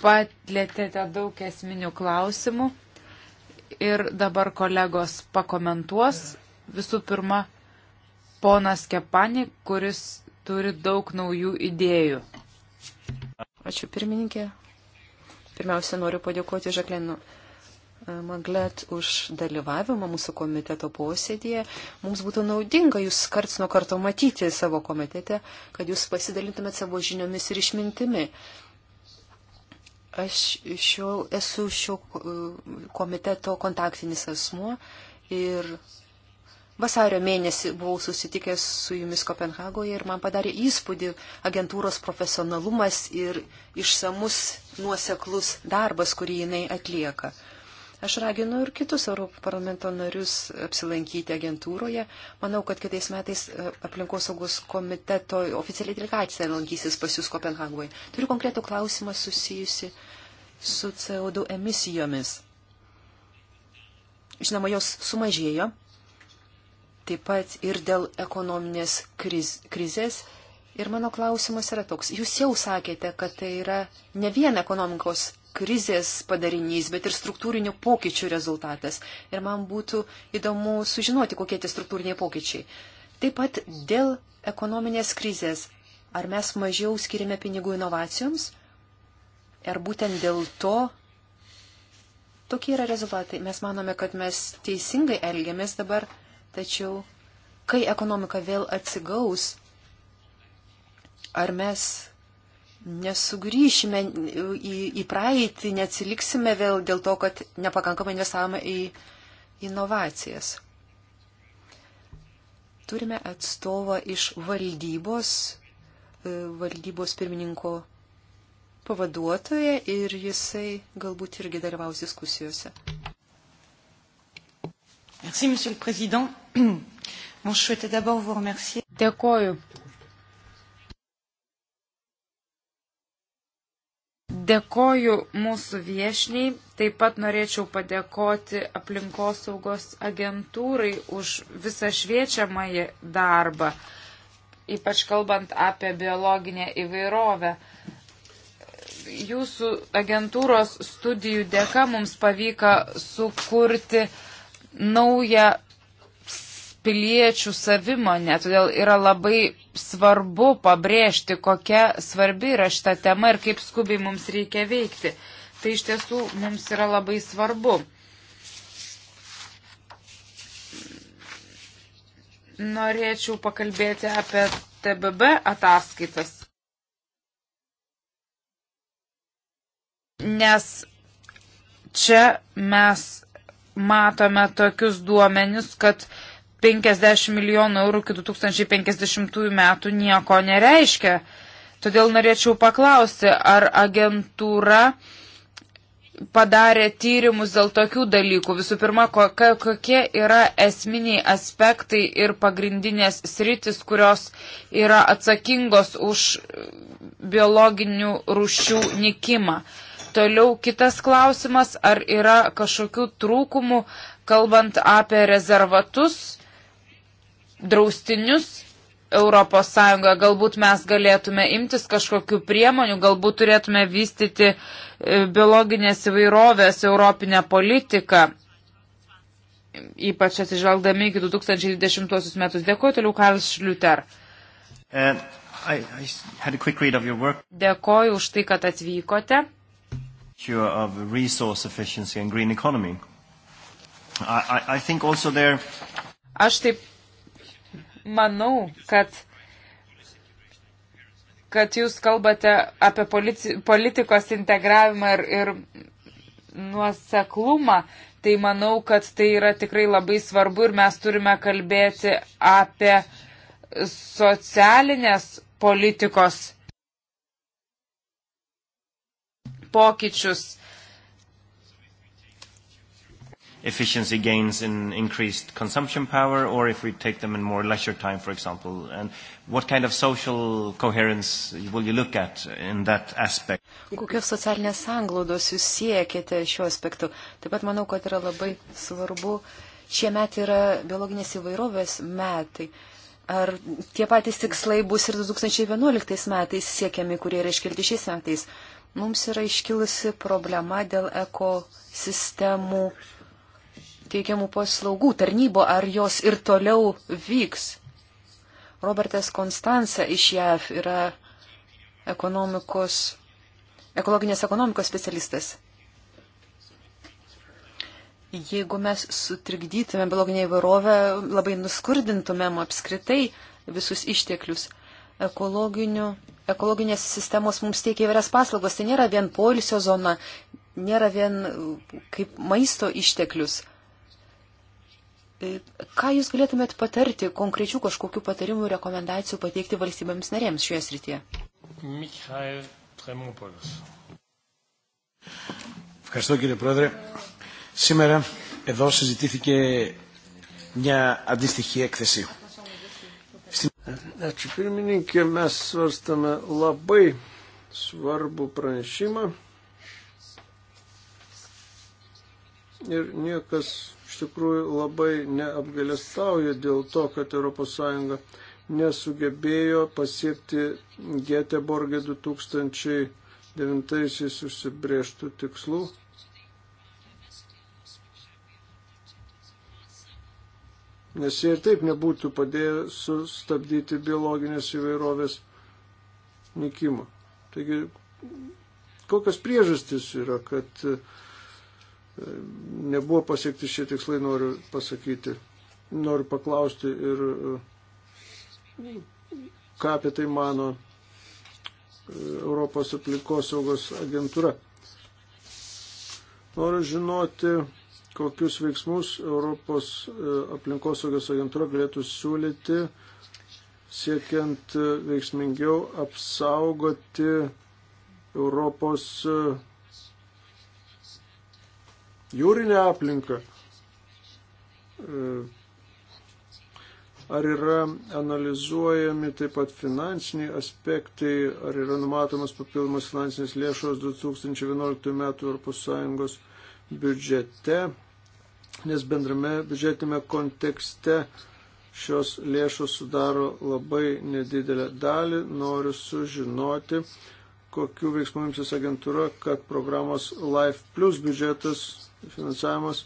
Patlėtėte daug esminių klausimų ir dabar kolegos pakomentuos. Visų pirma, ponas Kepani, kuris turi daug naujų idėjų. Ačiū pirmininkė. Pirmiausia, noriu padėkoti Žaklinu Maglet už dalyvavimą mūsų komiteto posėdėje. Mums būtų naudinga jūs karts nuo karto matyti savo komitete, kad jūs pasidalintumėt savo žiniomis ir išmintimi. Aš šio, esu šio e, komiteto kontaktinis asmuo ir vasario mėnesį buvau susitikęs su jumis Kopenhagoje ir man padarė įspūdį agentūros profesionalumas ir išsamus nuoseklus darbas, kurį jinai atlieka. Aš raginu ir kitus Europos parlamento narius apsilankyti agentūroje. Manau, kad kitais metais e, aplinkosaugos komiteto oficialiai delegacija lankysis pas jūs Kopenhagoje. Turiu konkretų klausimą susijusi su CO2 emisijomis. Žinoma, jos sumažėjo. Taip pat ir dėl ekonominės kriz, krizės Ir mano klausimas yra toks. Jūs jau sakėte, kad tai yra ne vien ekonomikos krizės padarinys, bet ir struktūrinių pokyčių rezultatas. Ir man būtų įdomu sužinoti, kokie tie struktūriniai pokyčiai. Taip pat dėl ekonominės krizės. Ar mes mažiau skiriame pinigų inovacijoms? Ar būtent dėl to tokie yra rezultatai? Mes manome, kad mes teisingai elgiamės dabar, tačiau kai ekonomika vėl atsigaus, ar mes nesugrįšime į, į praeitį, neatsiliksime vėl dėl to, kad nepakankamai investavome į inovacijas. Turime atstovą iš valdybos, e, valdybos pirmininko pavaduotoja ir jisai galbūt irgi dalyvaus diskusijose. Merci, Monsieur le Président. Bon, je souhaitais d'abord vous remercier. Dėkoju, Dėkoju mūsų viešniai, taip pat norėčiau padėkoti aplinkosaugos agentūrai už visą šviečiamąjį darbą, ypač kalbant apie biologinę įvairovę. Jūsų agentūros studijų dėka mums pavyko sukurti naują piliečių savimonę. Todėl yra labai svarbu pabrėžti, kokia svarbi yra šita tema ir kaip skubiai mums reikia veikti. Tai iš tiesų mums yra labai svarbu. Norėčiau pakalbėti apie TBB ataskaitas. Nes čia mes matome tokius duomenis, kad uh, 50 milijonų eurų iki 2050 metų nieko nereiškia. Todėl norėčiau paklausti, ar agentūra padarė tyrimus dėl tokių dalykų. Visų pirma, kokie yra esminiai aspektai ir pagrindinės sritis, kurios yra atsakingos už biologinių rūšių nikimą. Toliau kitas klausimas, ar yra kažkokių trūkumų, kalbant apie rezervatus, draustinius ES, galbūt mes galėtume imtis kažkokių priemonių, galbūt turėtume vystyti e, biologinės įvairovės europinę politiką, ypač atsižvelgdami iki 2020 metus. Dėkuoju toliau Karls Šliuter. Uh, Dėkoju už tai, kad atvykote. I, I, I there... Aš taip manau, kad kad jūs kalbate apie polici, politikos integravimą ir, ir nuoseklumą, tai manau, kad tai yra tikrai labai svarbu ir mes turime kalbėti apie socialinės politikos pokyčius efficiency gains in increased consumption power, or if we take them in more leisure time, for example? And what kind of social coherence will you look at in that aspect? Kokios socialinės sanglaudos jūs siekite šiuo aspektu? Taip pat manau, kad yra labai svarbu. Šie metai yra biologinės įvairovės metai. Ar tie patys tikslai bus ir 2011 metais siekiami, kurie yra iškelti šiais metais? Mums yra iškilusi problema dėl ekosistemų teikiamų paslaugų tarnybo, ar jos ir toliau vyks. Robertas Konstanca iš JAV yra ekonomikos, ekologinės ekonomikos specialistas. Jeigu mes sutrikdytume biologinę įvairovę, labai nuskurdintumėm apskritai visus išteklius ekologinės sistemos mums teikia įvairias paslaugas. Tai nėra vien polisio zona, nėra vien kaip maisto išteklius. Tai ką Jūs galėtumėt patarti, konkrečių kažkokių patarimų, rekomendacijų pateikti valstybėms narėms šioje srityje? Mikhail Tremopolis. Ευχαριστώ κύριε Πρόεδρε. Σήμερα εδώ συζητήθηκε μια αντίστοιχη έκθεση. Ačiū pirmininkė, mes svarstame labai svarbų pranešimą ir niekas tikrųjų labai neapgalėstauju dėl to, kad ES nesugebėjo pasiekti Geteborgė 2009-aisiais užsibrieštų tikslų. Nes jie ir taip nebūtų padėję sustabdyti biologinės įvairovės nikimo. Taigi, kokios priežastys yra, kad uh, nebuvo pasiekti šie tikslai, noriu pasakyti. Noriu paklausti ir e, ką apie tai mano e, Europos aplinkosaugos agentūra. Noriu žinoti, kokius veiksmus Europos e, aplinkosaugos agentūra galėtų siūlyti, siekiant veiksmingiau apsaugoti Europos jūrinę aplinką. Ar yra analizuojami taip pat finansiniai aspektai, ar yra numatomas papildomas finansinės lėšos 2011 m. ES biudžete, nes bendrame biudžetime kontekste šios lėšos sudaro labai nedidelę dalį. Noriu sužinoti, kokiu veiksmu imsis agentūra, kad programos Life Plus biudžetas finansavimas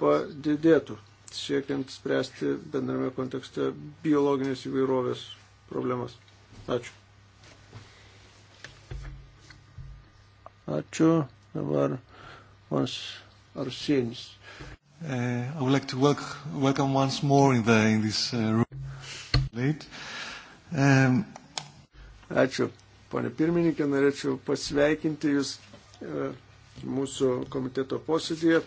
padidėtų, siekiant spręsti bendrame kontekste biologinės įvairovės problemas. Ačiū. Ačiū. Dabar Mons Arsenis. Uh, I would like to welcome, welcome once more in, the, in this uh, room late. Um, Ačiū. Pane pirmininkė, norėčiau pasveikinti Jūs uh, mūsų komiteto posėdėje.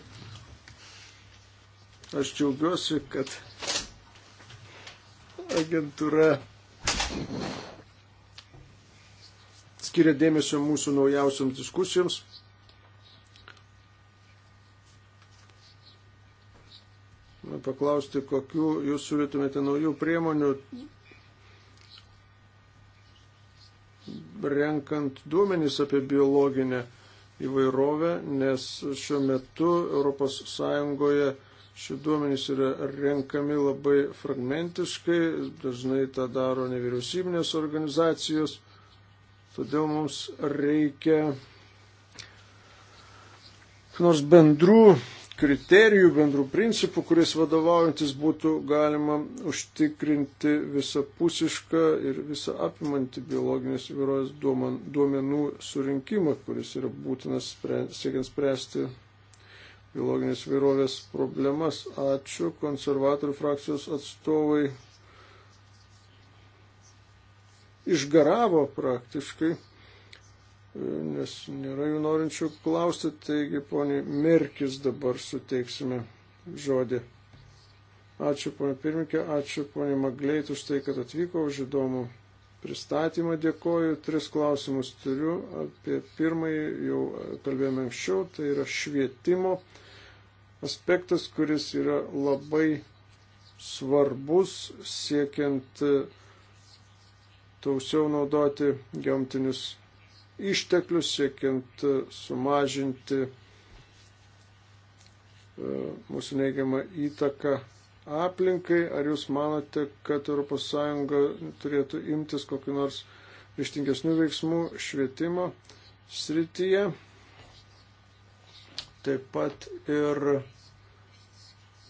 Aš džiaugiuosi, kad agentūra skiria dėmesio mūsų naujausiams diskusijoms. Paklausti, kokiu jūs siūlytumėte naujų priemonių renkant duomenys apie biologinę įvairovę, nes šiuo metu ES šie duomenys yra renkami labai fragmentiškai, dažnai tą daro nevyriausybinės organizacijos, todėl mums reikia nors bendrų kriterijų, bendrų principų, kuris vadovaujantis būtų galima užtikrinti visapusišką ir visą apimantį biologinės įvairovės duomenų surinkimą, kuris yra būtinas siekiant spręsti biologinės įvairovės problemas. Ačiū konservatorių frakcijos atstovai išgaravo praktiškai nes nėra jų norinčių klausti, taigi poniai Merkis dabar suteiksime žodį. Ačiū ponė pirmininkė, ačiū ponė Magleit už tai, kad atvyko, už įdomų pristatymą dėkoju. Tris klausimus turiu. Apie pirmąjį jau kalbėjome anksčiau, tai yra švietimo aspektas, kuris yra labai svarbus siekiant tausiau naudoti gamtinius išteklius, siekiant sumažinti e, mūsų neigiamą įtaką aplinkai. Ar jūs manote, kad ES turėtų imtis kokiu nors ryštingesnių veiksmų švietimo srityje? Taip pat ir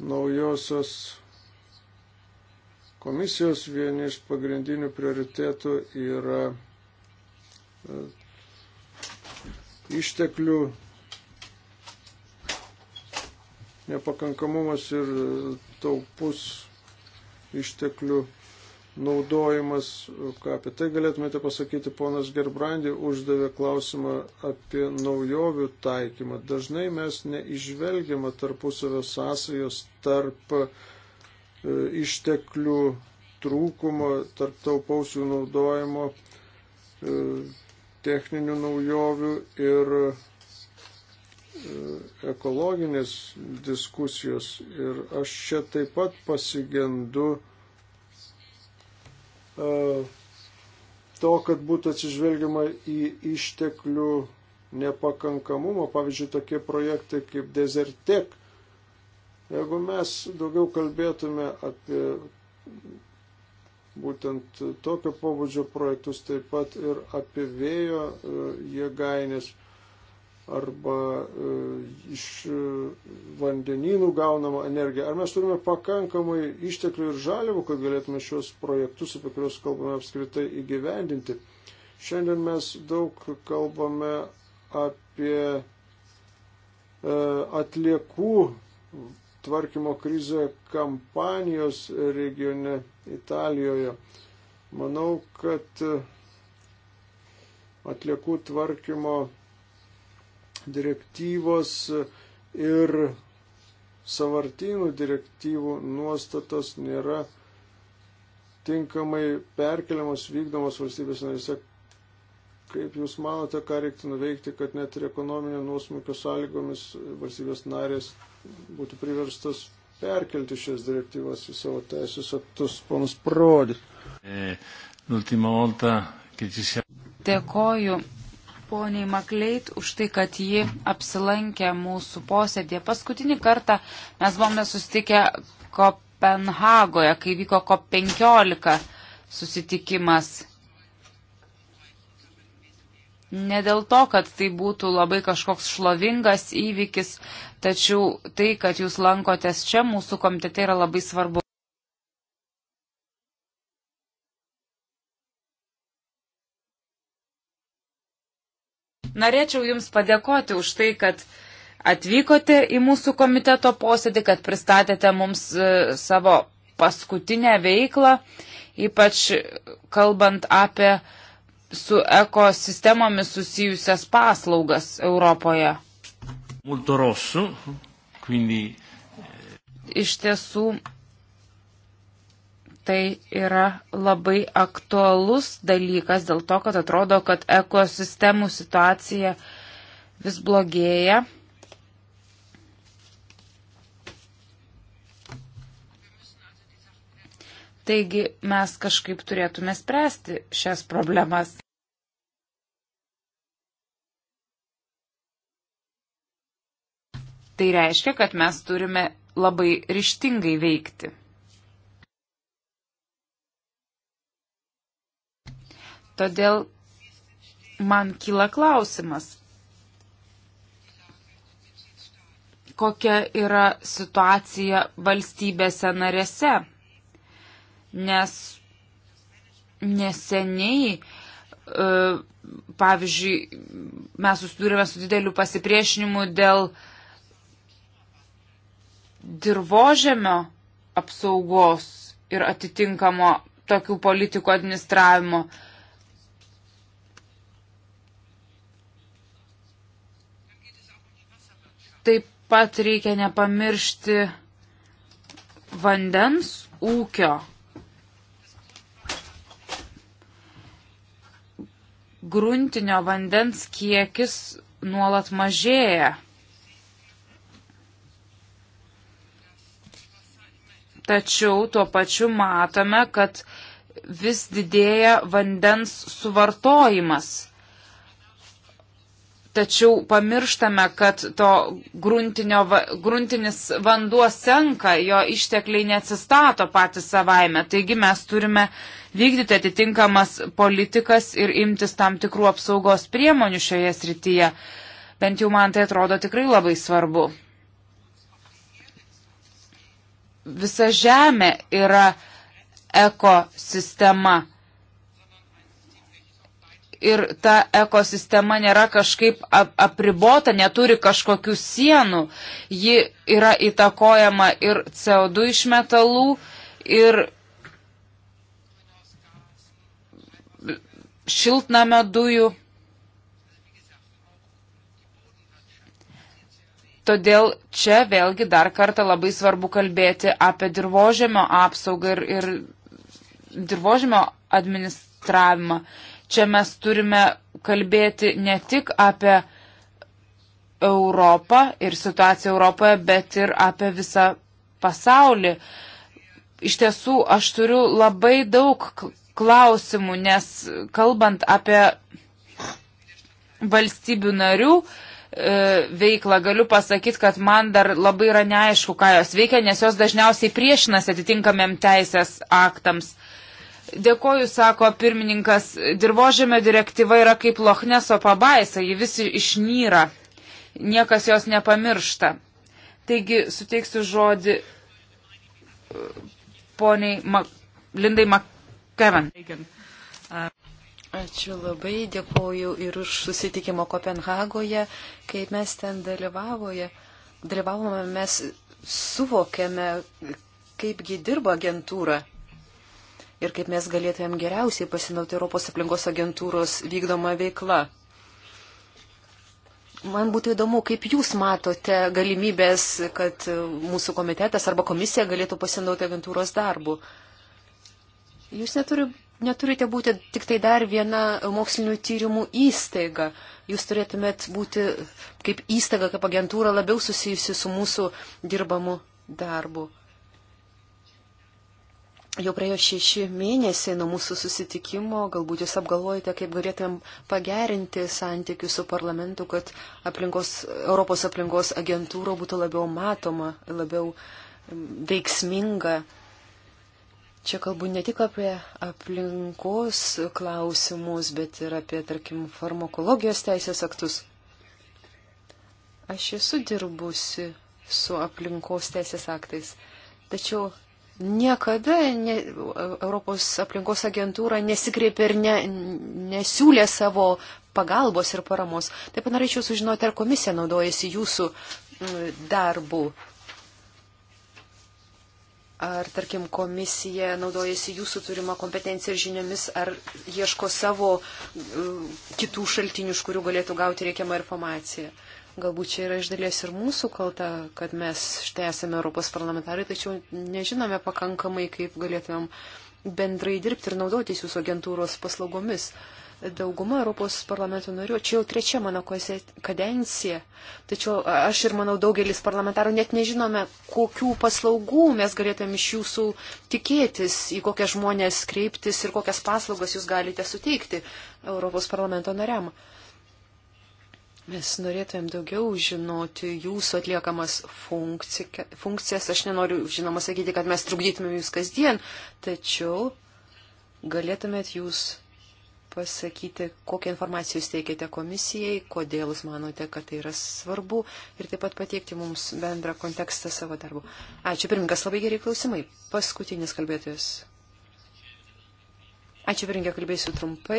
naujosios komisijos vieni iš pagrindinių prioritėtų yra e, išteklių nepakankamumas ir taupus išteklių naudojimas. Ką apie tai galėtumėte pasakyti, ponas Gerbrandi uždavė klausimą apie naujovių taikymą. Dažnai mes neižvelgiamą tarpusavio sąsajos tarp e, išteklių trūkumo, tarp taupaus jų naudojimo e, techninių naujovių ir e, ekologinės diskusijos. Ir aš čia taip pat pasigendu e, to, kad būtų atsižvelgiama į išteklių nepakankamumą. Pavyzdžiui, tokie projektai kaip Desertek. Jeigu mes daugiau kalbėtume apie būtent tokio pobūdžio projektus, taip pat ir apie vėjo e, jėgainės arba e, iš e, vandenynų gaunamą energiją. Ar mes turime pakankamai išteklių ir žaliavų, kad galėtume šios projektus, apie kuriuos kalbame apskritai, įgyvendinti? Šiandien mes daug kalbame apie atliekų tvarkymo krizę kampanijos regione Italijoje. Manau, kad atliekų tvarkymo direktyvos ir savartynų direktyvų nuostatos nėra tinkamai perkeliamos vykdomos valstybės narise. Kaip Jūs manote, ką reiktų nuveikti, kad net ir ekonominio nuosmukio sąlygomis valstybės narės būtų priverstas perkelti šias direktyvas į savo teisės aktus, ponas Prodis. E, Dėkoju poniai Makleit už tai, kad ji apsilankė mūsų posėdėje. Paskutinį kartą mes buvome susitikę Kopenhagoje, kai vyko COP15 susitikimas. Ne dėl to, kad tai būtų labai kažkoks šlovingas įvykis, tačiau tai, kad jūs lankotės čia mūsų komitete yra labai svarbu. Norėčiau Jums padėkoti už tai, kad atvykote į mūsų komiteto posėdį, kad pristatėte mums e, savo paskutinę veiklą, ypač kalbant apie su ekosistemomis susijusias paslaugas Europoje. Molto rosso, quindi... Eh, Iš tiesų, tai yra labai aktualus dalykas dėl to, kad atrodo, kad ekosistemų situacija vis blogėja. Taigi mes kažkaip turėtume spręsti šias problemas. Tai reiškia, kad mes turime labai ryštingai veikti. Todėl man kyla klausimas, kokia yra situacija valstybėse narėse nes neseniai, e, pavyzdžiui, mes susidūrėme su dideliu pasipriešinimu dėl dirbožėmio apsaugos ir atitinkamo tokių politikų administravimo. Taip pat reikia nepamiršti vandens ūkio gruntinio vandens kiekis nuolat mažėja. Tačiau tuo pačiu matome, kad vis didėja vandens suvartojimas tačiau pamirštame, kad to gruntinis vanduo senka, jo ištekliai neatsistato patys savaime. Taigi mes turime vykdyti atitinkamas politikas ir imtis tam tikrų apsaugos priemonių šioje srityje. Bent jau man tai atrodo tikrai labai svarbu. Visa žemė yra ekosistema ir ta ekosistema nėra kažkaip apribota, neturi kažkokių sienų. Ji yra įtakojama ir CO2 iš metalų, ir šiltnamio dujų. Todėl čia vėlgi dar kartą labai svarbu kalbėti apie dirbožėmio apsaugą ir, ir dirbožėmio administravimą. Čia mes turime kalbėti ne tik apie Europą ir situaciją Europoje, bet ir apie visą pasaulį. Iš tiesų, aš turiu labai daug klausimų, nes kalbant apie valstybių narių e, veiklą, galiu pasakyti, kad man dar labai yra neaišku, ką jos veikia, nes jos dažniausiai priešinasi atitinkamiem teisės aktams. Dėkoju, sako pirmininkas, dirbožėme direktyva yra kaip Lochneso pabaisa, ji visi išnyra, niekas jos nepamiršta. Taigi suteiksiu žodį e, poniai Ma Lindai McKevin. Ačiū labai, dėkoju ir už susitikimo Kopenhagoje, kai mes ten dalyvavoje. dalyvavome, mes suvokėme, kaipgi dirba agentūra ir kaip mes galėtumėm geriausiai pasinauti Europos aplinkos agentūros vykdomą veiklą. Man būtų įdomu, kaip Jūs matote galimybės, kad mūsų komitetas arba komisija galėtų pasinauti agentūros darbu. Jūs neturi, neturite būti tik tai dar viena mokslinių tyrimų įstaiga. Jūs turėtumėt būti kaip įstaiga, kaip agentūra labiau susijusi su mūsų dirbamu darbu. Jau praėjo šeši mėnesiai nuo mūsų susitikimo, galbūt jūs apgalvojate, kaip galėtumėm pagerinti santykių su parlamentu, kad aplinkos, Europos aplinkos agentūra būtų labiau matoma, labiau mm, veiksminga. Čia kalbu ne tik apie aplinkos klausimus, bet ir apie, tarkim, farmakologijos teisės aktus. Aš esu dirbusi su aplinkos teisės aktais, tačiau Niekada ne, Europos aplinkos agentūra nesikreipė ir ne, nesiūlė savo pagalbos ir paramos. Taip pat norėčiau sužinoti, ar komisija naudojasi jūsų darbu. Ar, tarkim, komisija naudojasi jūsų turimą kompetenciją ir žiniomis, ar ieško savo kitų šaltinių, iš kurių galėtų gauti reikiamą informaciją. Galbūt čia yra iš dalies ir mūsų kalta, kad mes štai esame Europos parlamentarai, tačiau nežinome pakankamai, kaip galėtumėm bendrai dirbti ir naudotis jūsų agentūros paslaugomis. Dauguma Europos parlamento narių, čia jau trečia mano kadencija, tačiau aš ir manau daugelis parlamentarų net nežinome, kokių paslaugų mes galėtume iš jūsų tikėtis, į kokias žmonės kreiptis ir kokias paslaugas jūs galite suteikti Europos parlamento nariam. Uh, Mes norėtumėm daugiau žinoti jūsų atliekamas funkcijas. Aš nenoriu, žinoma, sakyti, kad mes trukdytumėm jūs kasdien, tačiau galėtumėt jūs pasakyti, kokią informaciją jūs teikiate komisijai, kodėl jūs manote, kad tai yra svarbu ir taip pat pateikti mums bendrą kontekstą savo darbu. Ačiū, pirmininkas, labai geri klausimai. Paskutinis kalbėtojas, Ačiū, Pirinkė, kalbėsiu trumpai.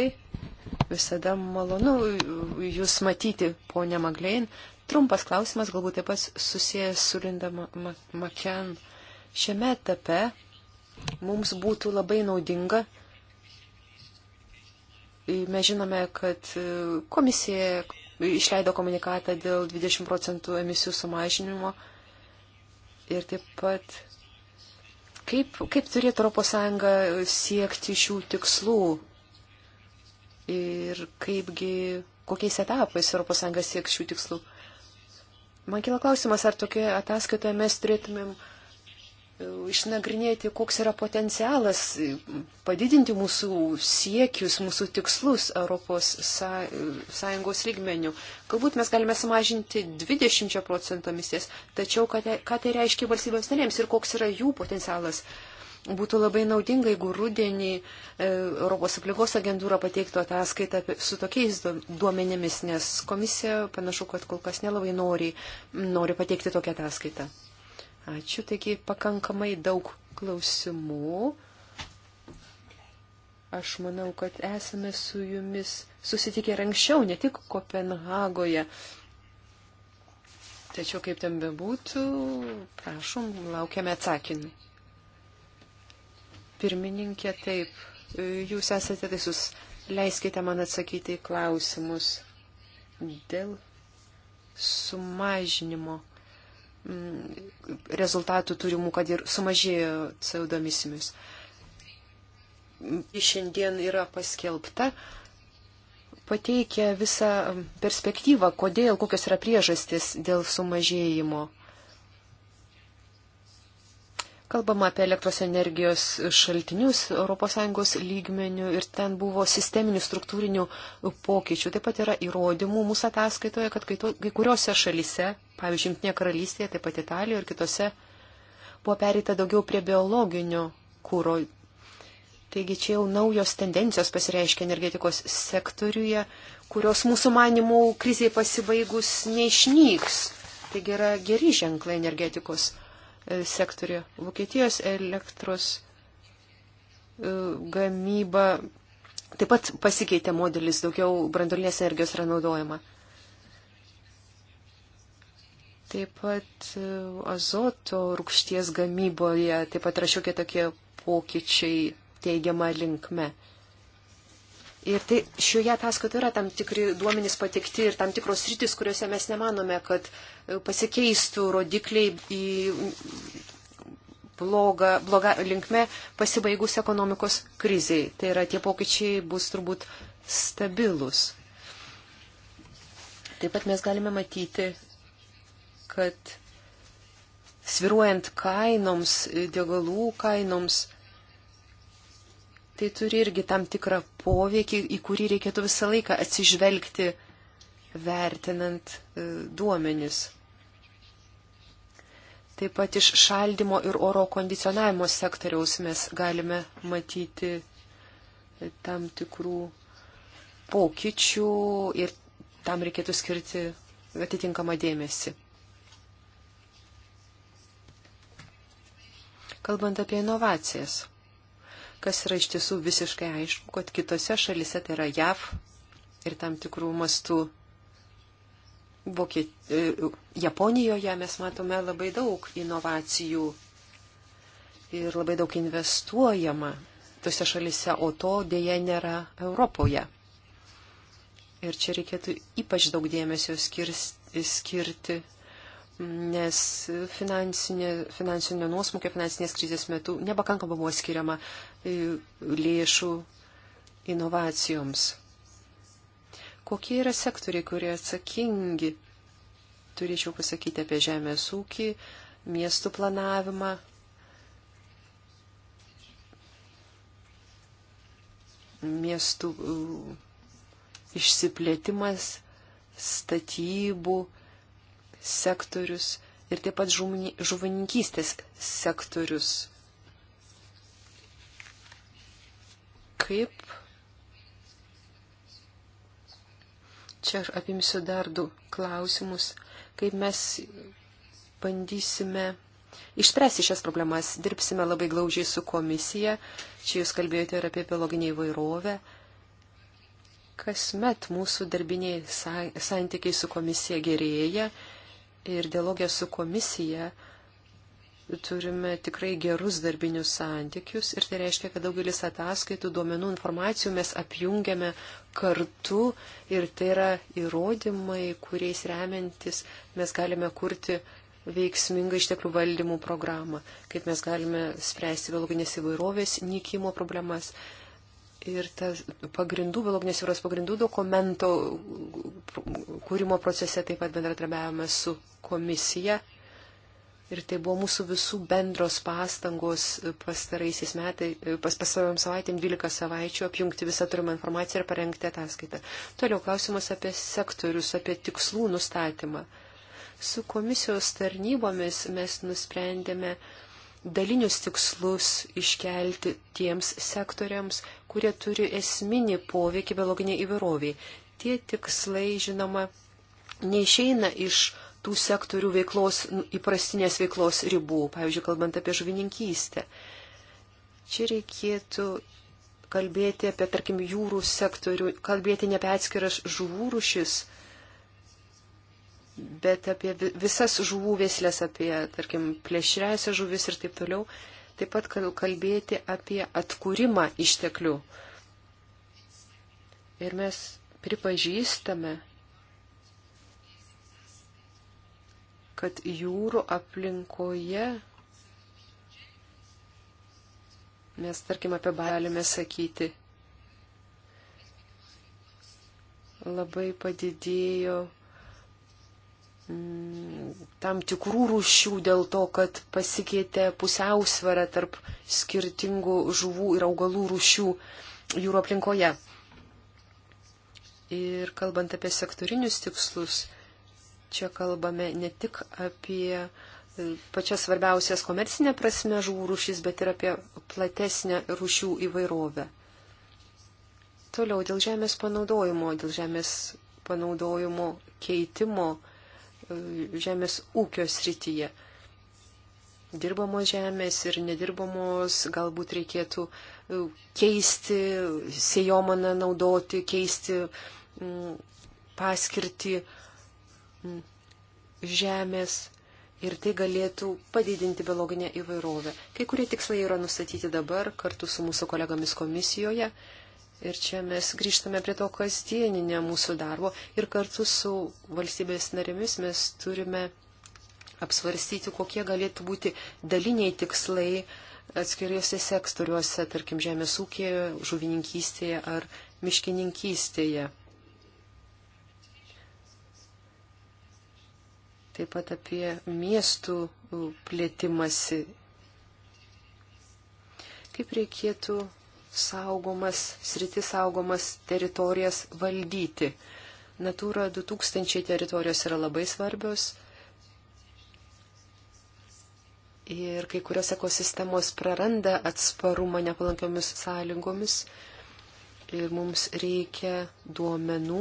Visada malonu Jūs matyti, ponė Maglein. Trumpas klausimas, galbūt taip pat susijęs su Linda Maken. Šiame etape mums būtų labai naudinga. Mes žinome, kad e, komisija išleido komunikatą dėl 20 procentų emisijų sumažinimo ir taip pat Kaip, kaip turėtų ES siekti šių tikslų ir kaipgi, kokiais etapais ES sieks šių tikslų? Man kila klausimas, ar tokioje ataskaitoje mes turėtumėm uh, išnagrinėti, koks yra potencialas padidinti mūsų siekius, mūsų tikslus Europos Sąjungos lygmenių. Galbūt mes galime sumažinti 20 procentų misijas, tačiau ką tai, ką tai reiškia valstybėms narėms ir koks yra jų potencialas. Būtų labai naudinga, jeigu rudenį e, Europos aplinkos agentūra pateiktų ataskaitą su tokiais duomenėmis, nes komisija panašu, kad kol kas nelabai nori, nori pateikti tokią ataskaitą. Ačiū, taigi pakankamai daug klausimų. Aš manau, kad esame su jumis susitikę ir anksčiau, ne tik Kopenhagoje. Tačiau kaip ten bebūtų, prašom, laukiame atsakymų. Pirmininkė, taip, jūs esate teisus, leiskite man atsakyti į klausimus dėl sumažinimo Mm, rezultatų turimų, kad ir sumažėjo CO2 emisijomis. Ji šiandien yra paskelbta, pateikia visą perspektyvą, kodėl, kokios yra priežastis dėl sumažėjimo. Kalbama apie elektros energijos šaltinius ES lygmenių ir ten buvo sisteminių struktūrinių pokyčių. Taip pat yra įrodymų mūsų ataskaitoje, kad kai, to, kai kuriuose šalise, pavyzdžiui, Junktinė karalystėje, taip pat Italijoje ir kitose, buvo pereita daugiau prie biologinio kūro. Taigi čia jau naujos tendencijos pasireiškia energetikos sektoriuje, kurios mūsų manimų kriziai pasibaigus neišnyks. Taigi yra geri ženklai energetikos sektoriuje sektorė. Vokietijos elektros e, gamyba taip pat pasikeitė modelis, daugiau brandolinės energijos yra naudojama. Taip pat e, azoto rūkšties gamyboje taip pat yra šiokie tokie pokyčiai teigiama linkme. Ir tai, šioje ataskaitoje yra tam tikri duomenys patikti ir tam tikros rytis, kuriuose mes nemanome, kad pasikeistų rodikliai į blogą, blogą linkmę pasibaigus ekonomikos kriziai. Tai yra, tie pokyčiai bus turbūt stabilus. Taip pat mes galime matyti, kad sviruojant kainoms, degalų kainoms, tai turi irgi tam tikrą poveikį, į kurį reikėtų visą laiką atsižvelgti, vertinant e, duomenis. Taip pat iš šaldimo ir oro kondicionavimo sektoriaus mes galime matyti tam tikrų pokyčių ir tam reikėtų skirti atitinkamą dėmesį. Kalbant apie inovacijas, kas yra iš tiesų visiškai aišku, kad kitose šalise, tai yra JAV ir tam tikrų mastų Vokiet... E, Japonijoje mes matome labai daug inovacijų ir labai daug investuojama tose šalise, o to dėje nėra Europoje. Ir čia reikėtų ypač daug dėmesio skirti, nes finansinė, finansinio nuosmukio, finansinės krizės metu nepakankamai buvo skiriama e, lėšų inovacijoms. Kokie yra sektoriai, kurie atsakingi, turėčiau pasakyti apie žemės ūkį, miestų planavimą. Miestų uh, išsiplėtimas, statybų sektorius ir taip pat žuvininkystės sektorius. Kaip Čia aš apimsiu dar du klausimus, kaip mes bandysime išspręsti šias problemas. Dirbsime labai glaužiai su komisija. Čia jūs kalbėjote ir apie biologinį įvairovę. Kasmet mūsų darbiniai santykiai su komisija gerėja ir dialogė su komisija turime tikrai gerus darbinius santykius ir tai reiškia, kad daugelis ataskaitų, duomenų, informacijų mes apjungiame kartu ir tai yra įrodymai, kuriais remiantis mes galime kurti veiksmingą išteklių valdymų programą, kaip mes galime spręsti biologinės įvairovės nykimo problemas. Ir tas pagrindų, biologinės jūros pagrindų dokumento kūrimo procese taip pat bendradarbiavame su komisija Ir tai buvo mūsų visų bendros pastangos e, pastaraisiais metais, e, pas pastarojom savaitėm 12 savaičių apjungti visą turimą informaciją ir parengti ataskaitą. Toliau klausimas apie sektorius, apie tikslų nustatymą. Su komisijos tarnybomis mes nusprendėme dalinius tikslus iškelti tiems sektoriams, kurie turi esminį poveikį biologiniai įvairoviai. Tie tikslai, žinoma, neišeina iš tų sektorių veiklos, nu, įprastinės veiklos ribų, pavyzdžiui, kalbant apie žuvininkystę. Čia reikėtų kalbėti apie, tarkim, jūrų sektorių, kalbėti ne apie atskiras žuvų rušis, bet apie visas žuvų vėslės, apie, tarkim, plėšrėsią žuvis ir taip toliau. Taip pat kalbėti apie atkūrimą išteklių. Ir mes pripažįstame, kad jūrų aplinkoje mes, tarkim, apie galime sakyti, labai padidėjo mm, tam tikrų rūšių dėl to, kad pasikeitė pusiausvara tarp skirtingų žuvų ir augalų rūšių jūro aplinkoje. Ir kalbant apie sektorinius tikslus, Čia kalbame ne tik apie e, pačias svarbiausias komercinė prasme žuvų rūšis, bet ir apie platesnę rūšių įvairovę. Toliau dėl žemės panaudojimo, dėl žemės panaudojimo keitimo e, žemės ūkio srityje. Dirbamos žemės ir nedirbamos galbūt reikėtų e, keisti, sėjomaną naudoti, keisti paskirtį žemės ir tai galėtų padidinti biologinę įvairovę. Kai kurie tikslai yra nustatyti dabar kartu su mūsų kolegomis komisijoje. Ir čia mes grįžtame prie to kasdieninio mūsų darbo ir kartu su valstybės narėmis mes turime apsvarstyti, kokie galėtų būti daliniai tikslai atskiriuose sektoriuose, tarkim, žemės ūkėje, žuvininkystėje ar miškininkystėje. taip pat apie miestų plėtimasi. Kaip reikėtų saugomas, sritis saugomas teritorijas valdyti. Natūra 2000 teritorijos yra labai svarbios. Ir kai kurios ekosistemos praranda atsparumą nepalankiomis sąlygomis. Ir mums reikia duomenų,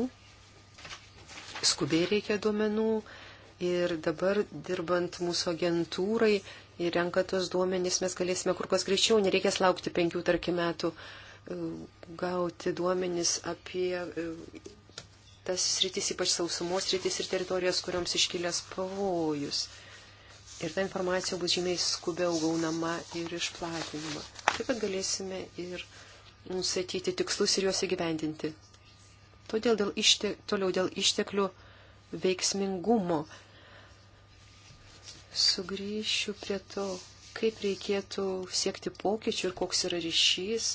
skubiai reikia duomenų, Ir dabar, dirbant mūsų agentūrai ir renkant tos duomenys, mes galėsime kur kas greičiau, nereikės laukti penkių, tarkim, metų, e, gauti duomenys apie e, tas sritis, ypač sausumos sritis ir teritorijas, kuriuoms iškilęs pavojus. Ir ta informacija bus žymiai skubiau gaunama ir išplatinama. Taip pat galėsime ir nusatyti tikslus ir juos įgyvendinti. Todėl dėl ište, toliau dėl išteklių veiksmingumo Sugryšiu prie to, kaip reikėtų siekti pokyčių ir koks yra ryšys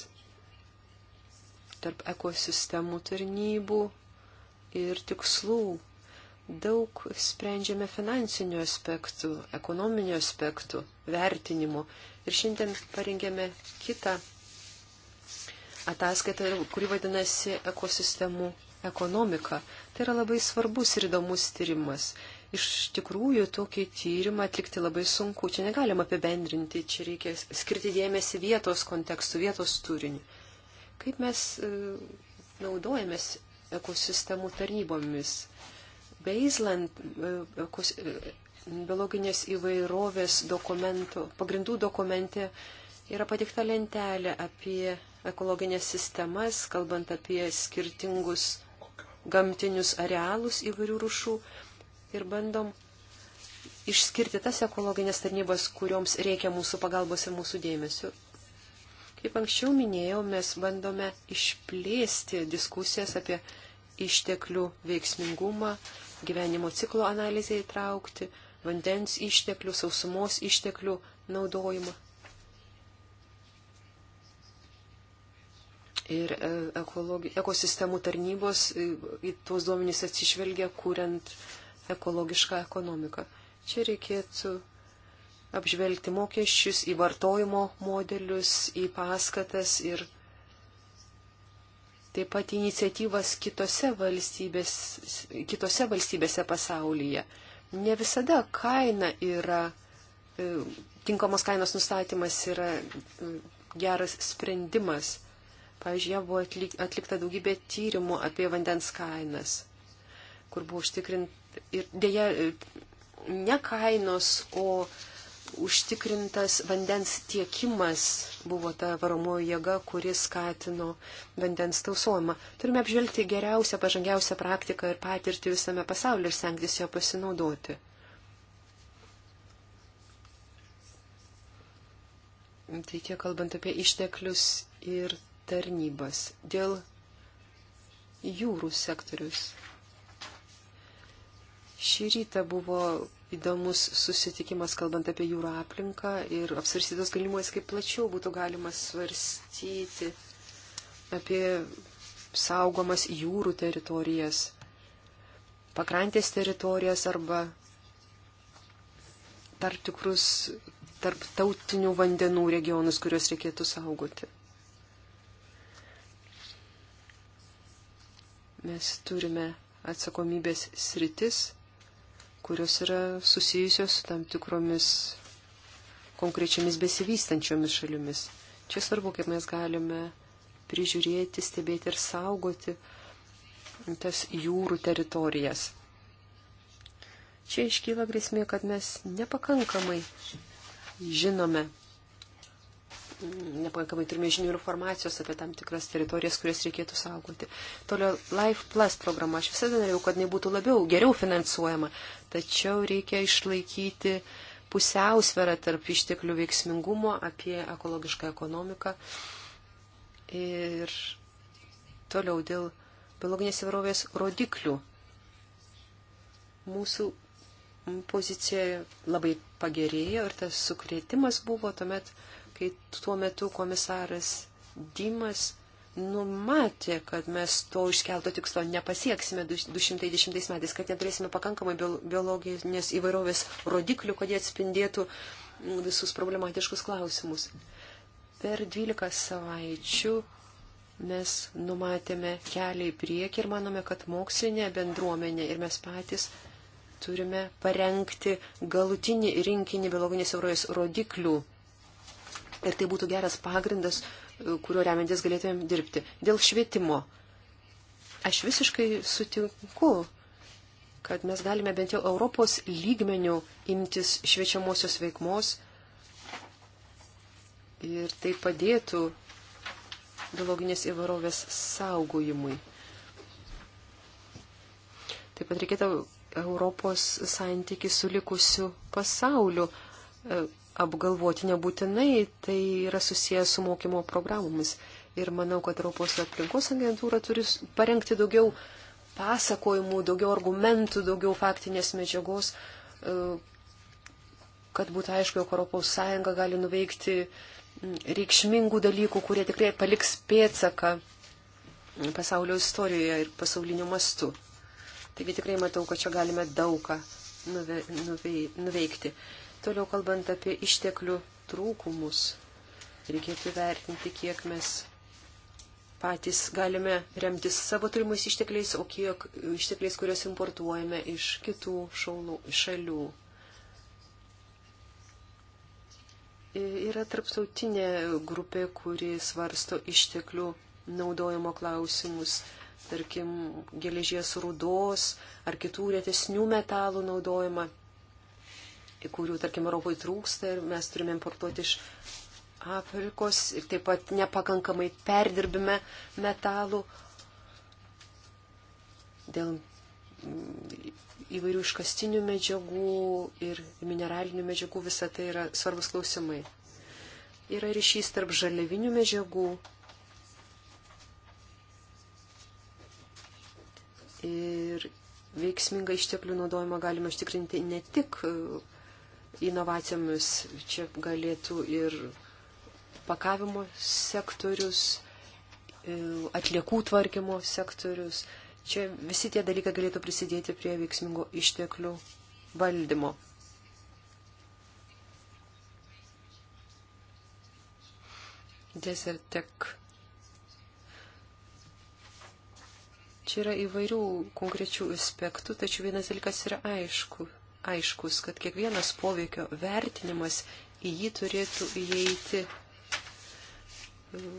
tarp ekosistemų tarnybų ir tikslų. Daug sprendžiame finansinių aspektų, ekonominių aspektų, vertinimų. Ir šiandien parengėme kitą ataskaitą, kuri vadinasi ekosistemų ekonomika. Tai yra labai svarbus ir įdomus tyrimas. Iš tikrųjų, tokį tyrimą atlikti labai sunku. Čia negalima apibendrinti, čia reikia skirti dėmesį vietos kontekstų, vietos turiniu. Kaip mes e, naudojamės ekosistemų tarnybomis? Beisland e, e, biologinės įvairovės dokumentų, pagrindų dokumente yra patikta lentelė apie ekologinės sistemas, kalbant apie skirtingus gamtinius arealus įvairių rušų ir bandom išskirti tas ekologinės tarnybas, kurioms reikia mūsų pagalbos ir mūsų dėmesio. Kaip anksčiau minėjau, mes bandome išplėsti diskusijas apie išteklių veiksmingumą, gyvenimo ciklo analizę įtraukti, vandens išteklių, sausumos išteklių naudojimą. Ir e, ekologi, ekosistemų tarnybos e, į tuos duomenys atsižvelgia, kuriant uh, ekologišką ekonomiką. Čia reikėtų apžvelgti mokesčius, į vartojimo modelius, į paskatas ir taip pat iniciatyvas kitose, valstybės, kitose valstybėse pasaulyje. Ne visada kaina yra, e, tinkamos kainos nustatymas yra e, geras sprendimas. Pavyzdžiui, buvo atlikta daugybė tyrimų apie vandens kainas, kur buvo užtikrinta ir dėja ne kainos, o užtikrintas vandens tiekimas buvo ta varomoji jėga, kuri skatino vandens tausojimą. Turime apžvelgti geriausią, pažangiausią praktiką ir patirtį visame pasaulyje ir stengtis ją pasinaudoti. Tai tiek kalbant apie išteklius ir tarnybas. Dėl jūrų sektorius. Šį rytą buvo įdomus susitikimas, kalbant apie jūrų aplinką ir apsvarstytos galimybės, kaip plačiau būtų galima svarstyti apie saugomas jūrų teritorijas, pakrantės teritorijas arba tarp tikrus tarptautinių vandenų regionus, kuriuos reikėtų saugoti. Mes turime atsakomybės sritis kurios yra susijusios su tam tikromis konkrečiamis besivystančiomis šalimis. Čia svarbu, kaip mes galime prižiūrėti, stebėti ir saugoti tas jūrų teritorijas. Čia iškyla grėsmė, kad mes nepakankamai žinome nepakankamai turime žinių ir informacijos apie tam tikras teritorijas, kurias reikėtų saugoti. Toliau Life Plus programa. Aš visada norėjau, kad jinai būtų labiau, geriau finansuojama, tačiau reikia išlaikyti pusiausvėrą tarp išteklių veiksmingumo apie ekologišką ekonomiką. Ir toliau dėl biologinės įvairovės rodiklių. Mūsų pozicija labai pagerėjo ir tas sukrėtimas buvo tuomet kai tuo metu komisaras Dimas numatė, kad mes to iškelto tikslo nepasieksime 210 metais, kad neturėsime pakankamai biologinės įvairovės rodiklių, kad jie atspindėtų visus problematiškus klausimus. Per 12 savaičių mes numatėme kelią į priekį ir manome, kad mokslinė bendruomenė ir mes patys turime parengti galutinį rinkinį biologinės įvairovės rodiklių ir tai būtų geras pagrindas, e, kuriuo remiantis galėtumėm dirbti. Dėl švietimo. Aš visiškai sutinku, kad mes galime bent jau Europos lygmenių imtis šviečiamosios veikmos ir tai padėtų biologinės įvarovės saugojimui. Taip pat reikėtų Europos santykių su likusiu pasauliu e, apgalvoti nebūtinai, tai yra susijęs su mokymo programomis. Ir manau, kad Europos aplinkos agentūra turi parengti daugiau pasakojimų, daugiau argumentų, daugiau faktinės medžiagos, e, kad būtų aišku, jog Europos Sąjunga gali nuveikti reikšmingų dalykų, kurie tikrai paliks pėtsaką pasaulio istorijoje ir pasauliniu mastu. Taigi tikrai matau, kad čia galime daug ką nuveikti. Toliau kalbant apie išteklių trūkumus, reikėtų vertinti, kiek mes patys galime remtis savo turimais ištekliais, o kiek ištekliais, kuriuos importuojame iš kitų šaulų, šalių. Yra tarptautinė grupė, kuri svarsto išteklių naudojimo klausimus, tarkim, geležies rūdos ar kitų retesnių metalų naudojimą kurių, tarkim, Europoje trūksta ir mes turime importuoti iš Afrikos ir taip pat nepakankamai perdirbime metalų dėl mm, įvairių iškastinių medžiagų ir mineralinių medžiagų, visa tai yra svarbus klausimai. Yra ryšys tarp žaliavinių medžiagų ir veiksmingą išteklių naudojimą galime užtikrinti ne tik inovacijomis. Čia galėtų ir pakavimo sektorius, e, atliekų tvarkymo sektorius. Čia visi tie dalykai galėtų prisidėti prie veiksmingo išteklių valdymo. Desertek. Čia yra įvairių konkrečių aspektų, tačiau vienas dalykas yra aišku aiškus, kad kiekvienas poveikio vertinimas į jį turėtų įeiti e,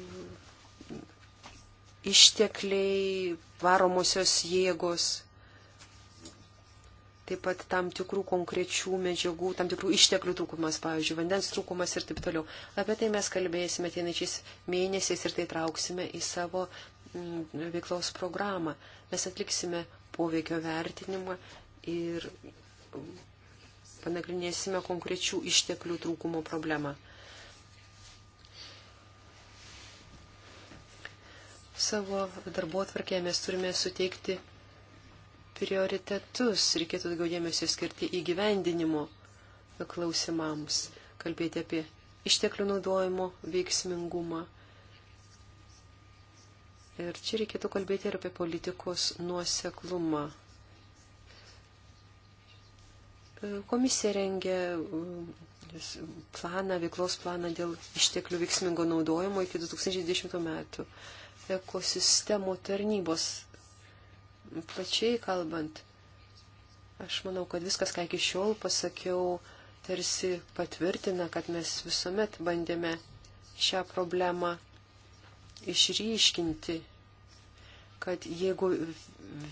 ištekliai, varomosios jėgos, taip pat tam tikrų konkrečių medžiagų, tam tikrų išteklių trūkumas, pavyzdžiui, vandens trūkumas ir taip toliau. Apie tai mes kalbėsime ateinančiais mėnesiais ir tai trauksime į savo mm, veiklos programą. Mes atliksime poveikio vertinimą ir panagrinėsime konkrečių išteklių trūkumo problemą. Savo darbo atvarkėje mes turime suteikti prioritetus, reikėtų daugiau dėmesio skirti įgyvendinimo klausimams, kalbėti apie išteklių naudojimo veiksmingumą. Ir čia reikėtų kalbėti ir apie politikos nuoseklumą. Komisija rengia mm, planą, veiklos planą dėl išteklių veiksmingo naudojimo iki 2010 metų. Ekosistemų tarnybos, plačiai kalbant, aš manau, kad viskas, ką iki šiol pasakiau, tarsi patvirtina, kad mes visuomet bandėme šią problemą išryškinti, kad jeigu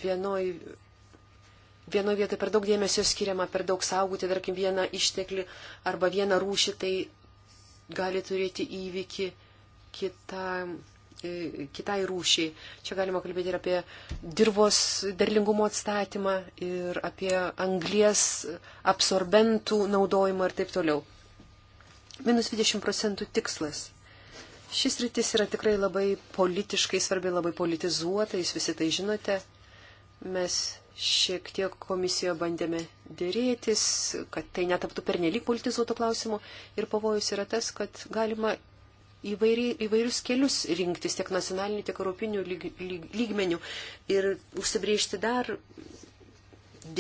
vienoj vienoje vietoje per daug dėmesio skiriama, per daug saugoti, tarkim, vieną išteklį arba vieną rūšį, tai gali turėti įvykį kitam e, kitai rūšiai. Čia galima kalbėti ir apie dirbos derlingumo atstatymą, ir apie anglies absorbentų naudojimą ir taip toliau. Minus 20 procentų tikslas. Šis rytis yra tikrai labai politiškai svarbi, labai politizuota, jūs visi tai žinote. Mes Šiek tiek komisijoje bandėme dėrėtis, kad tai netaptų pernelyg politizuotų klausimų ir pavojus yra tas, kad galima įvairi, įvairius kelius rinktis tiek nacionalinių, tiek europinių lyg, lyg, lygmenių ir užsibriežti dar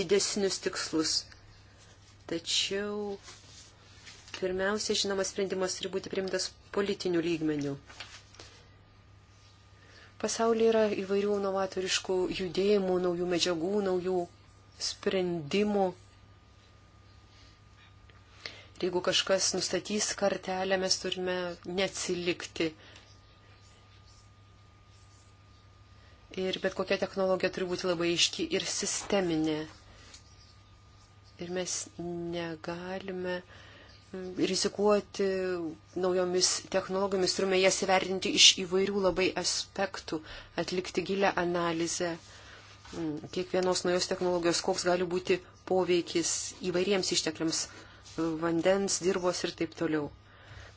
didesnius tikslus. Tačiau pirmiausia, žinoma, sprendimas turi būti priimtas politinių lygmenių. Pasaulyje yra įvairių novatoriškų judėjimų, naujų medžiagų, naujų sprendimų. Ir jeigu kažkas nustatys kartelę, mes turime neatsilikti. Ir bet kokia technologija turi būti labai aiški ir sisteminė. Ir mes negalime uh, rizikuoti naujomis technologijomis, turime jas įvertinti iš įvairių labai aspektų, atlikti gilę analizę mm, kiekvienos naujos technologijos, koks gali būti poveikis įvairiems ištekliams e, - vandens, dirbos ir taip toliau.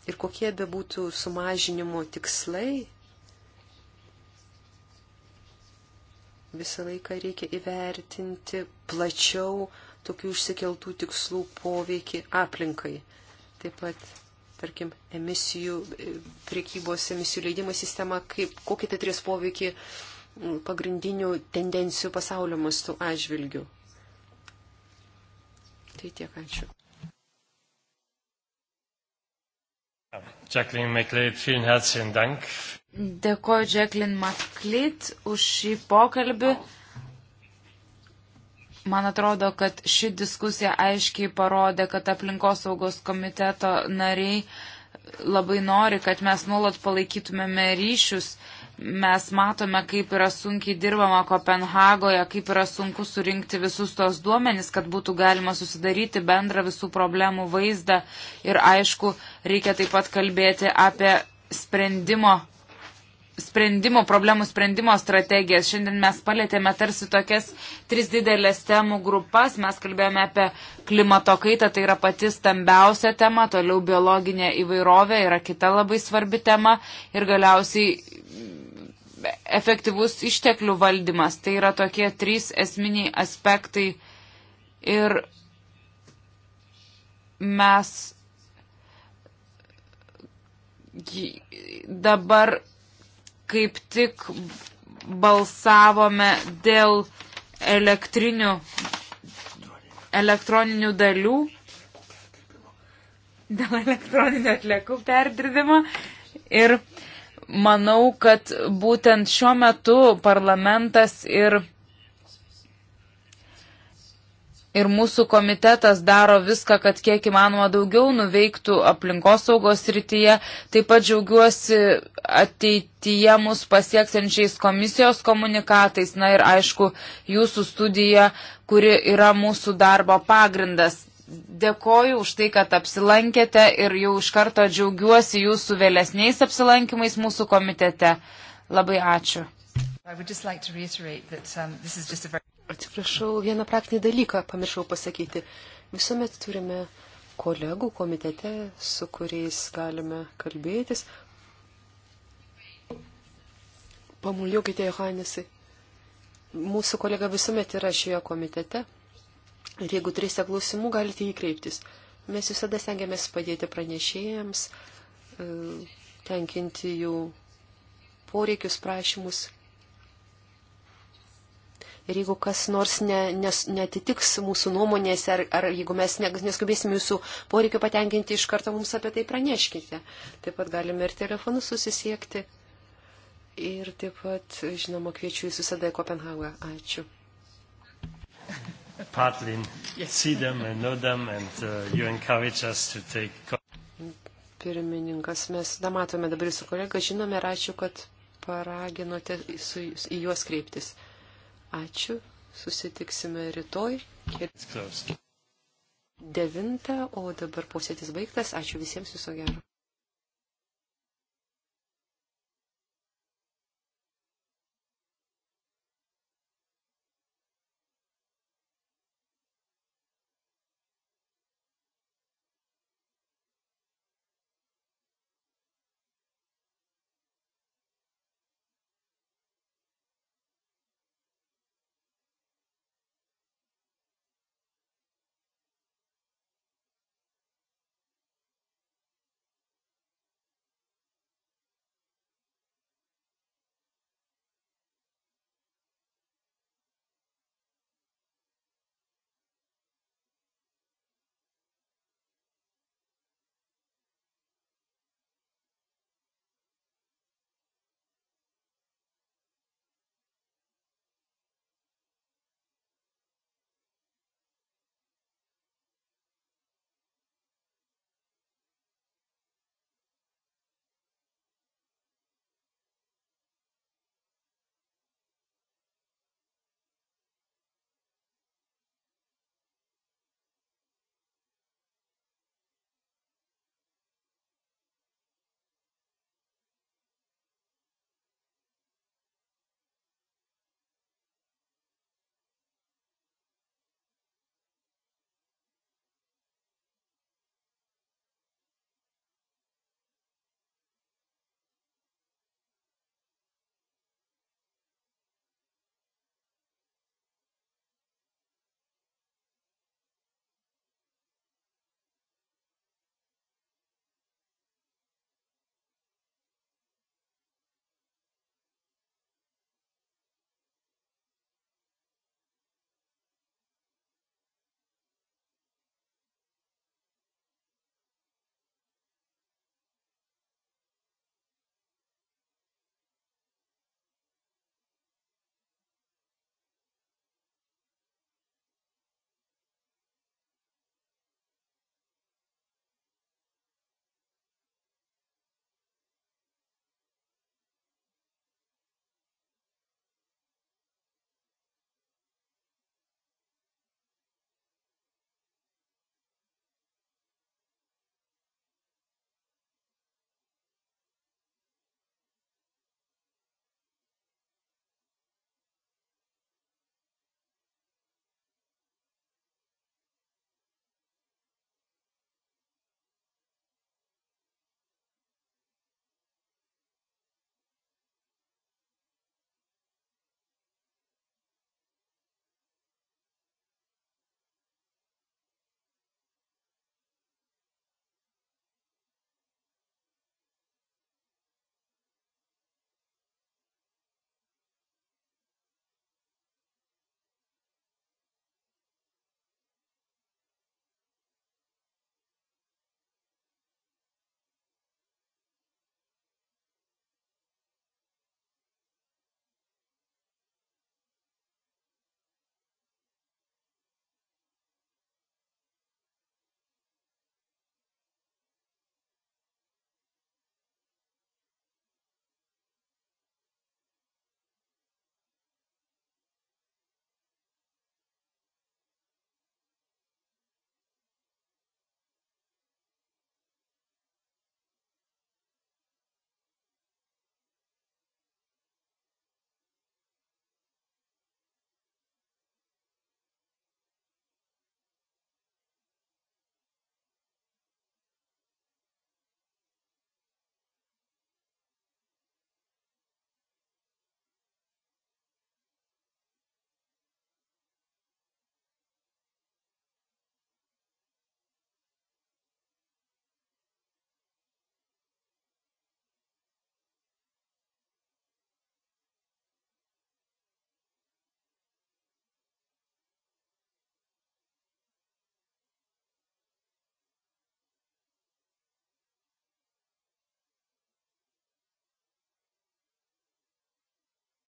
Ir kokie be būtų sumažinimo tikslai, visą laiką reikia įvertinti plačiau tokių išsikeltų tikslų poveikį aplinkai. Taip pat, tarkim, emisijų, priekybos emisijų leidimo sistema, kaip, kokį tai turės poveikį pagrindinių tendencijų pasaulio mastų atžvilgių. Tai tiek, ačiū. Jacqueline McLeod, vielen herzlichen Dank. Dėkoju Jacqueline McLeod už šį pokalbį. Oh. Man atrodo, kad ši diskusija aiškiai parodė, kad aplinkosaugos komiteto nariai labai nori, kad mes nuolat palaikytumėme ryšius. Mes matome, kaip yra sunkiai dirbama Kopenhagoje, kaip yra sunku surinkti visus tos duomenys, kad būtų galima susidaryti bendrą visų problemų vaizdą. Ir aišku, reikia taip pat kalbėti apie sprendimo sprendimo, problemų sprendimo strategijas. Šiandien mes palėtėme tarsi tokias tris didelės temų grupas. Mes kalbėjome apie klimato kaitą, tai yra pati stambiausia tema, toliau biologinė įvairovė yra kita labai svarbi tema ir galiausiai efektyvus išteklių valdymas. Tai yra tokie trys esminiai aspektai ir mes dabar kaip tik balsavome dėl elektrinių, elektroninių dalių, dėl elektroninių atliekų perdirbimo. Ir manau, kad būtent šiuo metu parlamentas ir ir mūsų komitetas daro viską, kad kiek įmanoma daugiau nuveiktų aplinkosaugos rytyje. Taip pat džiaugiuosi ateityje mus pasieksiančiais komisijos komunikatais, na ir aišku, jūsų studija, kuri yra mūsų darbo pagrindas. Dėkoju už tai, kad apsilankėte ir jau iš karto džiaugiuosi jūsų vėlesniais apsilankimais mūsų komitete. Labai ačiū. I would just like to reiterate that um, this is just a very Atsiprašau, vieną praktinį dalyką pamiršau pasakyti. Visuomet turime kolegų komitete, su kuriais galime kalbėtis. Pamuliukite, Johanesai. Mūsų kolega visuomet yra šioje komitete. Ir jeigu turėsite klausimų, galite jį kreiptis. Mes visada stengiamės padėti pranešėjams, e, tenkinti jų poreikius, prašymus Ir jeigu kas nors ne, nes, netitiks mūsų nuomonėse, ar, ar jeigu mes ne, neskubėsim jūsų poreikio patenkinti, iš karto mums apie tai praneškite. Taip pat galime ir telefonu susisiekti. Ir taip pat, žinoma, kviečiu jūs visada į Kopenhagą. Ačiū. [LAUGHS] Partly yes. see them and know them and uh, you encourage us to take. Pirmininkas, mes tą matome dabar su kolega, žinome ir ačiū, kad paraginote su, su, į juos kreiptis. Ačiū. Susitiksime rytoj. Devinta, o dabar posėdis baigtas. Ačiū visiems viso gero.